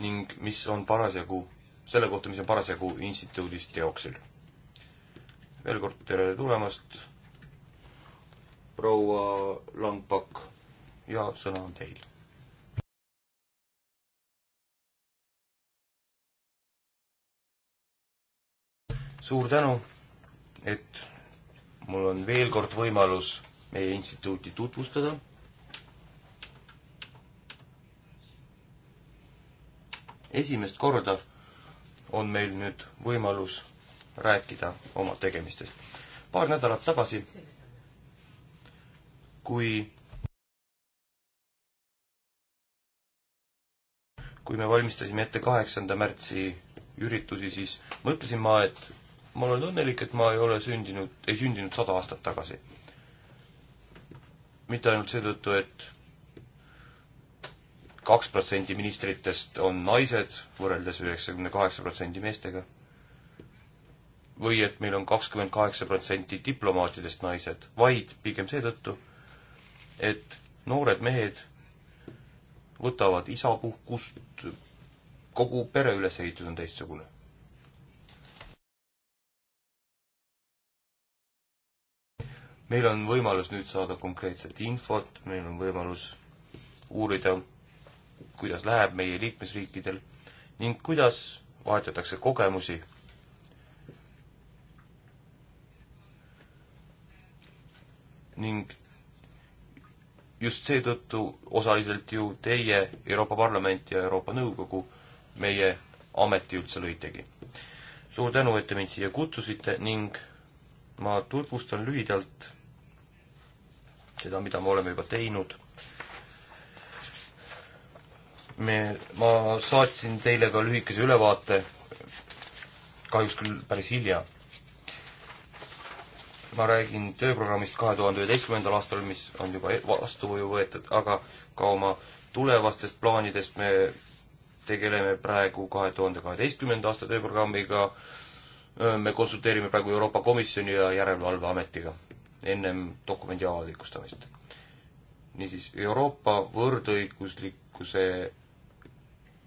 ning mis on parasjagu, selle kohta, mis on parasjagu instituudis teoksil. veel kord tere tulemast, proua Langpakk ja sõna on teil. suur tänu, et mul on veel kord võimalus meie instituuti tutvustada. esimest korda on meil nüüd võimalus rääkida oma tegemistest. paar nädalat tagasi, kui kui me valmistasime ette kaheksanda märtsi üritusi, siis mõtlesin ma, et ma olen õnnelik, et ma ei ole sündinud, ei sündinud sada aastat tagasi. mitte ainult seetõttu, et kaks protsenti ministritest on naised võrreldes üheksakümne kaheksa protsendi meestega või et meil on kakskümmend kaheksa protsenti diplomaatidest naised, vaid pigem seetõttu, et noored mehed võtavad isapuhkust, kogu pere ülesehitus on teistsugune meil on võimalus nüüd saada konkreetset infot, meil on võimalus uurida, kuidas läheb meie liikmesriikidel ning kuidas vahetatakse kogemusi. ning just seetõttu osaliselt ju teie, Euroopa Parlament ja Euroopa Nõukogu, meie ameti üldse lõitegi. suur tänu, et te mind siia kutsusite ning ma tutvustan lühidalt seda, mida me oleme juba teinud. me, ma saatsin teile ka lühikese ülevaate, kahjuks küll päris hilja. ma räägin tööprogrammist kahe tuhande üheteistkümnendal aastal, mis on juba vastu ju võetud, aga ka oma tulevastest plaanidest me tegeleme praegu kahe tuhande kaheteistkümnenda aasta tööprogrammiga, me konsulteerime praegu Euroopa Komisjoni ja Järelevalveametiga ennem dokumendi avalikustamist. niisiis, Euroopa võrdõiguslikkuse,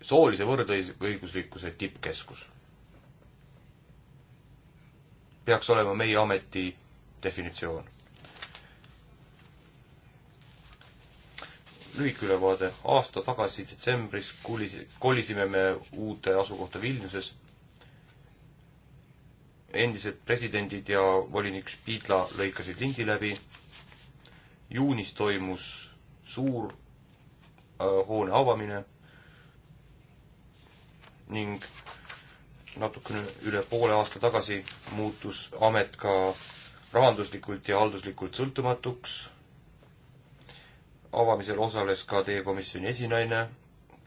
soolise võrdõiguslikkuse tippkeskus peaks olema meie ameti definitsioon. lühikülevaade, aasta tagasi detsembris kulis, kolisime me uude asukohta Vilniuses endised presidendid ja volinik Spidla lõikasid lindi läbi. juunis toimus suur äh, hoone avamine ning natukene üle poole aasta tagasi muutus amet ka rahanduslikult ja halduslikult sõltumatuks. avamisel osales ka teie komisjoni esinaine,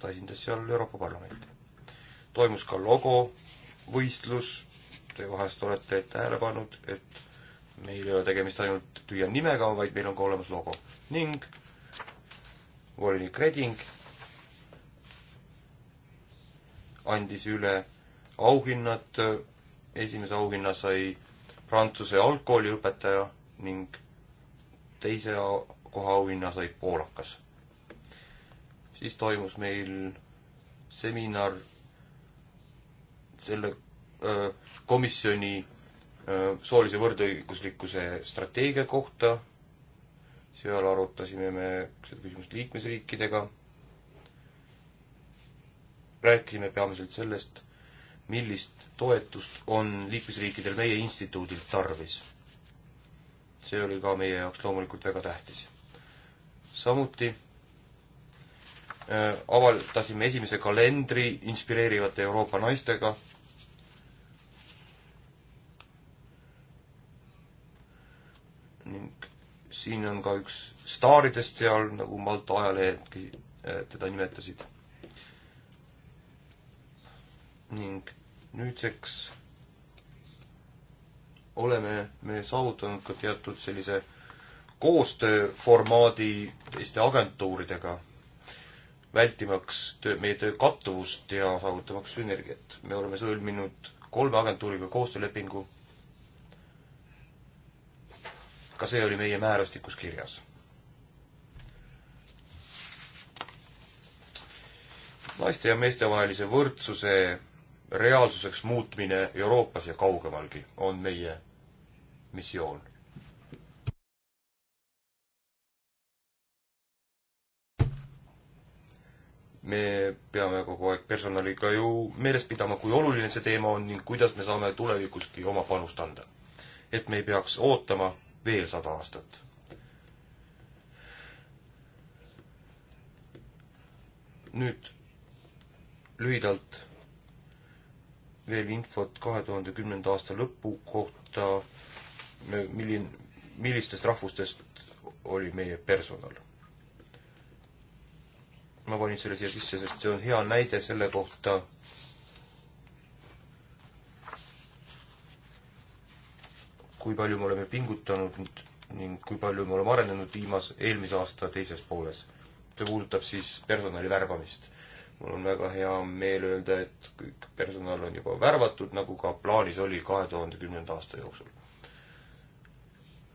ta esindas seal Euroopa Parlamenti. toimus ka logo võistlus te vahest olete tähele pannud, et meil ei ole tegemist ainult tühja nimega, vaid meil on ka olemas logo. ning volinik Reding andis üle auhinnad, esimese auhinna sai Prantsuse algkooliõpetaja ning teise koha auhinna sai poolakas. siis toimus meil seminar selle komisjoni soolise võrdõiguslikkuse strateegia kohta, seal arutasime me seda küsimust liikmesriikidega, rääkisime peamiselt sellest, millist toetust on liikmesriikidel meie instituudilt tarvis. see oli ka meie jaoks loomulikult väga tähtis. samuti äh, avaldasime esimese kalendri inspireerivate Euroopa naistega ning siin on ka üks staaridest seal, nagu Malta ajalehedki eh, teda nimetasid. ning nüüdseks oleme me saavutanud ka teatud sellise koostööformaadi teiste agentuuridega, vältimaks töö, meie töö kattuvust ja saavutamaks sünergiat. me oleme sõlminud kolme agentuuriga koostöölepingu ka see oli meie määrustikus kirjas. naiste ja meeste vahelise võrdsuse reaalsuseks muutmine Euroopas ja kaugemalgi on meie missioon. me peame kogu aeg personaliga ju meeles pidama, kui oluline see teema on ning kuidas me saame tulevikuski oma panust anda. et me ei peaks ootama veel sada aastat. nüüd lühidalt veel infot kahe tuhande kümnenda aasta lõpu kohta, milline, millistest rahvustest oli meie personal. ma panin selle siia sisse, sest see on hea näide selle kohta, kui palju me oleme pingutanud ning kui palju me oleme arenenud viimase, eelmise aasta teises pooles. see puudutab siis personali värbamist. mul on väga hea meel öelda, et kõik personal on juba värvatud, nagu ka plaanis oli kahe tuhande kümnenda aasta jooksul.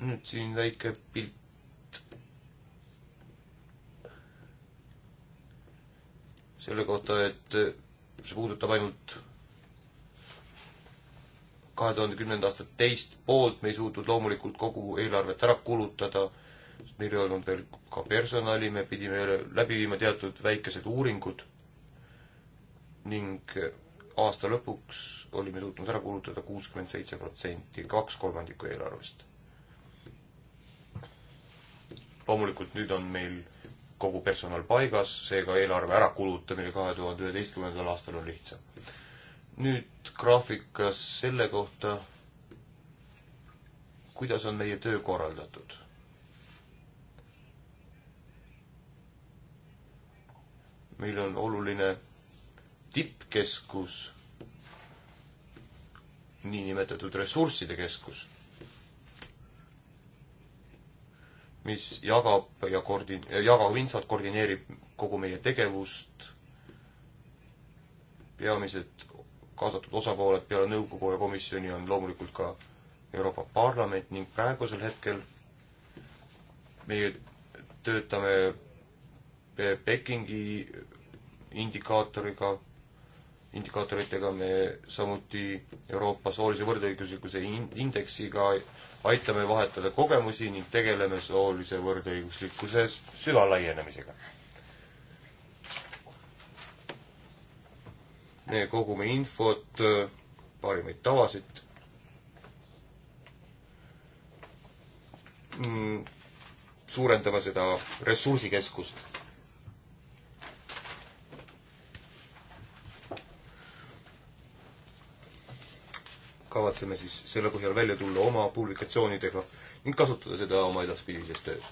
nüüd siin väike pilt selle kohta, et see puudutab ainult kahe tuhande kümnenda aasta teist poolt, me ei suutnud loomulikult kogu eelarvet ära kulutada, sest meil ei olnud veel ka personali, me pidime läbi viima teatud väikesed uuringud ning aasta lõpuks olime suutnud ära kulutada kuuskümmend seitse protsenti, kaks kolmandikku eelarvest. loomulikult nüüd on meil kogu personal paigas, seega eelarve ärakulutamine kahe tuhande üheteistkümnendal aastal on lihtsam nüüd graafikas selle kohta, kuidas on meie töö korraldatud. meil on oluline tippkeskus, niinimetatud ressursside keskus, mis jagab ja koordi-, jagab infot, koordineerib kogu meie tegevust, peamised kaasatud osapooled peale nõukogu ja komisjoni on loomulikult ka Euroopa Parlament ning praegusel hetkel meie töötame Pekingi indikaatoriga, indikaatoritega me samuti Euroopa soolise võrdõiguslikkuse indeksiga aitame vahetada kogemusi ning tegeleme soolise võrdõiguslikkuse süvalaienemisega me kogume infot, parimaid tavasid. Mm, suurendame seda ressursikeskust. kavatseme siis selle põhjal välja tulla oma publikatsioonidega ning kasutada seda oma edaspidises töös.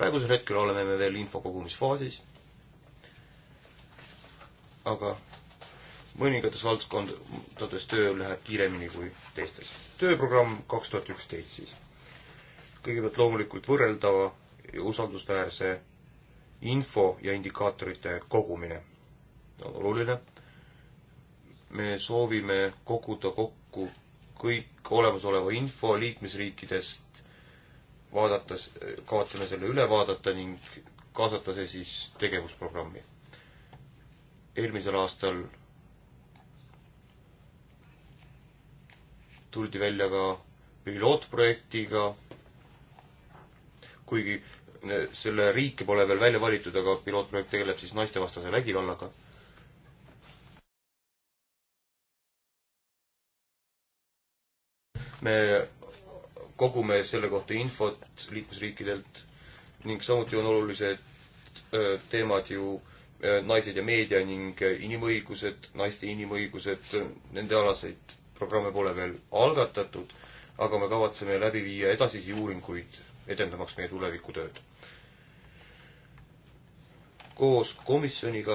praegusel hetkel oleme me veel info kogumisfaasis. aga mõningates valdkondades töö läheb kiiremini kui teistes. tööprogramm kaks tuhat üksteist siis. kõigepealt loomulikult võrreldava ja usaldusväärse info ja indikaatorite kogumine on oluline. me soovime koguda kokku kõik olemasoleva info liikmesriikidest, vaadates, kavatseme selle üle vaadata ning kaasata see siis tegevusprogrammi. eelmisel aastal tuldi välja ka pilootprojektiga, kuigi eh, selle riiki pole veel välja valitud, aga pilootprojekt tegeleb siis naistevastase vägivallaga. me kogume selle kohta infot liikmesriikidelt ning samuti on olulised eh, teemad ju eh, naised ja meedia ning inimõigused, naiste inimõigused, nende alaseid programme pole veel algatatud, aga me kavatseme läbi viia edasisi uuringuid, edendamaks meie tulevikutööd. koos komisjoniga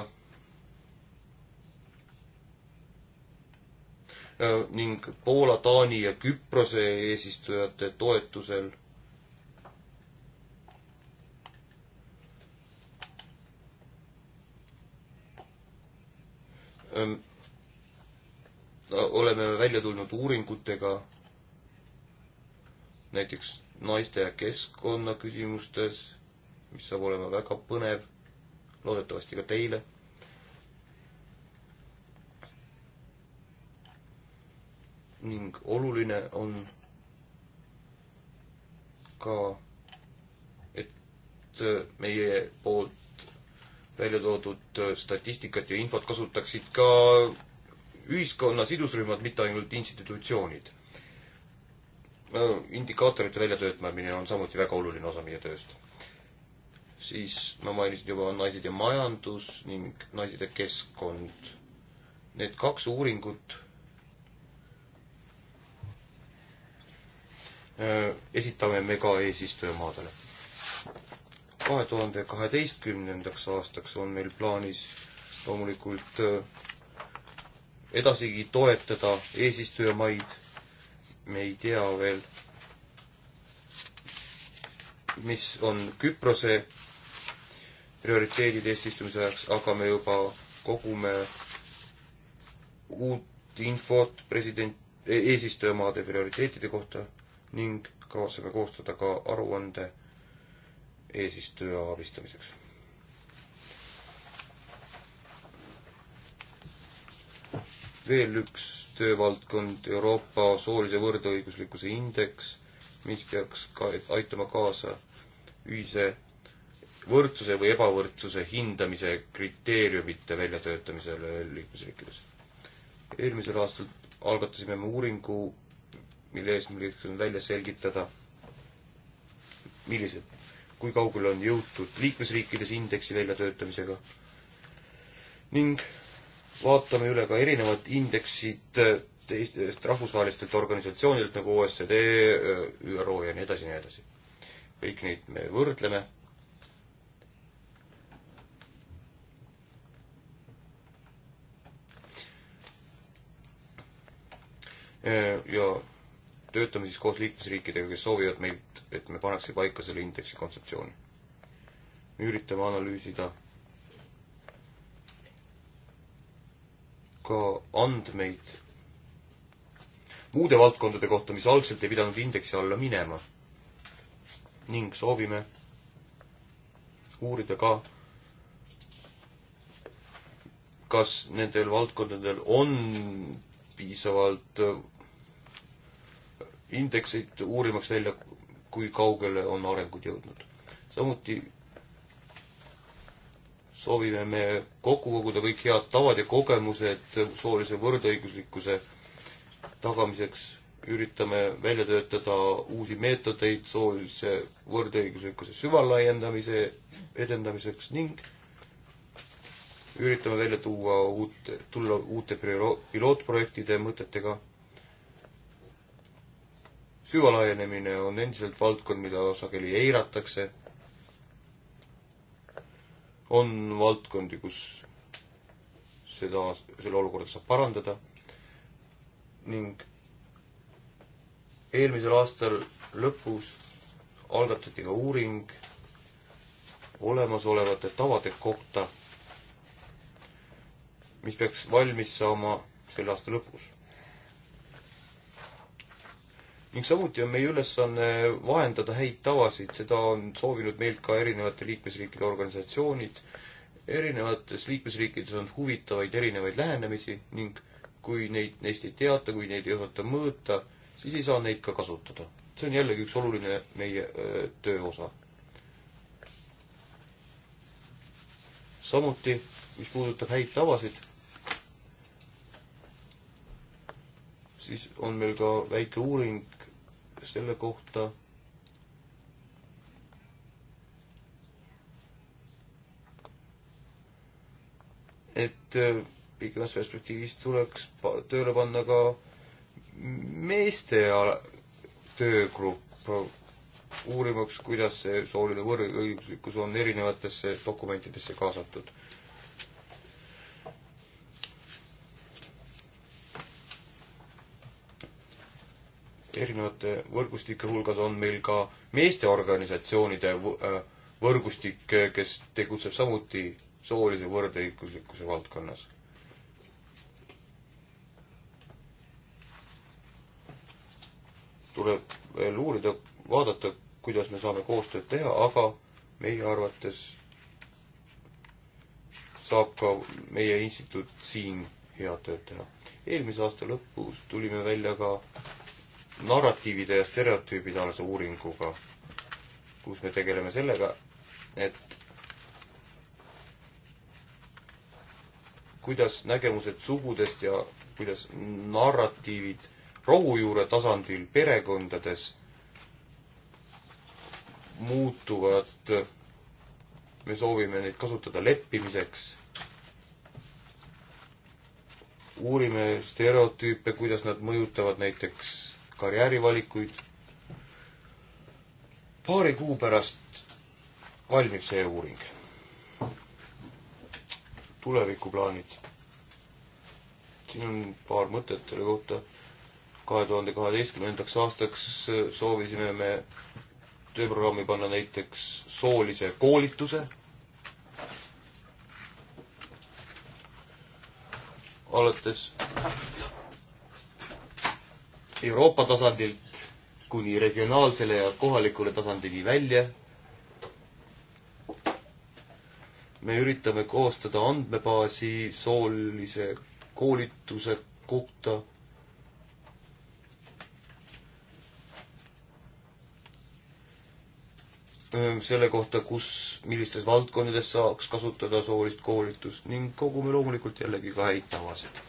äh, ning Poola, Taani ja Küprose eesistujate toetusel ähm, oleme välja tulnud uuringutega, näiteks naiste ja keskkonna küsimustes, mis saab olema väga põnev, loodetavasti ka teile. ning oluline on ka, et meie poolt välja toodud statistikat ja infot kasutaksid ka ühiskonna sidusrühmad, mitte ainult institutsioonid. Äh, indikaatorite väljatöötamine on samuti väga oluline osa meie tööst. siis ma mainisin juba naised ja majandus ning naised ja keskkond. Need kaks uuringut äh, esitame me ka eesistujamaadele. kahe tuhande kaheteistkümnendaks aastaks on meil plaanis loomulikult äh, edasigi toetada eesistujamaid. me ei tea veel, mis on Küprose prioriteedid eesistumise ajaks, aga me juba kogume uut infot president, eesistujamaade prioriteetide kohta ning kavatseme koostada ka aruande eesistuja abistamiseks. veel üks töövaldkond, Euroopa soolise võrdõiguslikkuse indeks, mis peaks ka aitama kaasa ühise võrdsuse või ebavõrdsuse hindamise kriteeriumite väljatöötamisele liikmesriikides. eelmisel aastal algatasime me uuringu, mille eesmärgiks on välja selgitada, millised, kui kaugele on jõutud liikmesriikides indeksi väljatöötamisega ning vaatame üle ka erinevad indeksid äh, teistest rahvusvahelistelt organisatsioonidelt nagu OSCD, äh, ÜRO ja nii edasi ja nii edasi. kõik neid me võrdleme. Äh, ja töötame siis koos liikmesriikidega, kes soovivad meilt, et me paneks paika selle indeksi kontseptsiooni. me üritame analüüsida ka andmeid muude valdkondade kohta, mis algselt ei pidanud indeksi alla minema. ning soovime uurida ka, kas nendel valdkondadel on piisavalt indekseid uurimaks välja, kui kaugele on arengud jõudnud. samuti soovime me kokku koguda kõik head tavad ja kogemused soolise võrdõiguslikkuse tagamiseks, üritame välja töötada uusi meetodeid soolise võrdõiguslikkuse süvalaiendamise edendamiseks ning üritame välja tuua uut, tulla uute pilootprojektide mõtetega. süvalaienemine on endiselt valdkond, mida sageli eiratakse on valdkondi, kus seda, selle olukorda saab parandada ning eelmisel aastal lõpus algatati ka uuring olemasolevate tavade kohta, mis peaks valmis saama selle aasta lõpus ning samuti on meie ülesanne vahendada häid tavasid, seda on soovinud meilt ka erinevate liikmesriikide organisatsioonid, erinevates liikmesriikides on huvitavaid erinevaid lähenemisi ning kui neid, neist ei teata, kui neid ei osata mõõta, siis ei saa neid ka kasutada. see on jällegi üks oluline meie öö, töö osa. samuti, mis puudutab häid tavasid, siis on meil ka väike uuring selle kohta. et äh, pikas perspektiivis tuleks tööle panna ka meeste töögrupp, uurimaks, kuidas see sooline võrdõiguslikkus on erinevatesse dokumentidesse kaasatud erinevate võrgustike hulgas on meil ka meesteorganisatsioonide äh, võrgustik, kes tegutseb samuti soolise võrdõiguslikkuse valdkonnas tuleb veel uurida, vaadata, kuidas me saame koostööd teha, aga meie arvates saab ka meie instituut siin head tööd teha. eelmise aasta lõpus tulime välja ka narratiivide ja stereotüübide alase uuringuga, kus me tegeleme sellega, et kuidas nägemused sugudest ja kuidas narratiivid rohujuure tasandil perekondades muutuvad. me soovime neid kasutada leppimiseks. uurime stereotüüpe, kuidas nad mõjutavad näiteks karjäärivalikuid. paari kuu pärast valmib see uuring. tulevikuplaanid. siin on paar mõtet selle kohta. kahe tuhande kaheteistkümnendaks aastaks soovisime me tööprogrammi panna näiteks soolise koolituse alates Euroopa tasandilt kuni regionaalsele ja kohalikule tasandini välja. me üritame koostada andmebaasi soolise koolituse kohta. selle kohta, kus, millistes valdkondades saaks kasutada soolist koolitust ning kogume loomulikult jällegi ka häid tavasid.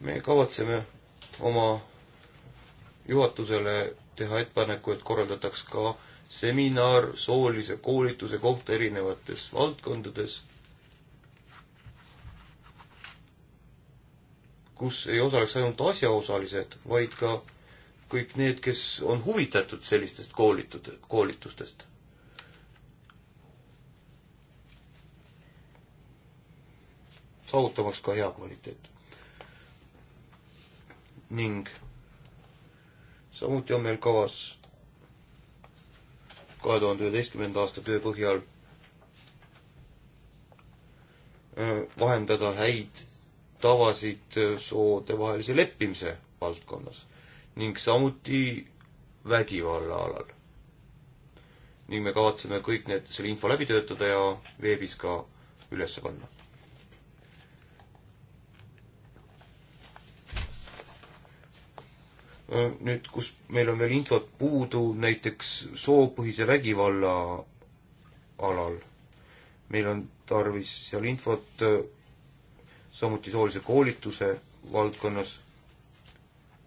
me kavatseme oma juhatusele teha ettepaneku, et korraldataks ka seminar soolise koolituse kohta erinevates valdkondades, kus ei osaleks ainult asjaosalised, vaid ka kõik need, kes on huvitatud sellistest koolitud, koolitustest saavutamaks ka hea kvaliteet ning samuti on meil kavas kahe tuhande üheteistkümnenda aasta töö põhjal vahendada häid tavasid soodevahelise leppimise valdkonnas ning samuti vägivalla alal. ning me kavatseme kõik need, selle info läbi töötada ja veebis ka üles panna. Äh, nüüd, kus meil on veel infot puudu näiteks soopõhise vägivalla alal, meil on tarvis seal infot äh, samuti soolise koolituse valdkonnas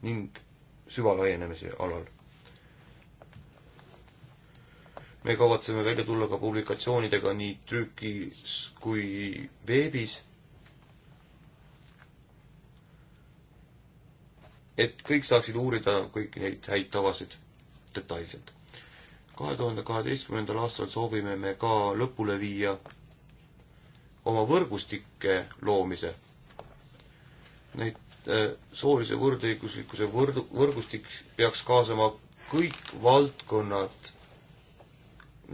ning süvalaienemise alal. me kavatseme välja tulla ka publikatsioonidega nii trükis kui veebis et kõik saaksid uurida kõiki neid häid tavasid detailselt. kahe tuhande kaheteistkümnendal aastal soovime me ka lõpule viia oma võrgustike loomise. Neid äh, soolise võrdõiguslikkuse võrdu, võrgustik peaks kaasama kõik valdkonnad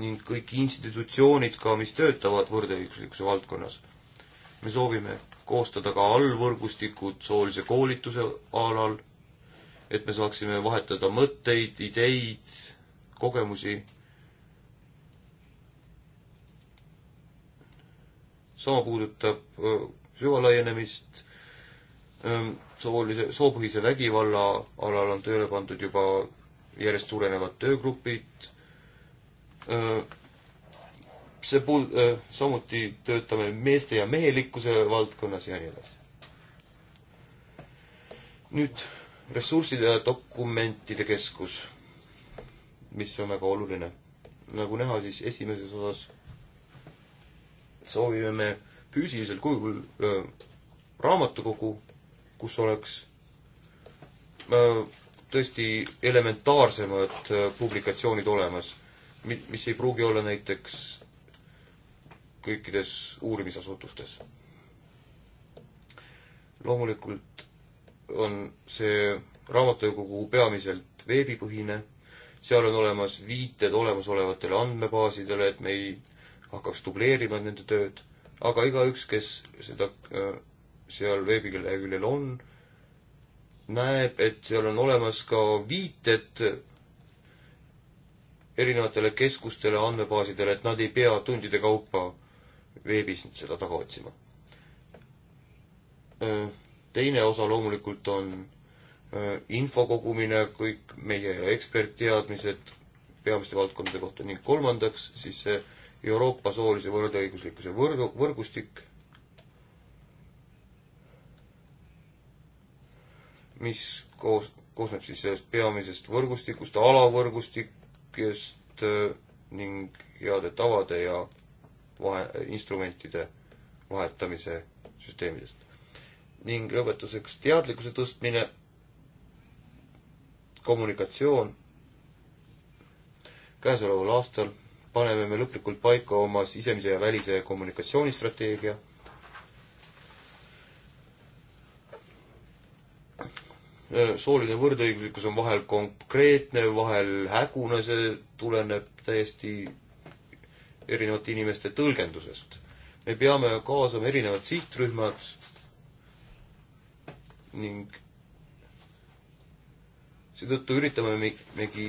ning kõik institutsioonid ka, mis töötavad võrdõiguslikkuse valdkonnas. me soovime koostada ka allvõrgustikud soolise koolituse alal et me saaksime vahetada mõtteid, ideid, kogemusi. sama puudutab süvalaienemist, soolise, soopõhise vägivalla alal on tööle pandud juba järjest suurenevad töögrupid, see puud-, samuti töötame meeste ja mehelikkuse valdkonnas ja nii edasi. nüüd ressursside ja dokumentide keskus, mis on väga oluline. nagu näha, siis esimeses osas soovime me füüsilisel kujul öö, raamatukogu, kus oleks öö, tõesti elementaarsemad öö, publikatsioonid olemas, mis ei pruugi olla näiteks kõikides uurimisasutustes. loomulikult on see raamatukogu peamiselt veebipõhine, seal on olemas viited olemasolevatele andmebaasidele, et me ei hakkaks dubleerima nende tööd, aga igaüks, kes seda äh, seal veebileheküljel on, näeb, et seal on olemas ka viited erinevatele keskustele, andmebaasidele, et nad ei pea tundide kaupa veebis seda taga otsima äh, teine osa loomulikult on äh, info kogumine, kõik meie ekspertteadmised peamiste valdkondade kohta ning kolmandaks siis see Euroopa soolise võrdõiguslikkuse võrgu, võrgustik, mis koos, koosneb siis sellest peamisest võrgustikust, alavõrgustikest äh, ning heade tavade ja vahe, instrumentide vahetamise süsteemidest ning lõpetuseks teadlikkuse tõstmine, kommunikatsioon. käesoleval aastal paneme me lõplikult paika oma sisemise ja välise kommunikatsioonistrateegia. sooline võrdõiguslikkus on vahel konkreetne, vahel hägune, see tuleneb täiesti erinevate inimeste tõlgendusest. me peame kaasama erinevad sihtrühmad, ning seetõttu üritame me ikkagi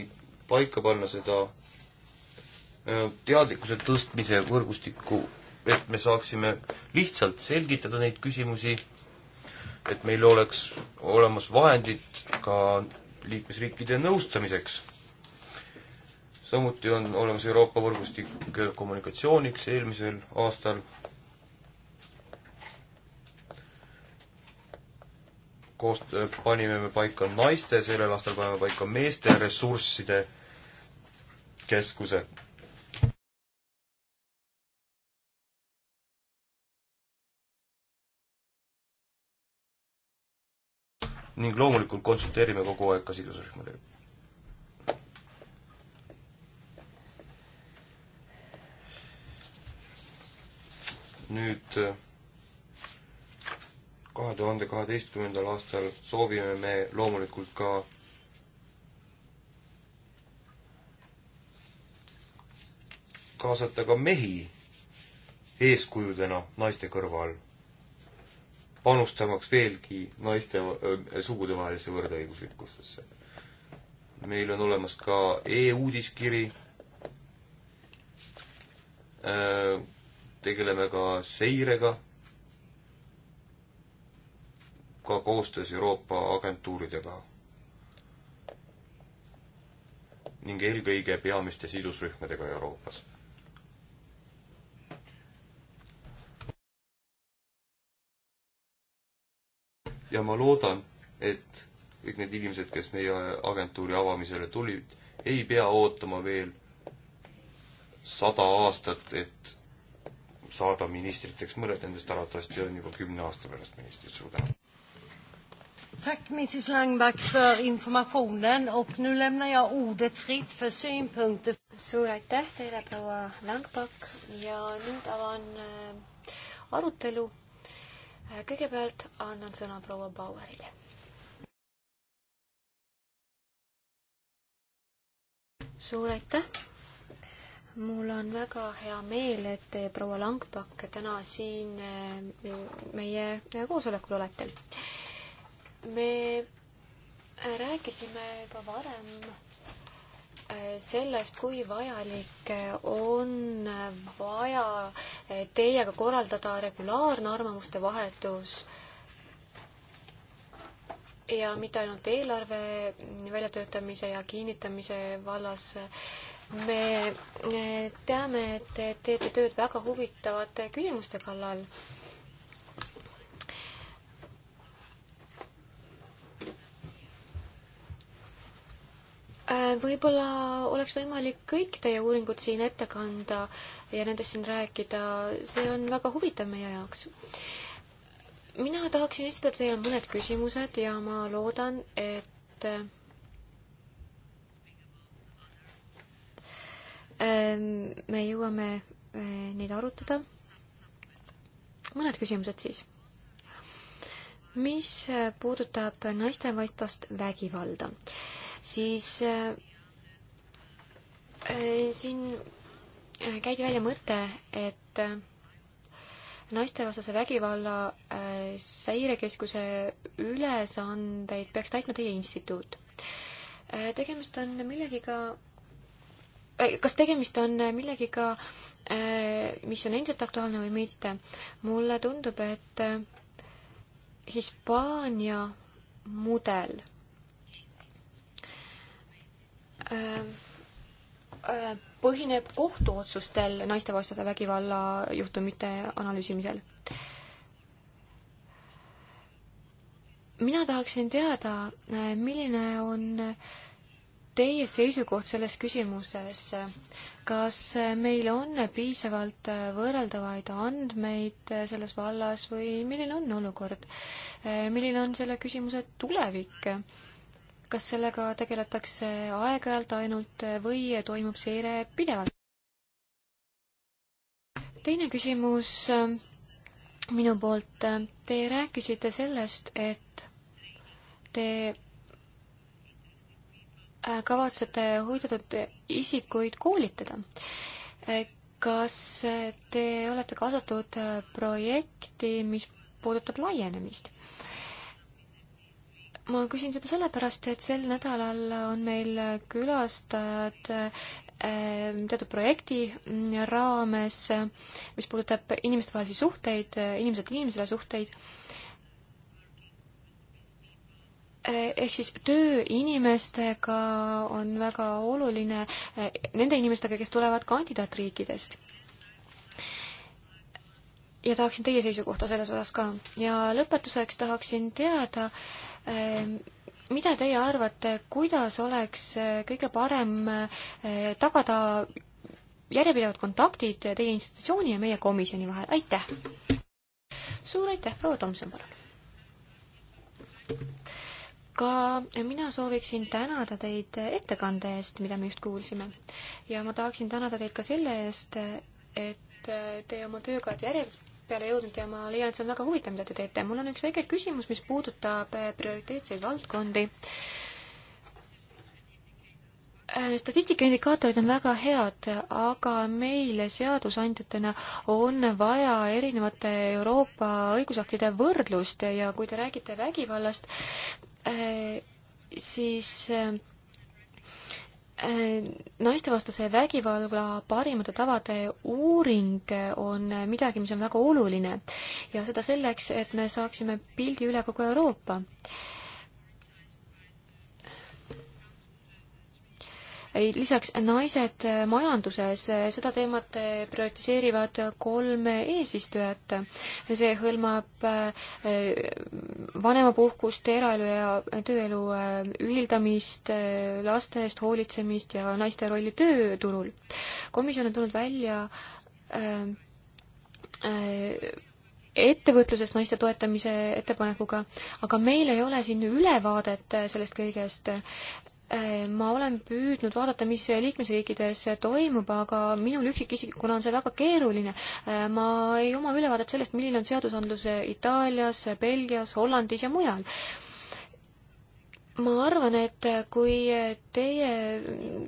paika panna seda äh, teadlikkuse tõstmise võrgustikku, et me saaksime lihtsalt selgitada neid küsimusi, et meil oleks olemas vahendid ka liikmesriikide nõustamiseks. samuti on olemas Euroopa võrgustik kommunikatsiooniks eelmisel aastal koost-, panime me paika naiste, sellel aastal paneme paika meeste ressursside keskuse. ning loomulikult konsulteerime kogu aeg ka sidusrühmadega. nüüd kahe tuhande kaheteistkümnendal aastal soovime me loomulikult ka kaasata ka mehi eeskujudena naiste kõrval, panustamaks veelgi naiste äh, sugudevahelisse võrdõiguslikkusesse. meil on olemas ka e-uudiskiri äh,, tegeleme ka seirega ka koostöös Euroopa agentuuridega ning eelkõige peamiste sidusrühmadega Euroopas. ja ma loodan, et kõik need inimesed, kes meie agentuuri avamisele tulid, ei pea ootama veel sada aastat, et saada ministriteks, mõned nendest arvatavasti on juba kümne aasta pärast ministrid, suur tänu! Tack Mrs Langback för informationen och nu lämnar jag ordet fritt för synpunkter. suur aitäh teile, proua Langback ja nüüd avan äh, arutelu. Äh, kõigepealt annan sõna proua Bauerile. suur aitäh mul on väga hea meel, et te, proua Langpakk, täna siin äh, meie koosolekul olete me äh, rääkisime juba varem äh, sellest, kui vajalik äh, on vaja teiega korraldada regulaarne arvamuste vahetus ja mitte ainult eelarve väljatöötamise ja kinnitamise vallas. me teame, et teete tööd väga huvitavate küsimuste kallal Äh, võib-olla oleks võimalik kõik teie uuringud siin ette kanda ja nendest siin rääkida, see on väga huvitav meie jaoks. mina tahaksin esitada teile mõned küsimused ja ma loodan, et ähm, me jõuame äh, neid arutada. mõned küsimused siis. mis äh, puudutab naistevastast vägivalda, siis äh, äh, siin äh, käidi välja mõte, et naistevastase vägivalla seirekeskuse ülesandeid peaks täitma teie instituut. tegemist on millegiga, kas tegemist on millegiga, mis on endiselt aktuaalne või mitte? mulle tundub, et Hispaania mudel Äh, äh, põhineb kohtuotsustel naistevastase vägivalla juhtumite analüüsimisel. mina tahaksin teada, äh, milline on teie seisukoht selles küsimuses, kas meil on piisavalt võrreldavaid andmeid selles vallas või milline on olukord? milline on selle küsimuse tulevik? kas sellega tegeletakse aeg-ajalt ainult või toimub seire pidevalt? teine küsimus äh, minu poolt. Te rääkisite sellest, et te äh, kavatsete huvitatud isikuid koolitada. Äh, kas te olete kaasatud projekti, mis puudutab laienemist? ma küsin seda sellepärast, et sel nädalal on meil külastajad ähm, teatud projekti mm, raames, mis puudutab inimestevahelisi suhteid, inimeselt inimesele suhteid. ehk siis töö inimestega on väga oluline, eh, nende inimestega, kes tulevad kandidaatriikidest ja tahaksin teie seisukohta selles osas ka. ja lõpetuseks tahaksin teada, Ehm, mida teie arvate, kuidas oleks eh, kõige parem eh, tagada järjepidevad kontaktid teie institutsiooni ja meie komisjoni vahel, aitäh! suur aitäh, proua Tomson, palun! ka mina sooviksin tänada teid ettekande eest, mida me just kuulsime. ja ma tahaksin tänada teid ka selle eest, et te oma tööga järjepidev peale jõudnud ja ma leian, et see on väga huvitav, mida te teete. mul on üks väike küsimus, mis puudutab eh, prioriteetseid valdkondi. Eh, statistika indikaatorid on väga head, aga meil seadusandjatena on vaja erinevate Euroopa õigusaktide võrdlust ja kui te räägite vägivallast, eh, siis Äh, naistevastase vägivalla parimate tavade uuring on midagi, mis on väga oluline ja seda selleks, et me saaksime pildi üle kogu Euroopa lisaks naised majanduses, eh, seda teemat eh, prioritiseerivad kolm eesistujat. see hõlmab eh, vanemapuhkust, eraelu ja tööelu ühildamist, laste eest hoolitsemist ja naiste rolli tööturul. komisjon on tulnud välja ettevõtluses naiste toetamise ettepanekuga, aga meil ei ole siin ülevaadet sellest kõigest. Äh, ma olen püüdnud vaadata, mis liikmesriikides toimub, aga minul üksikisikuna on see väga keeruline. Äh, ma ei oma ülevaadet sellest, milline on seadusandlus Itaalias, Belgias, Hollandis ja mujal. ma arvan, et kui teie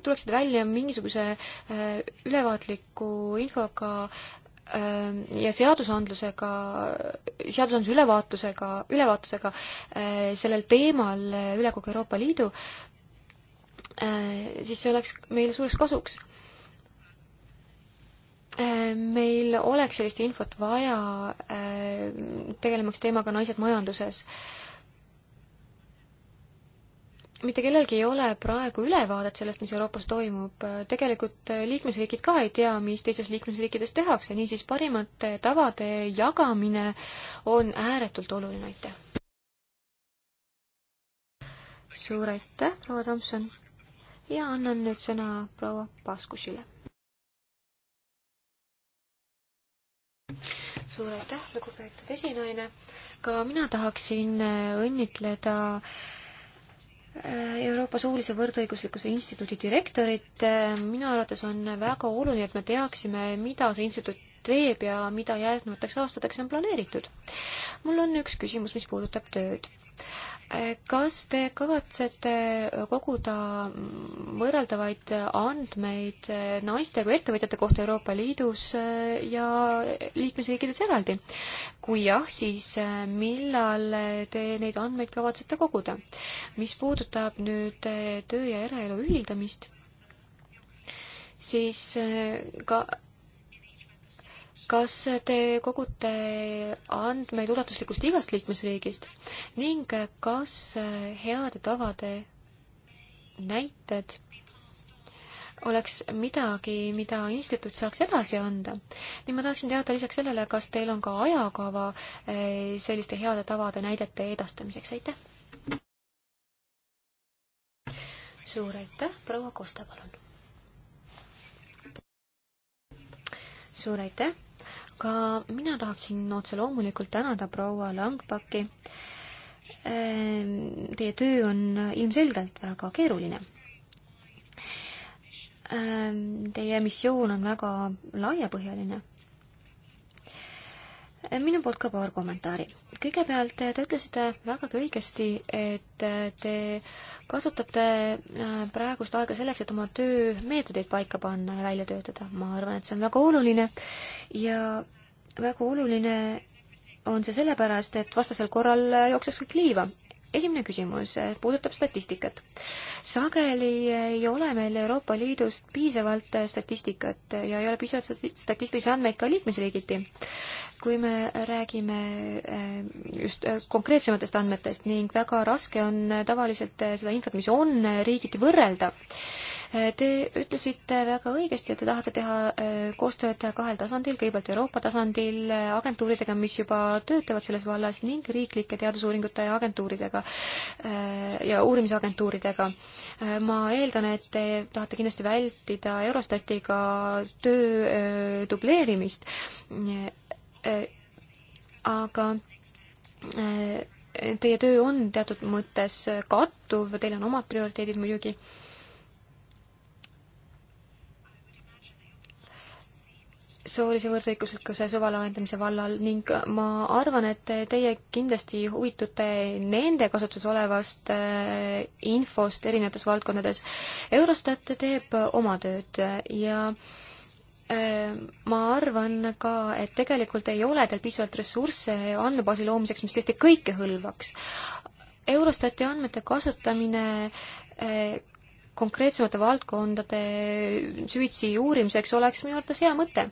tuleksite välja mingisuguse äh, ülevaatliku infoga ja seadusandlusega, seadusandluse ülevaatusega, ülevaatusega sellel teemal üle kogu Euroopa Liidu, Äh, siis see oleks meile suureks kasuks. Äh, meil oleks sellist infot vaja äh, tegelemaks teemaga Naised majanduses. mitte kellelgi ei ole praegu ülevaadet sellest, mis Euroopas toimub, tegelikult liikmesriigid ka ei tea, mis teistes liikmesriikides tehakse, niisiis parimate tavade jagamine on ääretult oluline, aitäh! suur aitäh, proua Tomson! ja annan nüüd sõna proua Paskusile. suur aitäh, lugupeetud esinaine. ka mina tahaksin äh, õnnitleda äh, Euroopa Suulise Võrdõiguslikkuse Instituudi direktorit. Äh, minu arvates on väga oluline, et me teaksime, mida see instituut teeb ja mida järgnevateks aastateks on planeeritud. mul on üks küsimus, mis puudutab tööd kas te kavatsete koguda võrreldavaid andmeid naiste kui ettevõtjate kohta Euroopa Liidus ja liikmesriikides eraldi? kui jah, siis millal te neid andmeid kavatsete koguda? mis puudutab nüüd töö ja eraelu ühildamist, siis ka kas te kogute andmeid ulatuslikust igast liikmesriigist ning kas heade tavade näited oleks midagi, mida instituut saaks edasi anda. nii ma tahaksin teada lisaks sellele, kas teil on ka ajakava eh, selliste heade tavade näidete edastamiseks, aitäh! suur aitäh, proua Kosta, palun! suur aitäh! ka mina tahaksin otse loomulikult tänada proua Langbaki. Ehm, teie töö on ilmselgelt väga keeruline. Ehm, teie missioon on väga laiapõhjaline minu poolt ka paar kommentaari. kõigepealt te ütlesite vägagi õigesti, et te kasutate äh, praegust aega selleks, et oma töömeetodeid paika panna ja välja töötada. ma arvan, et see on väga oluline ja väga oluline on see sellepärast, et vastasel korral jookseks kõik liiva esimene küsimus eh, puudutab statistikat. sageli ei ole meil Euroopa Liidust piisavalt eh, statistikat ja ei ole piisavalt statistilisi andmeid ka liikmesriigiti. kui me räägime eh, just konkreetsematest andmetest ning väga raske on tavaliselt seda infot, mis on, riigiti võrrelda Te ütlesite väga õigesti, et te tahate teha äh, koostööd kahel tasandil, kõigepealt Euroopa tasandil äh, agentuuridega, mis juba töötavad selles vallas ning riiklike teadusuuringute ja agentuuridega äh, ja uurimisagentuuridega. ma eeldan, et te tahate kindlasti vältida Eurostatiga töö dubleerimist, aga teie töö on teatud mõttes kattuv, teil on omad prioriteedid muidugi soolise võrdõiguslikkuse süvalaiendamise vallal ning ma arvan, et teie kindlasti huvitute nende kasutuses olevast äh, infost erinevates valdkondades. Eurostat teeb oma tööd ja äh, ma arvan ka, et tegelikult ei ole teil piisavalt ressursse andmebaasi loomiseks, mis tõesti kõike hõlvaks. Eurostati andmete kasutamine äh, konkreetsemate valdkondade süvitsi uurimiseks oleks minu arvates hea mõte.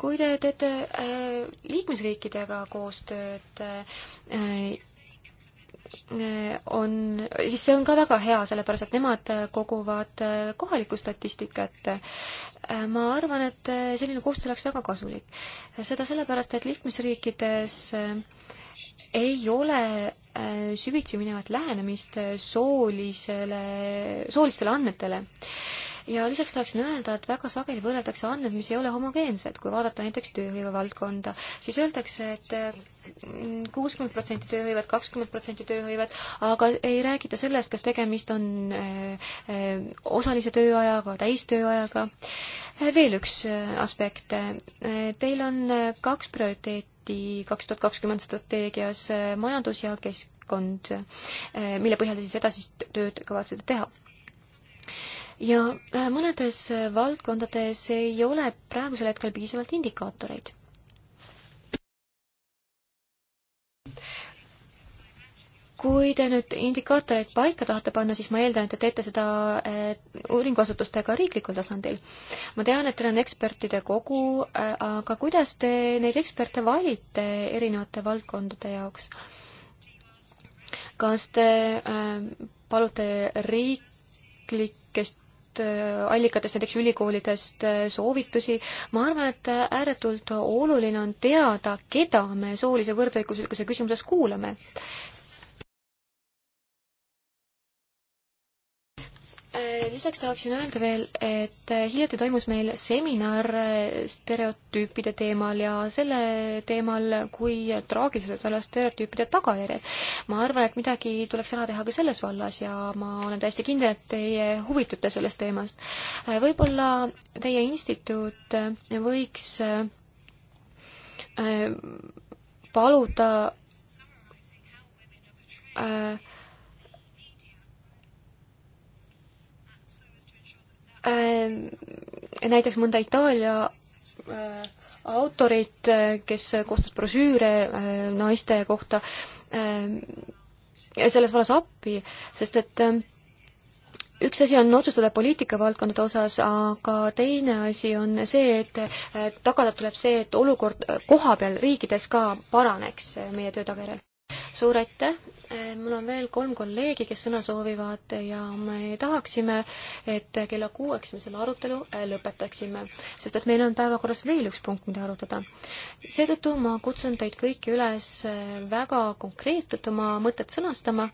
kui te teete äh, liikmesriikidega koostööd, äh, äh, on, siis see on ka väga hea, sellepärast et nemad koguvad kohalikku statistikat. ma arvan, et selline koostöö oleks väga kasulik. seda sellepärast, et liikmesriikides äh, ei ole äh, süvitsi minevat lähenemist äh, soolisele, soolistele andmetele. ja lisaks tahaksin öelda, et väga sageli võrreldakse andmed, mis ei ole homogeensed, kui vaadata näiteks tööhõive valdkonda, siis öeldakse et, et mm, kuuskümmend protsenti tööhõivet, kakskümmend protsenti tööhõivet, aga ei räägita sellest, kas tegemist on äh, osalise tööajaga, täistööajaga. veel üks aspekt, teil on kaks prioriteeti Liidu kaks tuhat kakskümmend strateegias eh, majandus ja keskkond, eh, mille põhjal te siis edasist tööd kavatsete teha? ja eh, mõnedes valdkondades ei ole praegusel hetkel piisavalt indikaatoreid kui te nüüd indikaatoreid paika tahate panna, siis ma eeldan, et te teete seda eh, uuringuasutustega riiklikul tasandil. ma tean, et teil on ekspertide kogu, eh, aga kuidas te neid eksperte valite erinevate valdkondade jaoks? kas te eh, palute riiklikest allikatest, näiteks ülikoolidest soovitusi. ma arvan, et ääretult oluline on teada, keda me soolise võrdõiguslikkuse küsimuses kuulame. Äh, lisaks tahaksin öelda veel, et äh, hiljuti toimus meil seminar äh, stereotüüpide teemal ja selle teemal, kui traagilised võivad olla stereotüüpide tagajärjed. ma arvan, et midagi tuleks ära teha ka selles vallas ja ma olen täiesti kindel, et teie huvitute sellest teemast. võib-olla teie instituut võiks paluda äh, Äh, näiteks mõnda Itaalia äh, autorit, äh, kes koostas brošüüre naiste kohta, selles vallas appi, sest et üks asi on otsustada poliitikavaldkondade osas, aga teine asi on see, et tagada tuleb see, et olukord kohapeal riikides ka paraneks meie töö tagajärjel suur aitäh, eh, mul on veel kolm kolleegi, kes sõna soovivad ja me tahaksime, et kella kuueks me selle arutelu eh, lõpetaksime, sest et meil on päevakorras veel üks punkt, mida arutada. seetõttu ma kutsun teid kõiki üles eh, väga konkreetselt oma mõtet sõnastama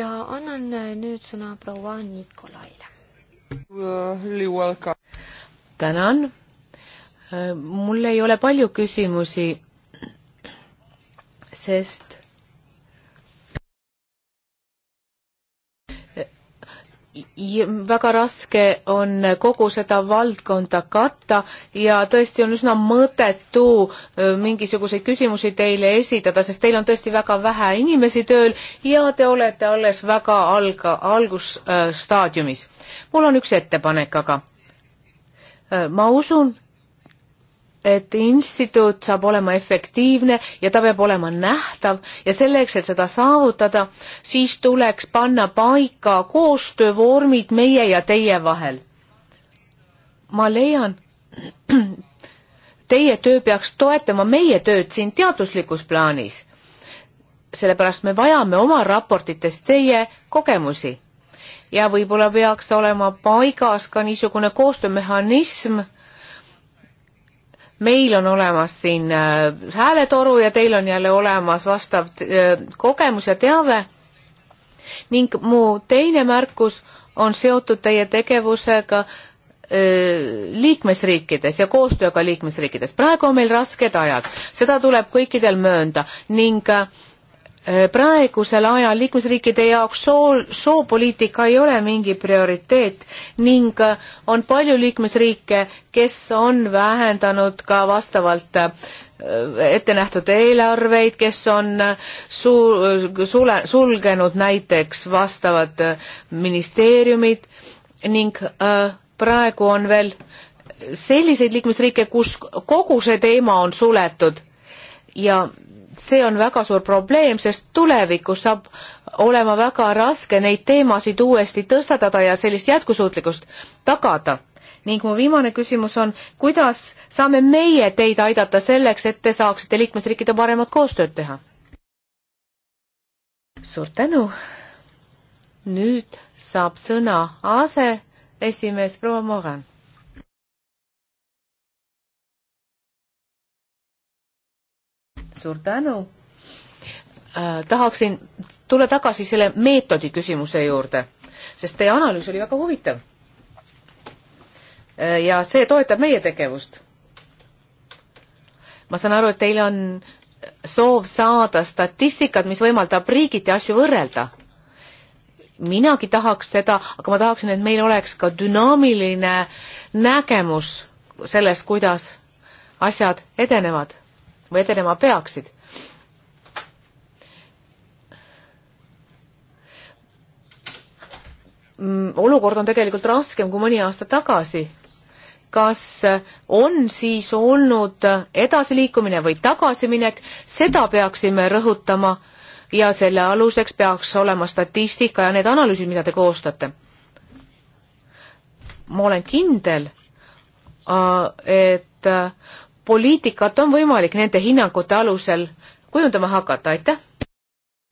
ja annan nüüd sõna proua Nikolaile. tänan mul ei ole palju küsimusi, sest väga raske on kogu seda valdkonda katta ja tõesti on üsna mõttetu mingisuguseid küsimusi teile esitada, sest teil on tõesti väga vähe inimesi tööl ja te olete alles väga alga, algusstaadiumis. mul on üks ettepanek aga. ma usun, et instituut saab olema efektiivne ja ta peab olema nähtav ja selleks, et seda saavutada, siis tuleks panna paika koostöövormid meie ja teie vahel. ma leian, teie töö peaks toetama meie tööd siin teaduslikus plaanis. sellepärast me vajame oma raportites teie kogemusi ja võib-olla peaks olema paigas ka niisugune koostöömehhanism meil on olemas siin äh, hääletoru ja teil on jälle olemas vastav äh, kogemus ja teave ning mu teine märkus on seotud teie tegevusega äh, liikmesriikides ja koostööga liikmesriikides. praegu on meil rasked ajad, seda tuleb kõikidel möönda ning äh, Äh, praegusel ajal liikmesriikide jaoks soo, soopoliitika ei ole mingi prioriteet ning äh, on palju liikmesriike, kes on vähendanud ka vastavalt äh, ette nähtud eelarveid, kes on su-, sule-, sulgenud näiteks vastavad ministeeriumid ning äh, praegu on veel selliseid liikmesriike, kus kogu see teema on suletud ja see on väga suur probleem, sest tulevikus saab olema väga raske neid teemasid uuesti tõstatada ja sellist jätkusuutlikkust tagada. ning mu viimane küsimus on, kuidas saame meie teid aidata selleks, et te saaksite liikmesriikide paremat koostööd teha? suur tänu. nüüd saab sõna aseesimees proua Moran. suur tänu äh,. tahaksin tulla tagasi selle meetodi küsimuse juurde, sest teie analüüs oli väga huvitav äh,. ja see toetab meie tegevust. ma saan aru, et teil on soov saada statistikat, mis võimaldab riigiti asju võrrelda. minagi tahaks seda, aga ma tahaksin, et meil oleks ka dünaamiline nägemus sellest, kuidas asjad edenevad või edenema peaksid. Mm, olukord on tegelikult raskem kui mõni aasta tagasi. kas on siis olnud edasiliikumine või tagasiminek, seda peaksime rõhutama ja selle aluseks peaks olema statistika ja need analüüsid, mida te koostate. ma olen kindel, äh, et poliitikat on võimalik nende hinnangute alusel kujundama hakata, aitäh!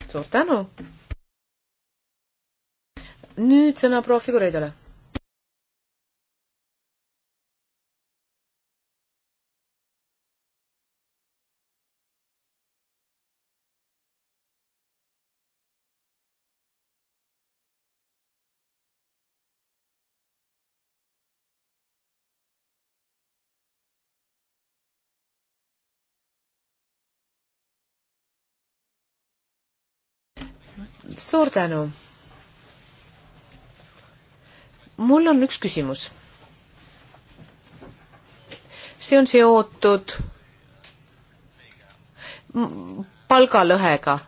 suur tänu! nüüd sõna proua Figureidole suur tänu. mul on üks küsimus. see on seotud palgalõhega.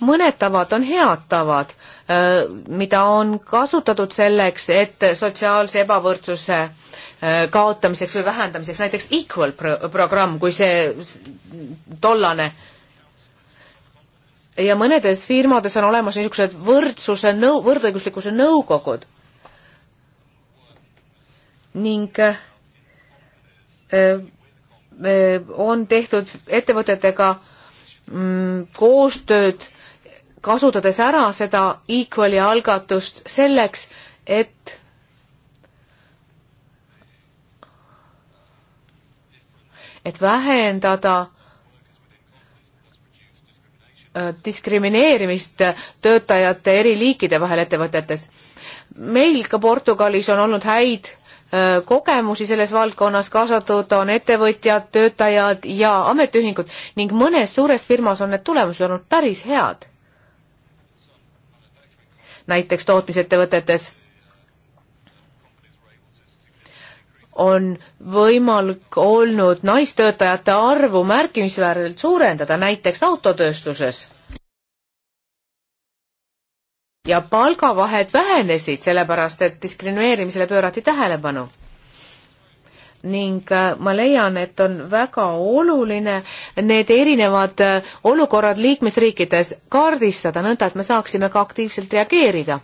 mõned tavad on head tavad, mida on kasutatud selleks, et sotsiaalse ebavõrdsuse kaotamiseks või vähendamiseks, näiteks Equal pro programm, kui see tollane äh, ja mõnedes firmades on olemas niisugused võrdsuse nõu-, võrdõiguslikkuse nõukogud ning äh, äh, on tehtud ettevõtetega mm, koostööd, kasutades ära seda Equali algatust selleks, et et vähendada äh, Äh, diskrimineerimist töötajate eri liikide vahel ettevõtetes. meil ka Portugalis on olnud häid äh, kogemusi selles valdkonnas, kaasatud on ettevõtjad, töötajad ja ametiühingud ning mõnes suures firmas on need tulemused olnud päris head. näiteks tootmisettevõtetes on võimalik olnud naistöötajate arvu märkimisväärselt suurendada, näiteks autotööstuses. ja palgavahed vähenesid, sellepärast et diskrimineerimisele pöörati tähelepanu ning äh, ma leian, et on väga oluline need erinevad äh, olukorrad liikmesriikides kaardistada, nõnda et me saaksime ka aktiivselt reageerida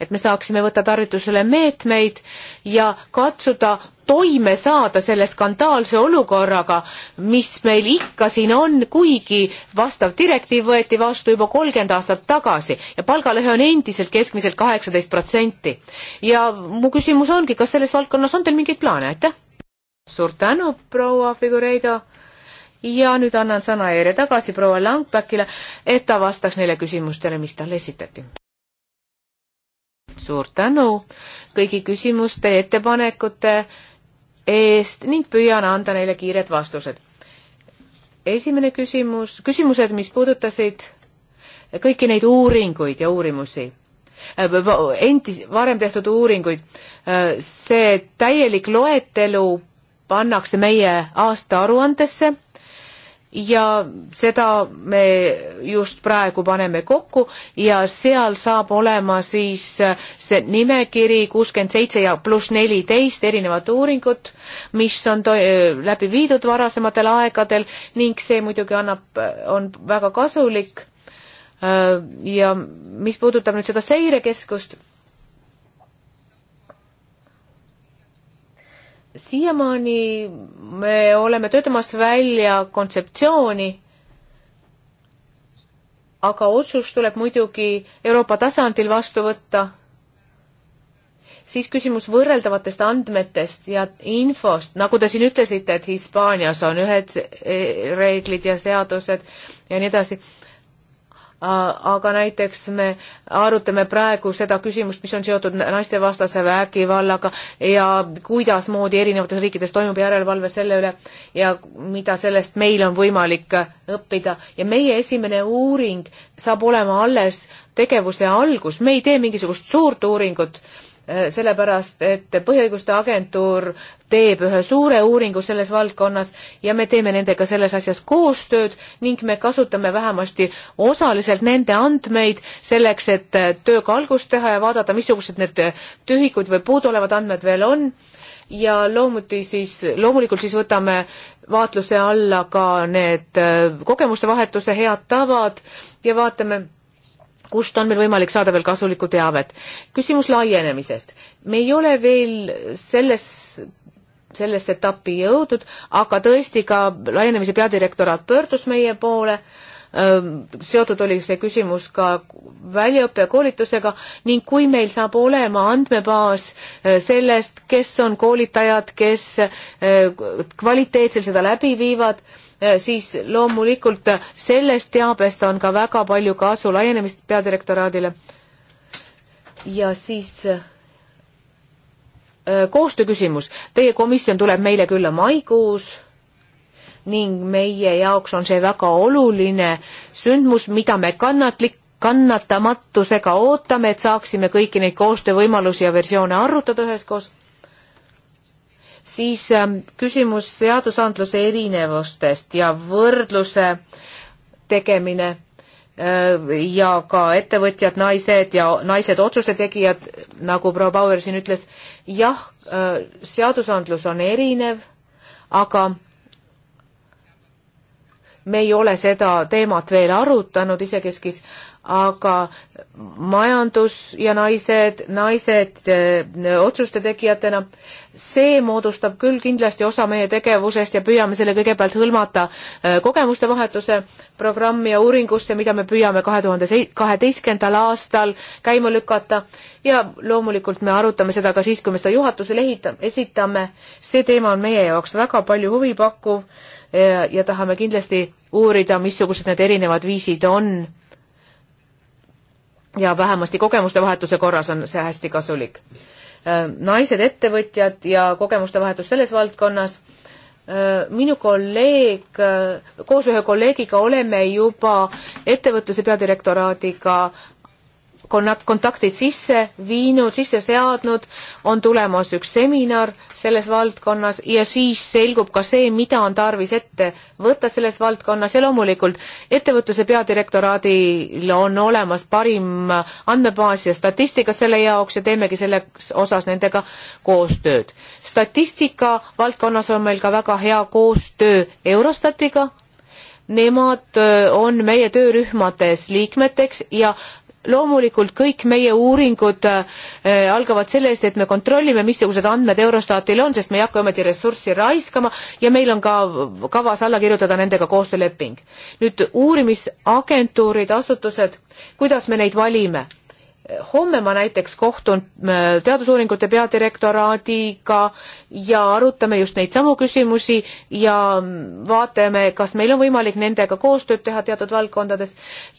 et me saaksime võtta tarvitusele meetmeid ja katsuda toime saada selle skandaalse olukorraga, mis meil ikka siin on, kuigi vastav direktiiv võeti vastu juba kolmkümmend aastat tagasi ja palgalõhe on endiselt keskmiselt kaheksateist protsenti. ja mu küsimus ongi, kas selles valdkonnas on teil mingeid plaane, aitäh! suur tänu, proua Figureido! ja nüüd annan sõna Eere tagasi proua Langbackile, et ta vastaks neile küsimustele, mis talle esitati suur tänu kõigi küsimuste ja ettepanekute eest ning püüan anda neile kiired vastused. esimene küsimus, küsimused, mis puudutasid kõiki neid uuringuid ja uurimusi äh, endis, varem tehtud uuringuid, äh, see täielik loetelu pannakse meie aastaaruandesse ja seda me just praegu paneme kokku ja seal saab olema siis see nimekiri kuuskümmend seitse ja pluss neliteist erinevat uuringut, mis on läbi viidud varasematel aegadel ning see muidugi annab, on väga kasulik. Äh, ja mis puudutab nüüd seda seirekeskust siiamaani me oleme töötamas välja kontseptsiooni, aga otsus tuleb muidugi Euroopa tasandil vastu võtta. siis küsimus võrreldavatest andmetest ja infost, nagu te siin ütlesite, et Hispaanias on ühed reeglid ja seadused ja nii edasi aga näiteks me arutame praegu seda küsimust, mis on seotud naistevastase vägivallaga ja kuidasmoodi erinevates riikides toimub järelevalve selle üle ja mida sellest meil on võimalik õppida. ja meie esimene uuring saab olema alles tegevuse algus, me ei tee mingisugust suurt uuringut Äh, sellepärast et Põhiõiguste Agentuur teeb ühe suure uuringu selles valdkonnas ja me teeme nendega selles asjas koostööd ning me kasutame vähemasti osaliselt nende andmeid selleks, et äh, tööga algust teha ja vaadata, missugused need äh, tühikud või puuduolevad andmed veel on ja loomuti siis, loomulikult siis võtame vaatluse alla ka need kogemuste vahetuse head tavad ja vaatame kust on meil võimalik saada veel kasulikku teavet. küsimus laienemisest. me ei ole veel selles, sellesse etappi jõudnud, aga tõesti ka laienemise peadirektoraat pöördus meie poole, seotud oli see küsimus ka väljaõppe ja koolitusega ning kui meil saab olema andmebaas sellest, kes on koolitajad, kes kvaliteetselt seda läbi viivad, Äh, siis loomulikult sellest teabest on ka väga palju kasu laienemist peadirektoraadile. ja siis äh, koostöö küsimus. Teie komisjon tuleb meile külla maikuus ning meie jaoks on see väga oluline sündmus, mida me kannatlik-, kannatamatusega ootame, et saaksime kõiki neid koostöövõimalusi ja versioone arutada üheskoos siis ähm, küsimus seadusandluse erinevustest ja võrdluse tegemine äh, ja ka ettevõtjad, naised ja naised otsuste tegijad, nagu proua Bauer siin ütles, jah, äh, seadusandlus on erinev, aga me ei ole seda teemat veel arutanud isekeskis, aga majandus ja naised, naised öö, eh, otsuste tegijatena, see moodustab küll kindlasti osa meie tegevusest ja püüame selle kõigepealt hõlmata eh, kogemuste vahetuse programmi ja uuringusse, mida me püüame kahe tuhande kaheteistkümnendal aastal käima lükata ja loomulikult me arutame seda ka siis, kui me seda juhatusele ehitame, esitame. see teema on meie jaoks väga palju huvipakkuv ja, eh, ja tahame kindlasti uurida, missugused need erinevad viisid on ja vähemasti kogemuste vahetuse korras on see hästi kasulik. Äh, naised ettevõtjad ja kogemuste vahetus selles valdkonnas äh, minu kolleeg, äh, koos ühe kolleegiga oleme juba ettevõtluse peadirektoraadiga kontaktid sisse viinud, sisse seadnud, on tulemas üks seminar selles valdkonnas ja siis selgub ka see, mida on tarvis ette võtta selles valdkonnas ja loomulikult ettevõtluse peadirektoraadil on olemas parim andmebaas ja statistika selle jaoks ja teemegi selles osas nendega koostööd. statistika valdkonnas on meil ka väga hea koostöö Eurostatiga, nemad on meie töörühmades liikmeteks ja loomulikult kõik meie uuringud äh, äh, algavad selle eest, et me kontrollime, missugused andmed Eurostatil on, sest me ei hakka ometi ressurssi raiskama ja meil on ka kavas alla kirjutada nendega koostööleping. nüüd uurimisagentuurid, asutused, kuidas me neid valime? homme ma näiteks kohtun äh, teadusuuringute peadirektoraadiga ja arutame just neid samu küsimusi ja vaatame, kas meil on võimalik nendega koostööd teha teatud valdkondades.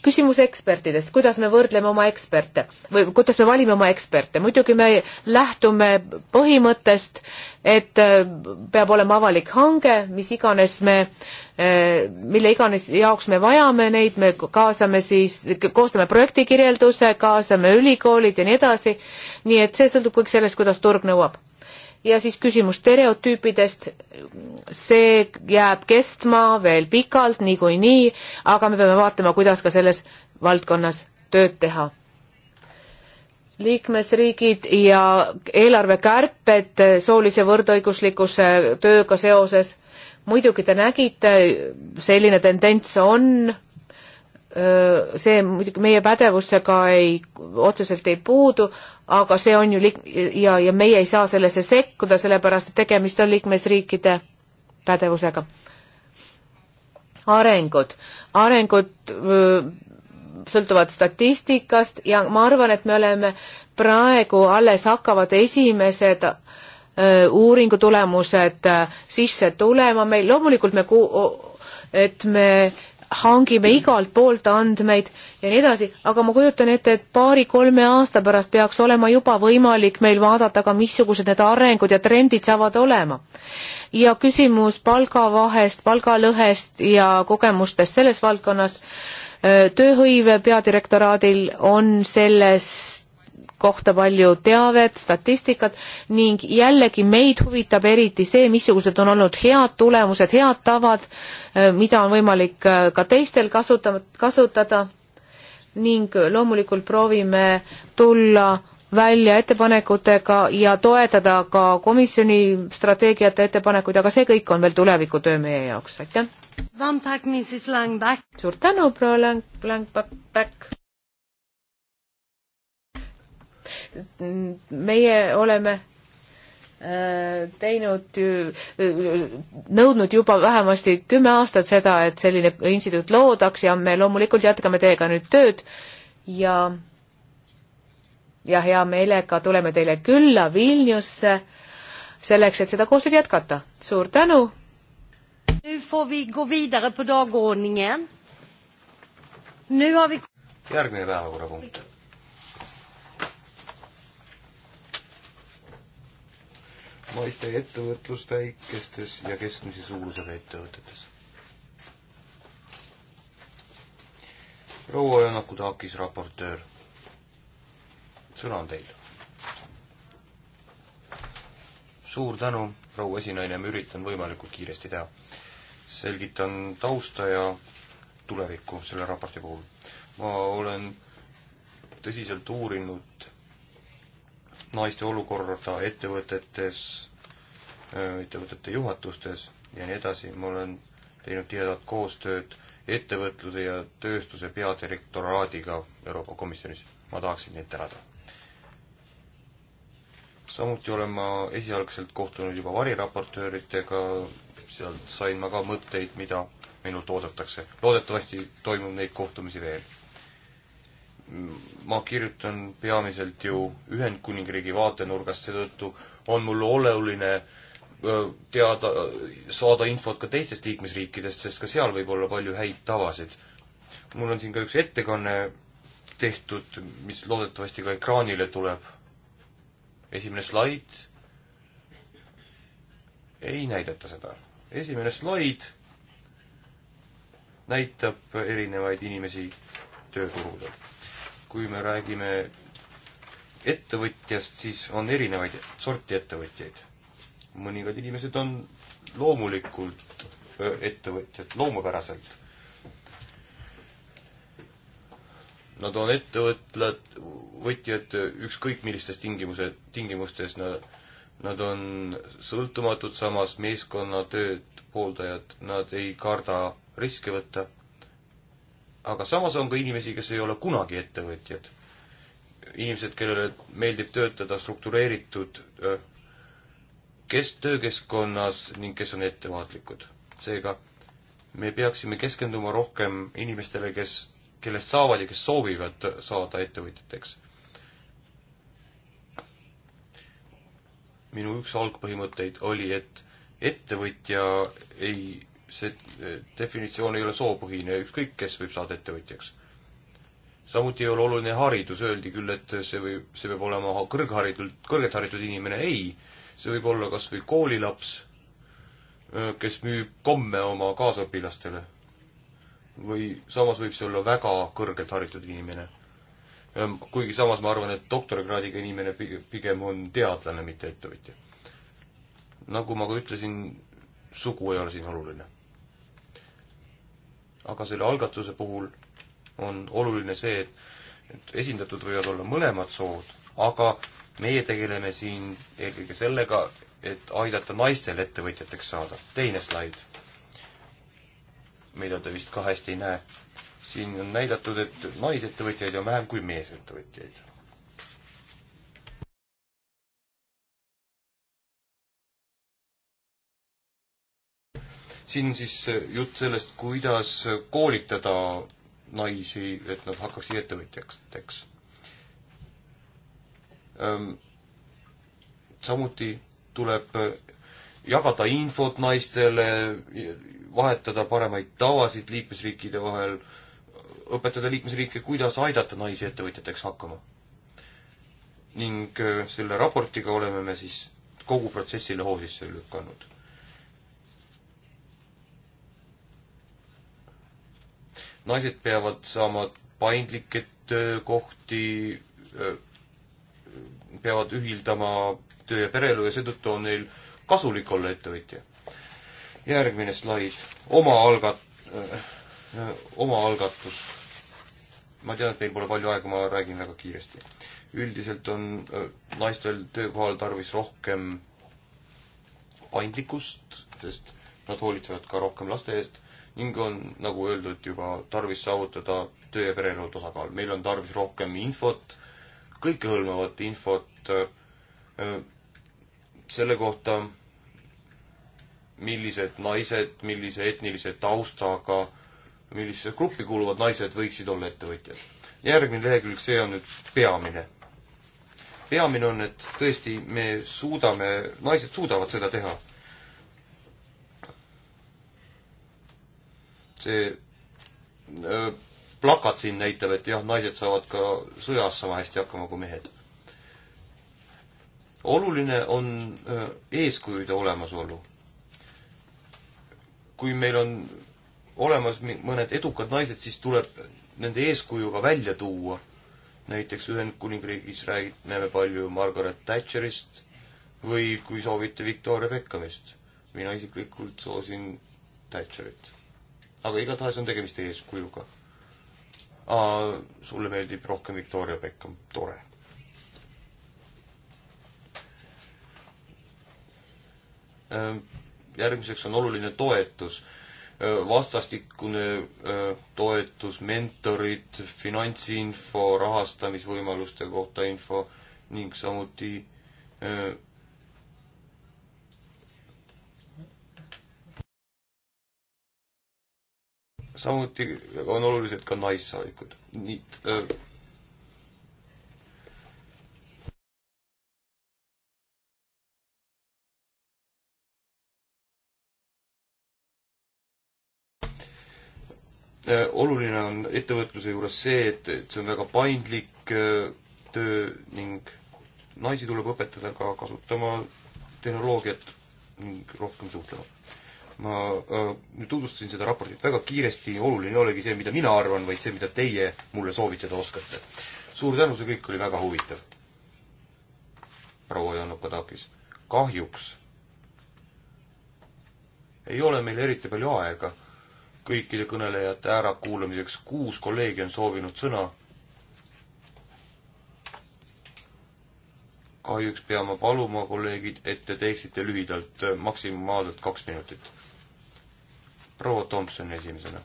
küsimus ekspertidest, kuidas me võrdleme oma eksperte või kuidas me valime oma eksperte, muidugi me lähtume põhimõttest, et äh, peab olema avalik hange, mis iganes me äh, mille iganes jaoks me vajame neid, me kaasame siis, koostame projektikirjelduse, kaasame ülikoolid ja nii edasi. nii et see sõltub kõik sellest, kuidas turg nõuab. ja siis küsimus stereotüüpidest, see jääb kestma veel pikalt niikuinii, nii, aga me peame vaatama, kuidas ka selles valdkonnas tööd teha liikmesriigid ja eelarvekärped soolise võrdõiguslikkuse tööga seoses äh, muidugi te nägite, selline tendents on, see muidugi meie pädevusega ei, otseselt ei puudu, aga see on ju liik-, ja, ja meie ei saa sellesse sekkuda, sellepärast et tegemist on liikmesriikide pädevusega. arengud, arengud sõltuvad statistikast ja ma arvan, et me oleme praegu alles hakkavad esimesed äh, uuringu tulemused äh, sisse tulema, meil loomulikult me ku-, et me hangime igalt poolt andmeid ja nii edasi, aga ma kujutan ette, et paari-kolme aasta pärast peaks olema juba võimalik meil vaadata ka, missugused need arengud ja trendid saavad olema. ja küsimus palgavahest, palgalõhest ja kogemustest selles valdkonnas, tööhõive peadirektoraadil on sellest kohta palju teavet, statistikat ning jällegi meid huvitab eriti see, missugused on olnud head tulemused, head tavad, eh, mida on võimalik eh, ka teistel kasuta-, kasutada ning loomulikult proovime tulla välja ettepanekutega ja toetada ka komisjoni strateegiate ettepanekuid, aga see kõik on veel tulevikutöö meie jaoks, aitäh! suur tänu, proua Lang-, Lang-, Back! meie oleme äh, teinud, äh, nõudnud juba vähemasti kümme aastat seda, et selline instituut loodaks ja me loomulikult jätkame teiega nüüd tööd ja ja hea meelega tuleme teile külla Vilniusse selleks, et seda koostööd jätkata. suur tänu! järgmine päevakorrapunkt naiste ettevõtlus väikestes ja keskmise suurusega ettevõtetes. proua Janaku Taakis, raportöör, sõna on teil. suur tänu, proua esinaine, ma üritan võimalikult kiiresti teha. selgitan tausta ja tulevikku selle raporti puhul. ma olen tõsiselt uurinud naiste olukorda ettevõtetes, äh, ettevõtete juhatustes ja nii edasi, ma olen teinud tihedat koostööd ettevõtluse ja tööstuse peadirektoraadiga Euroopa Komisjonis. ma tahaksin neid tänada. samuti olen ma esialgselt kohtunud juba variraportööritega, sealt sain ma ka mõtteid, mida minult oodatakse. loodetavasti toimub neid kohtumisi veel ma kirjutan peamiselt ju Ühendkuningriigi vaatenurgast, seetõttu on mul oluline teada, saada infot ka teistest liikmesriikidest, sest ka seal võib olla palju häid tavasid. mul on siin ka üks ettekanne tehtud, mis loodetavasti ka ekraanile tuleb. esimene slaid. ei näidata seda. esimene slaid näitab erinevaid inimesi tööturul kui me räägime ettevõtjast, siis on erinevaid sorti ettevõtjaid. mõningad inimesed on loomulikult ettevõtjad, loomupäraselt. Nad on ettevõtlad, võtjad ükskõik millistes tingimused, tingimustes nad, nad on sõltumatud, samas meeskonnatööd pooldajad, nad ei karda riske võtta aga samas on ka inimesi, kes ei ole kunagi ettevõtjad. inimesed, kellele meeldib töötada struktureeritud kes töökeskkonnas ning kes on ettevaatlikud. seega me peaksime keskenduma rohkem inimestele, kes, kellest saavad ja kes soovivad saada ettevõtjateks. minu üks algpõhimõtteid oli, et ettevõtja ei see eh, definitsioon ei ole soopõhine, ükskõik kes võib saada ettevõtjaks. samuti ei ole oluline haridus, öeldi küll, et see võib, see peab olema kõrgharitud, kõrgelt haritud inimene, ei, see võib olla kas või koolilaps, eh, kes müüb komme oma kaasõpilastele. või samas võib see olla väga kõrgelt haritud inimene. Ehm, kuigi samas ma arvan, et doktorikraadiga inimene pigem on teadlane, mitte ettevõtja. nagu ma ka ütlesin, sugu ei ole siin oluline aga selle algatuse puhul on oluline see, et, et esindatud võivad olla mõlemad sood, aga meie tegeleme siin eelkõige sellega, et aidata naistel ettevõtjateks saada. teine slaid, mida te vist ka hästi ei näe. siin on näidatud, et naisettevõtjaid on vähem kui meesettevõtjaid siin siis äh, jutt sellest, kuidas äh, koolitada naisi, et nad hakkaksid ettevõtjateks. samuti tuleb äh, jagada infot naistele, vahetada paremaid tavasid liikmesriikide vahel, õpetada liikmesriike, kuidas aidata naisi ettevõtjateks hakkama. ning selle raportiga oleme me siis kogu protsessile hoo sisse lükanud naised peavad saama paindlikke töökohti, peavad ühildama töö ja pereelu ja seetõttu on neil kasulik olla ettevõtja. järgmine slaid, oma algat-, omaalgatus. ma tean, et meil pole palju aega, ma räägin väga kiiresti. üldiselt on naistel töökohal tarvis rohkem paindlikkust, sest nad hoolitsevad ka rohkem laste eest ning on, nagu öeldud, juba tarvis saavutada töö ja pereelu tasakaal. meil on tarvis rohkem infot, kõikehõlmavat infot äh, selle kohta, millised naised, millise etnilise taustaga, millisesse gruppi kuuluvad naised võiksid olla ettevõtjad. järgmine lehekülg, see on nüüd peamine. peamine on, et tõesti me suudame, naised suudavad seda teha see öö, äh, plakat siin näitab, et jah, naised saavad ka sõjas sama hästi hakkama kui mehed. oluline on äh, eeskujude olemasolu. kui meil on olemas mõned edukad naised, siis tuleb nende eeskujuga välja tuua. näiteks Ühendkuningriigis räägid, näeme palju Margaret Thatcherist või kui soovite, Victoria Beckhamist. mina isiklikult soosin Thatcherit aga igatahes on tegemist eeskujuga. sulle meeldib rohkem Victoria Beckham, tore. Äh, järgmiseks on oluline toetus, äh, vastastikune äh, toetus, mentorid, finantsinfo, rahastamisvõimaluste kohta info ning samuti samuti on olulised ka naissaadikud. nii äh, äh,. oluline on ettevõtluse juures see, et, et see on väga paindlik äh, töö ning naisi tuleb õpetada ka kasutama tehnoloogiat ning rohkem suhtlema ma äh, tutvustasin seda raportit väga kiiresti, oluline ei olegi see, mida mina arvan, vaid see, mida teie mulle soovitada oskate. suur tänu, see kõik oli väga huvitav. proua Janukadakis, kahjuks ei ole meil eriti palju aega kõikide kõnelejate ärakuulamiseks, kuus kolleegi on soovinud sõna. kahjuks pean ma paluma, kolleegid, et te teeksite lühidalt, maksimaalselt kaks minutit proua Tomson esimesena.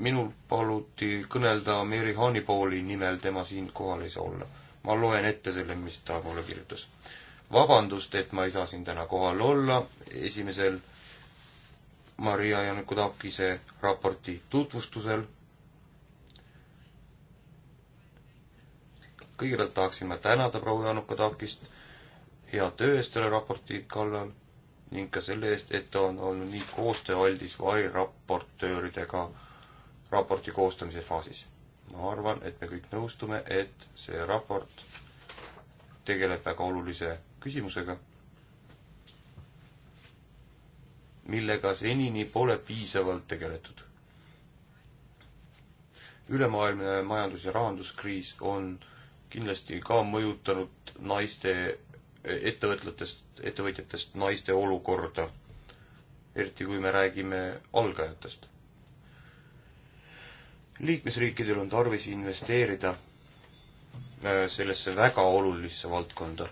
minul paluti kõnelda Mary Honeyballi nimel, tema siin kohal ei saa olla. ma loen ette selle, mis ta mulle kirjutas. vabandust, et ma ei saa siin täna kohal olla, esimesel Maria Janukodakise raporti tutvustusel. kõigepealt tahaksin ma tänada proua Janukodakist hea töö eest selle raporti kallal ning ka selle eest, et ta on olnud nii koostööaldis variraportööridega raporti koostamise faasis. ma arvan, et me kõik nõustume, et see raport tegeleb väga olulise küsimusega, millega senini pole piisavalt tegeletud. ülemaailmne majandus- ja rahanduskriis on kindlasti ka mõjutanud naiste ettevõtlatest, ettevõtjatest naiste olukorda, eriti kui me räägime algajatest. liikmesriikidel on tarvis investeerida äh, sellesse väga olulisse valdkonda.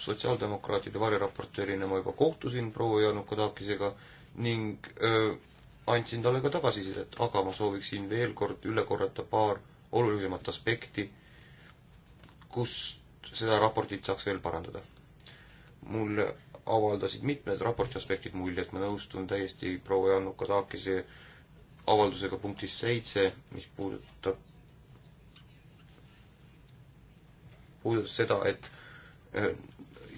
sotsiaaldemokraatide variraportöörina ma juba kohtusin proua Janukadakisega ning öö, äh, andsin talle ka tagasisidet, aga ma sooviksin veel kord üle korrata paar olulisemat aspekti kus seda raportit saaks veel parandada. mul avaldasid mitmed raporti aspektid muljet, ma nõustun täiesti proua Jannuka Taakise avaldusega punktis seitse, mis puudutab, puudutas seda, et äh,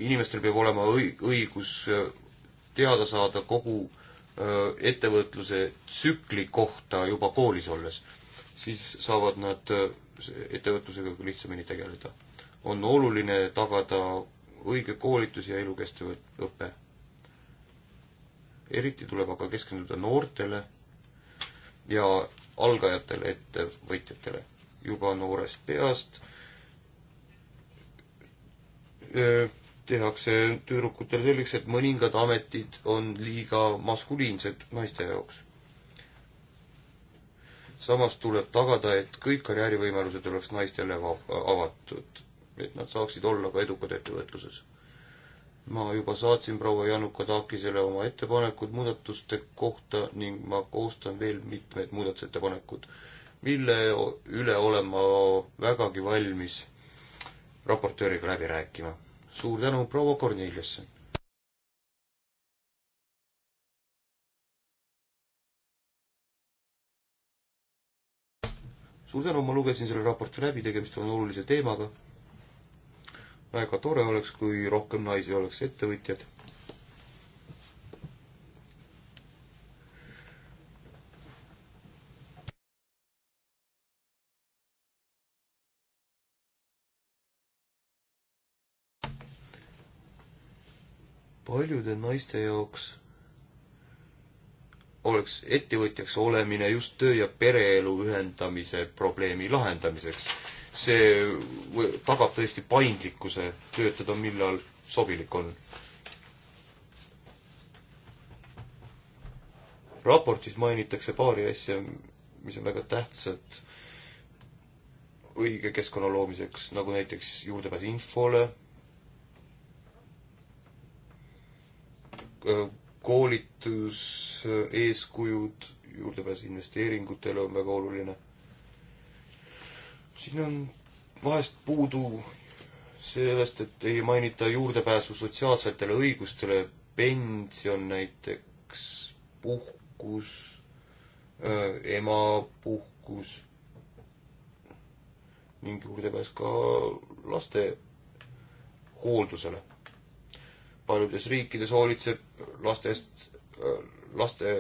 inimestel peab olema õig-, õigus äh, teada saada kogu äh, ettevõtluse tsükli kohta juba koolis olles. siis saavad nad ettevõtlusega lihtsamini tegeleda. on oluline tagada õige koolitus ja elukestev õpe. eriti tuleb aga keskenduda noortele ja algajatele ettevõtjatele juba noorest peast öö, tehakse tüdrukutele selgeks, et mõningad ametid on liiga maskuliinsed naiste jaoks samas tuleb tagada, et kõik karjäärivõimalused oleks naistele avatud, et nad saaksid olla ka edukad ettevõtluses. ma juba saatsin proua Janukadakisele oma ettepanekud muudatuste kohta ning ma koostan veel mitmed muudatusettepanekud, mille üle olen ma vägagi valmis raportööriga läbi rääkima. suur tänu proua Korneliasse! suur tänu, ma lugesin selle raporti läbi, tegemist on olulise teemaga. väga tore oleks, kui rohkem naisi oleks ettevõtjad. paljude naiste jaoks oleks ettevõtjaks olemine just töö ja pereelu ühendamise probleemi lahendamiseks. see tagab tõesti paindlikkuse töötada, millal sobilik on. raportis mainitakse paari asja, mis on väga tähtsad õige keskkonna loomiseks, nagu näiteks juurdepääs infole, koolitus, eeskujud, juurdepääs investeeringutele on väga oluline. siin on vahest puudu sellest, et ei mainita juurdepääsu sotsiaalsetele õigustele, pension näiteks, puhkus, emapuhkus ning juurdepääs ka laste hooldusele. paljudes riikides hoolitseb lastest, laste,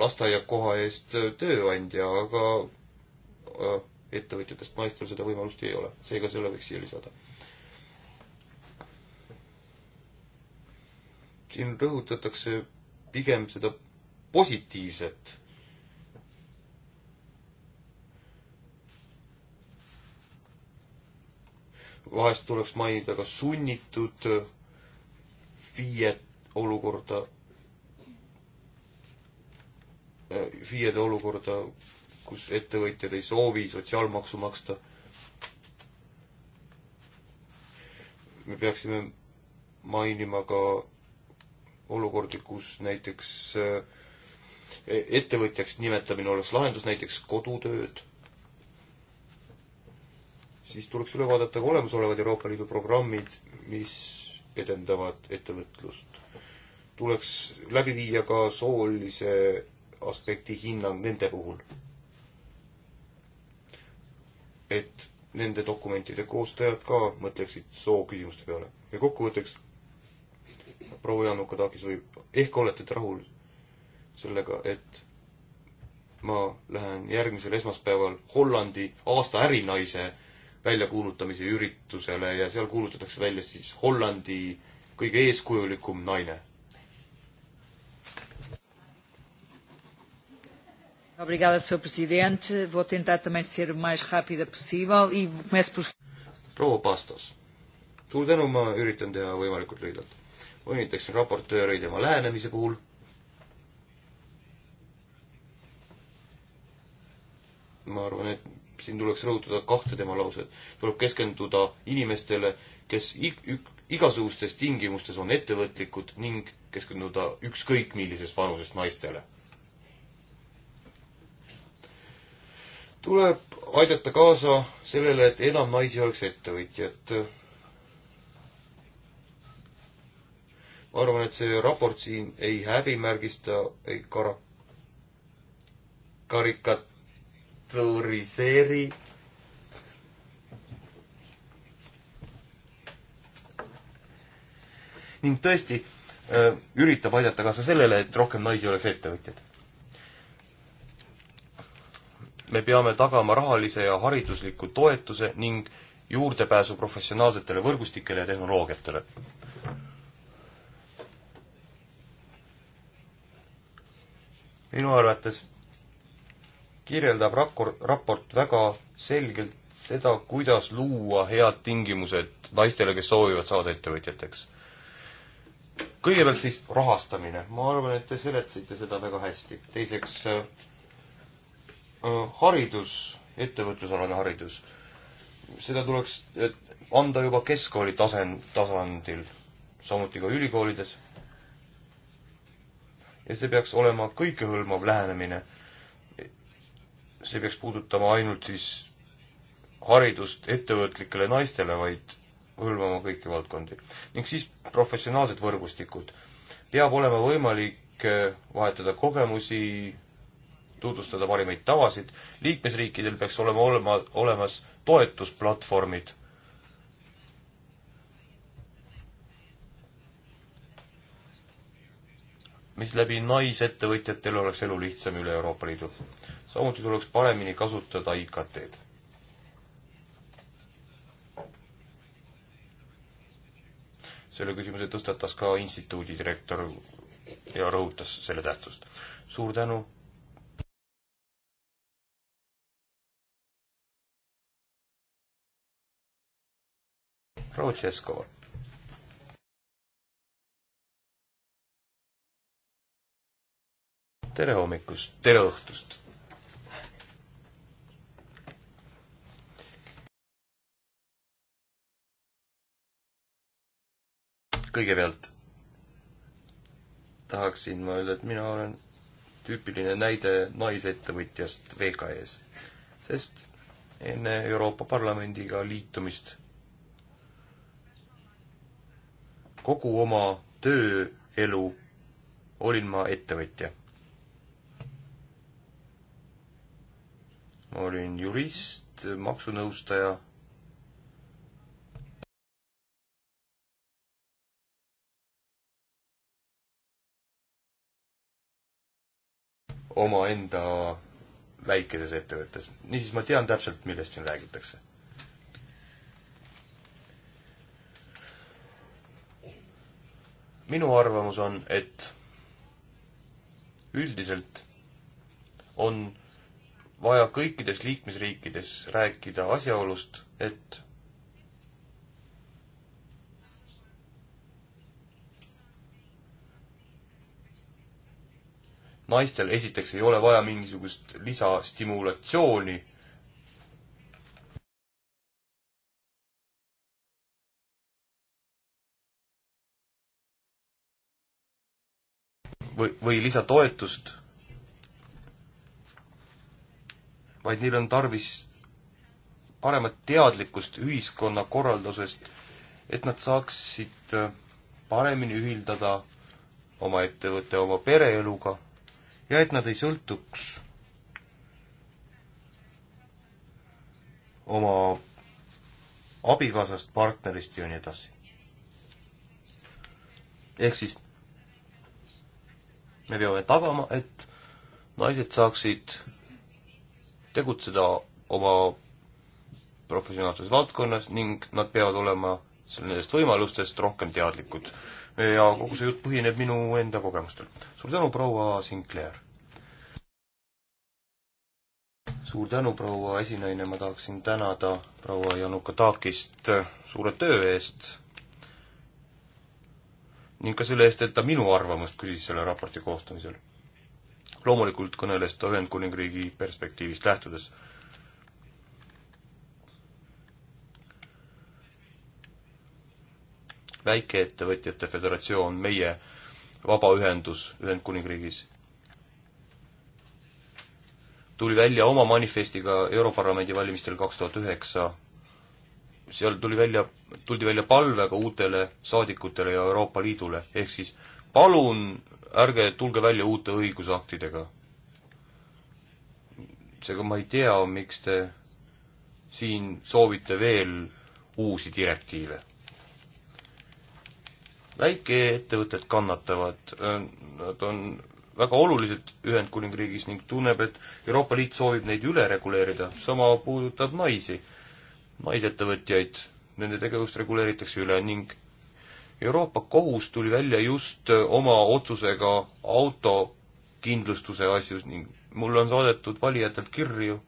lasteaiakoha eest tööandja, aga äh, ettevõtjatest naistel seda võimalust ei ole, seega selle võiks siia lisada. siin rõhutatakse pigem seda positiivset. vahest tuleks mainida ka sunnitud FIE-t, äh, olukorda, FIE-de olukorda, kus ettevõtjad ei soovi sotsiaalmaksu maksta. me peaksime mainima ka olukordi, kus näiteks e, ettevõtjaks nimetamine oleks lahendus, näiteks kodutööd siis tuleks üle vaadata ka olemasolevad Euroopa Liidu programmid, mis edendavad ettevõtlust tuleks läbi viia ka soolise aspekti hinnang nende puhul. et nende dokumentide koostajad ka mõtleksid sooküsimuste peale. ja kokkuvõtteks, proua Januka Taagis võib, ehk olete te rahul sellega, et ma lähen järgmisel esmaspäeval Hollandi aasta ärinaise väljakuulutamise üritusele ja seal kuulutatakse välja siis Hollandi kõige eeskujulikum naine Obrigada, Sr. Presidente. Vou tentar também ser o mais rápida possível e começo por... proua Pastos. suur tänu, ma üritan teha võimalikult lühidalt. õnnitleksin raportööri tema lähenemise puhul. ma arvan, et siin tuleks rõhutada kahte tema lauset. tuleb keskenduda inimestele, kes ig-, igasugustes tingimustes on ettevõtlikud ning keskenduda ükskõik millisest vanusest naistele tuleb aidata kaasa sellele, et enam naisi oleks ettevõtjad. ma arvan, et see raport siin ei häbimärgista, ei kara-, karikaturiseeri ning tõesti äh, üritab aidata kaasa sellele, et rohkem naisi oleks ettevõtjad me peame tagama rahalise ja haridusliku toetuse ning juurdepääsu professionaalsetele võrgustikele ja tehnoloogiatele. minu arvates kirjeldab rakor-, raport väga selgelt seda, kuidas luua head tingimused naistele, kes soovivad saada ettevõtjateks. kõigepealt siis rahastamine, ma arvan, et te seletasite seda väga hästi. teiseks haridus, ettevõtlusalane haridus, seda tuleks anda juba keskkooli tasand, tasandil, samuti ka ülikoolides. ja see peaks olema kõikehõlmav lähenemine. see peaks puudutama ainult siis haridust ettevõtlikele naistele, vaid hõlmama kõiki valdkondi. ning siis professionaalsed võrgustikud. peab olema võimalik eh, vahetada kogemusi tutvustada parimaid tavasid, liikmesriikidel peaks olema olema, olemas toetusplatvormid. mis läbi naisettevõtjatel oleks elu lihtsam üle Euroopa Liidu. samuti tuleks paremini kasutada IKT-d selle küsimuse tõstatas ka instituudi direktor ja rõhutas selle tähtsust. suur tänu proua Tšeskova. tere hommikust, tere õhtust! kõigepealt tahaksin ma öelda, et mina olen tüüpiline näide naisettevõtjast VKE-s, sest enne Euroopa Parlamendiga liitumist kogu oma tööelu olin ma ettevõtja. ma olin jurist, maksunõustaja omaenda väikeses ettevõttes. niisiis ma tean täpselt, millest siin räägitakse. minu arvamus on, et üldiselt on vaja kõikides liikmesriikides rääkida asjaolust, et naistel esiteks ei ole vaja mingisugust lisastimulatsiooni või, või lisatoetust, vaid neil on tarvis paremat teadlikkust ühiskonna korraldusest, et nad saaksid äh, paremini ühildada oma ettevõtte oma pereeluga ja et nad ei sõltuks oma abikaasast, partnerist ja nii edasi. ehk siis me peame tagama, et naised saaksid tegutseda oma professionaalses valdkonnas ning nad peavad olema nendest võimalustest rohkem teadlikud. ja kogu see jutt põhineb minu enda kogemustel. suur tänu, proua Sinclair! suur tänu, proua esinaine, ma tahaksin tänada proua Januka Taakist suure töö eest ning ka selle eest, et ta minu arvamust küsis selle raporti koostamisel. loomulikult kõneles ta Ühendkuningriigi perspektiivist lähtudes. väikeettevõtjate föderatsioon, meie vabaühendus Ühendkuningriigis tuli välja oma manifestiga Europarlamendi valimistel kaks tuhat üheksa seal tuli välja, tuldi välja palvega uutele saadikutele ja Euroopa Liidule, ehk siis palun ärge tulge välja uute õigusaktidega. seega ma ei tea, miks te siin soovite veel uusi direktiive. väikeettevõtted kannatavad, nad on väga olulised Ühendkuningriigis ning tunneb, et Euroopa Liit soovib neid üle reguleerida, sama puudutab naisi naisettevõtjaid, nende tegevust reguleeritakse üle ning Euroopa Kohus tuli välja just oma otsusega autokindlustuse asjus ning mulle on saadetud valijatelt kirju,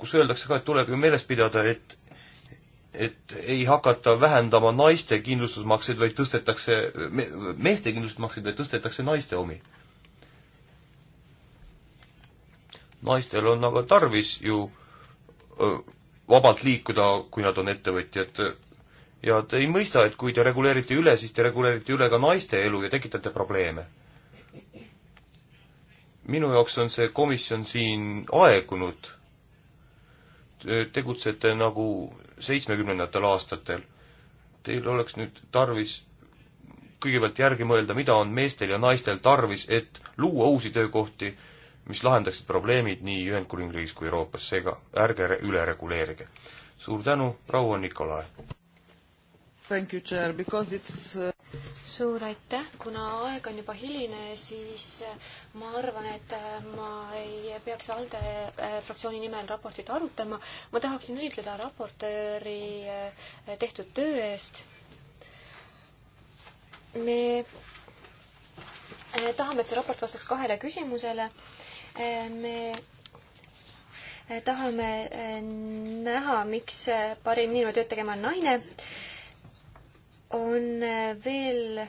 kus öeldakse ka, et tuleb ju meeles pidada, et et ei hakata vähendama naiste kindlustusmakseid, vaid tõstetakse me,, meeste kindlustusmakseid, vaid tõstetakse naiste omi. naistel on aga tarvis ju vabalt liikuda, kui nad on ettevõtjad. ja te ei mõista, et kui te reguleerite üle, siis te reguleerite üle ka naiste elu ja tekitate probleeme. minu jaoks on see komisjon siin aegunud. tegutsete nagu seitsmekümnendatel aastatel. Teil oleks nüüd tarvis kõigepealt järgi mõelda, mida on meestel ja naistel tarvis, et luua uusi töökohti mis lahendaksid probleemid nii Ühendkuningriigis kui Euroopas, seega ärge üle reguleerige. suur tänu, proua Nikolai! Thank you, chair, because it's uh, suur aitäh, kuna aeg on juba hiline, siis uh, ma arvan, et uh, ma ei peaks ALDE fraktsiooni nimel raportit arutama. ma tahaksin õigleda raportööri tehtud töö eest. me tahame, et see raport vastaks kahele küsimusele Ehm, me eh, tahame eh, näha, miks eh, parim inimene tööd tegema on naine. on veel,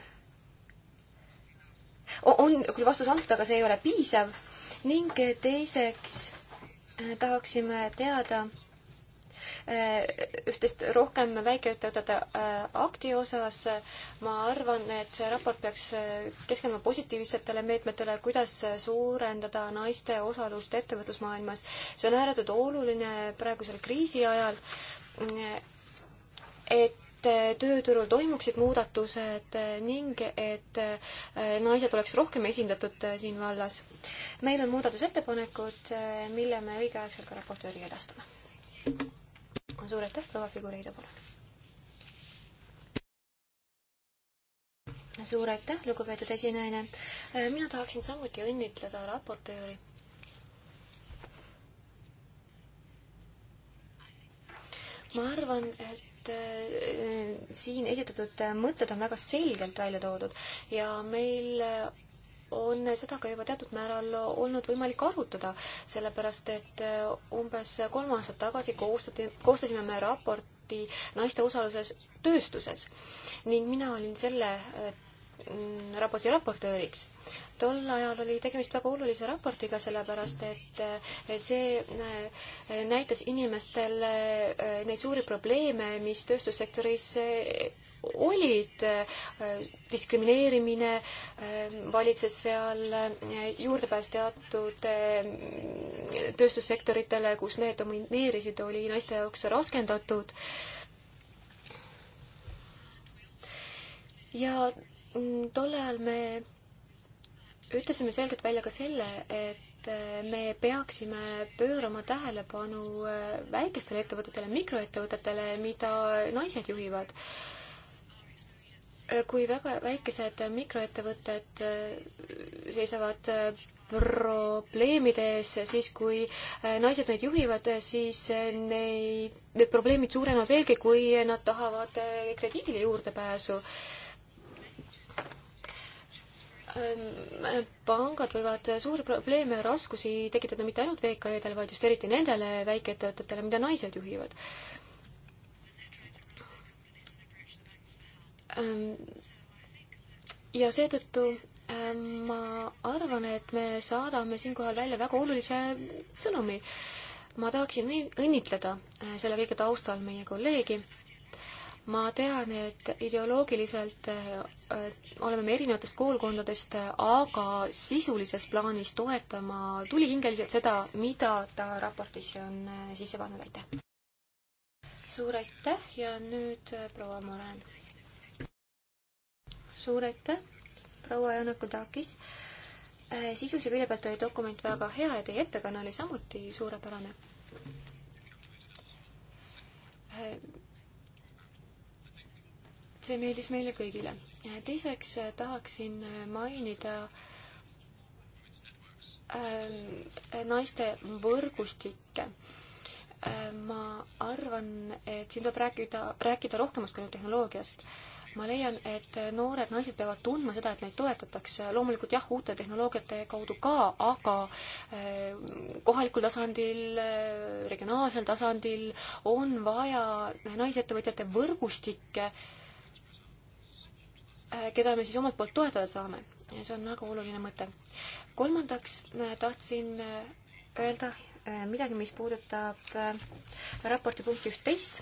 on küll vastus antud, aga see ei ole piisav ning teiseks tahaksime teada, Äh, üht-teist rohkem väikeettevõtete äh, akti osas. Äh, ma arvan, et see raport peaks keskenduma positiivsetele meetmetele, kuidas suurendada naiste osalust ettevõtlusmaailmas. see on ääretult oluline praegusel kriisi ajal, et tööturul toimuksid muudatused ning et naised oleks rohkem esindatud siin vallas. meil on muudatusettepanekud, mille me õigeaegselt ka raportöörile edastame suur aitäh, proua Figureido, palun. suur aitäh, lugupeetud esinaine. Äh, mina tahaksin samuti õnnitleda raportööri. ma arvan, et äh, siin esitatud mõtted on väga selgelt välja toodud ja meil äh, on seda ka juba teatud määral olnud võimalik arutada, sellepärast et äh, umbes kolm aastat tagasi koostati, koostasime me raporti naiste osaluses tööstuses ning mina olin selle äh, raporti raportööriks. tol ajal oli tegemist väga olulise raportiga, sellepärast et äh, see näitas inimestele neid suuri probleeme, mis tööstussektoris olid. Äh, diskrimineerimine äh, valitses seal, äh, juurdepääs teatud tööstussektoritele, kus mehed domineerisid, oli naiste jaoks raskendatud. ja mm, tol ajal me ütlesime selgelt välja ka selle, et me peaksime pöörama tähelepanu väikestele ettevõtetele, mikroettevõtetele, mida naised juhivad kui väga väikesed mikroettevõtted äh, seisavad äh, probleemide ees, siis kui äh, naised neid juhivad, siis neid, need probleemid suurenevad veelgi, kui nad tahavad krediidile juurdepääsu. Ähm, pangad võivad suuri probleeme ja raskusi tekitada mitte ainult VKE-del, vaid just eriti nendele väikeettevõtetele, mida naised juhivad Ähm, ja seetõttu ähm, ma arvan, et me saadame siinkohal välja väga olulise sõnumi. ma tahaksin õnnitleda äh, selle kõige taustal meie kolleegi. ma tean, et ideoloogiliselt äh, oleme me erinevatest koolkondadest, äh, aga sisulises plaanis toetama tulihingeliselt seda, mida ta raportisse on sisse pannud, aitäh! suur aitäh ja nüüd proua Moran suur aitäh, proua Janakudakis. Äh, sisus ja külje pealt oli dokument väga hea ja teie ettekanne oli samuti suurepärane. Äh, see meeldis meile kõigile. Äh, teiseks tahaksin mainida naiste võrgustikke ma arvan, et siin tuleb rääkida, rääkida rohkemast kui tehnoloogiast ma leian, et noored naised peavad tundma seda, et neid toetatakse, loomulikult jah, uute tehnoloogiate kaudu ka, aga eh, kohalikul tasandil, eh, regionaalsel tasandil on vaja naisettevõtjate võrgustikke, eh, keda me siis omalt poolt toetada saame. ja see on väga oluline mõte. kolmandaks tahtsin öelda midagi, mis puudutab raporti punkti üht-teist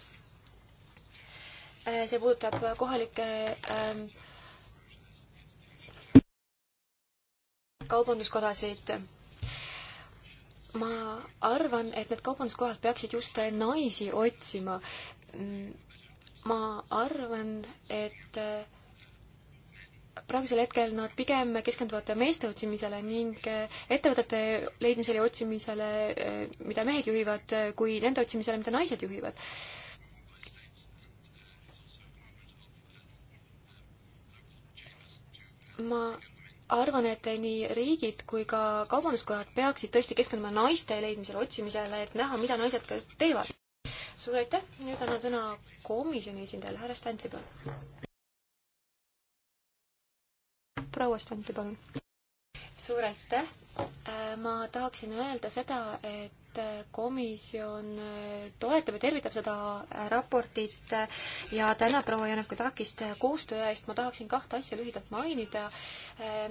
Äh, see puudutab äh, kohalikke ähm, kaubanduskodasid. ma arvan, et need kaubanduskohad peaksid just äh, naisi otsima. Mm, ma arvan, et praegusel hetkel nad pigem keskenduvad meeste otsimisele ning ettevõtete leidmisele ja otsimisele, mida mehed juhivad, kui nende otsimisele, mida naised juhivad. ma arvan, et nii riigid kui ka kaubanduskojad peaksid tõesti keskenduma naiste leidmisele, otsimisele, et näha, mida naised ka teevad. suur aitäh, nüüd annan sõna komisjoni esindajale, härra Stantli, palun. proua Stantli, palun suur aitäh! Äh, ma tahaksin öelda seda, et äh, komisjon äh, toetab ja tervitab seda raportit ja tänab proua Janekutakist koostöö eest. ma tahaksin kahte asja lühidalt mainida.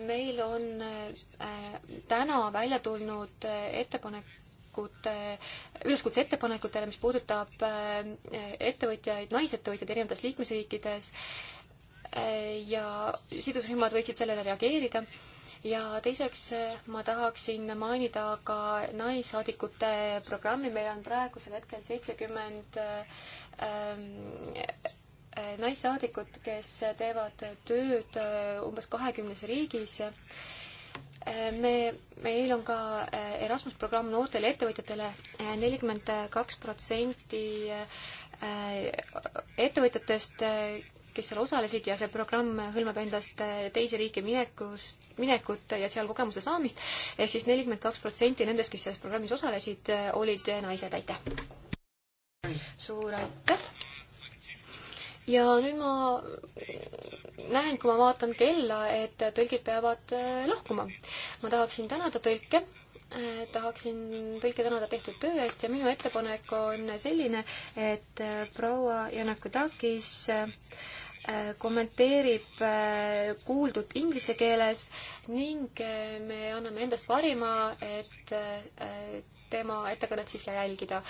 meil on täna välja tulnud ettepanek üleskutse ettepanekutele, mis puudutab ettevõtjaid, naisettevõtjaid erinevates liikmesriikides ja sidusrühmad võiksid sellele reageerida ja teiseks eh, ma tahaksin mainida ka naissaadikute programmi, meil on praegusel hetkel seitsekümmend ähm, äh, naissaadikut, kes teevad tööd äh, umbes kahekümnes riigis äh, me, meil on ka Erasmus programm noortele ettevõtjatele, nelikümmend kaks protsenti ettevõtjatest, kes seal osalesid ja see programm hõlmab endast teise riiki minekust, minekut ja seal kogemuse saamist, ehk siis nelikümmend kaks protsenti nendest, kes selles programmis osalesid, olid naised, aitäh! suur aitäh! ja nüüd ma näen, kui ma vaatan kella, et tõlgid peavad äh, lahkuma. ma tahaksin tänada tõlke, äh, tahaksin tõlke tänada tehtud töö eest ja minu ettepanek on selline, et äh, proua Janakutakis äh, Äh, kommenteerib äh, kuuldut inglise keeles ning äh, me anname endast parima, et tema ettekannet siiski jälgida.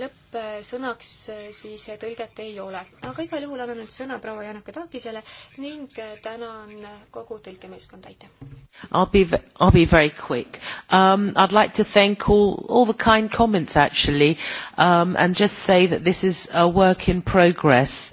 lõppsõnaks siis tõlget ei ole, aga igal juhul annan nüüd sõna proua Janaka Taakisele ning tänan kogu tõlkemeeskonda, aitäh! I'll be, I'll be very quick. Um, I'd like to thank all, all the kind comments, actually, um, and just say that this is a work in progress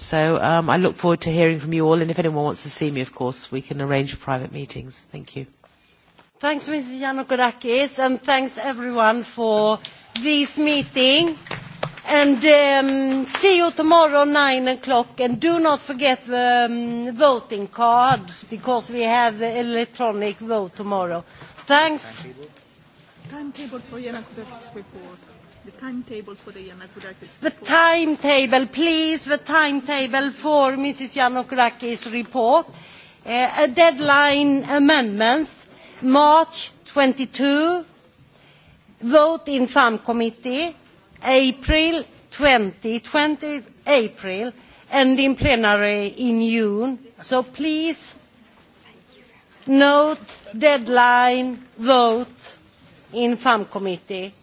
So um, I look forward to hearing from you all, and if anyone wants to see me, of course, we can arrange private meetings. Thank you. Thanks, Mrs. Yannakourakis, and thanks everyone for this meeting. And um, see you tomorrow, 9 o'clock. And do not forget the um, voting cards, because we have the electronic vote tomorroowThanks. Timetable for Yannakourakis report the timetable for the Yannakourakis report. The timetable, please, the timetable for Mrs. Yannakourakis' report. Uh, a deadline amendments, March 22, vote in farm committee, April 20, 20 April, and in plenary in June. So please note, deadline, vote in farm committee.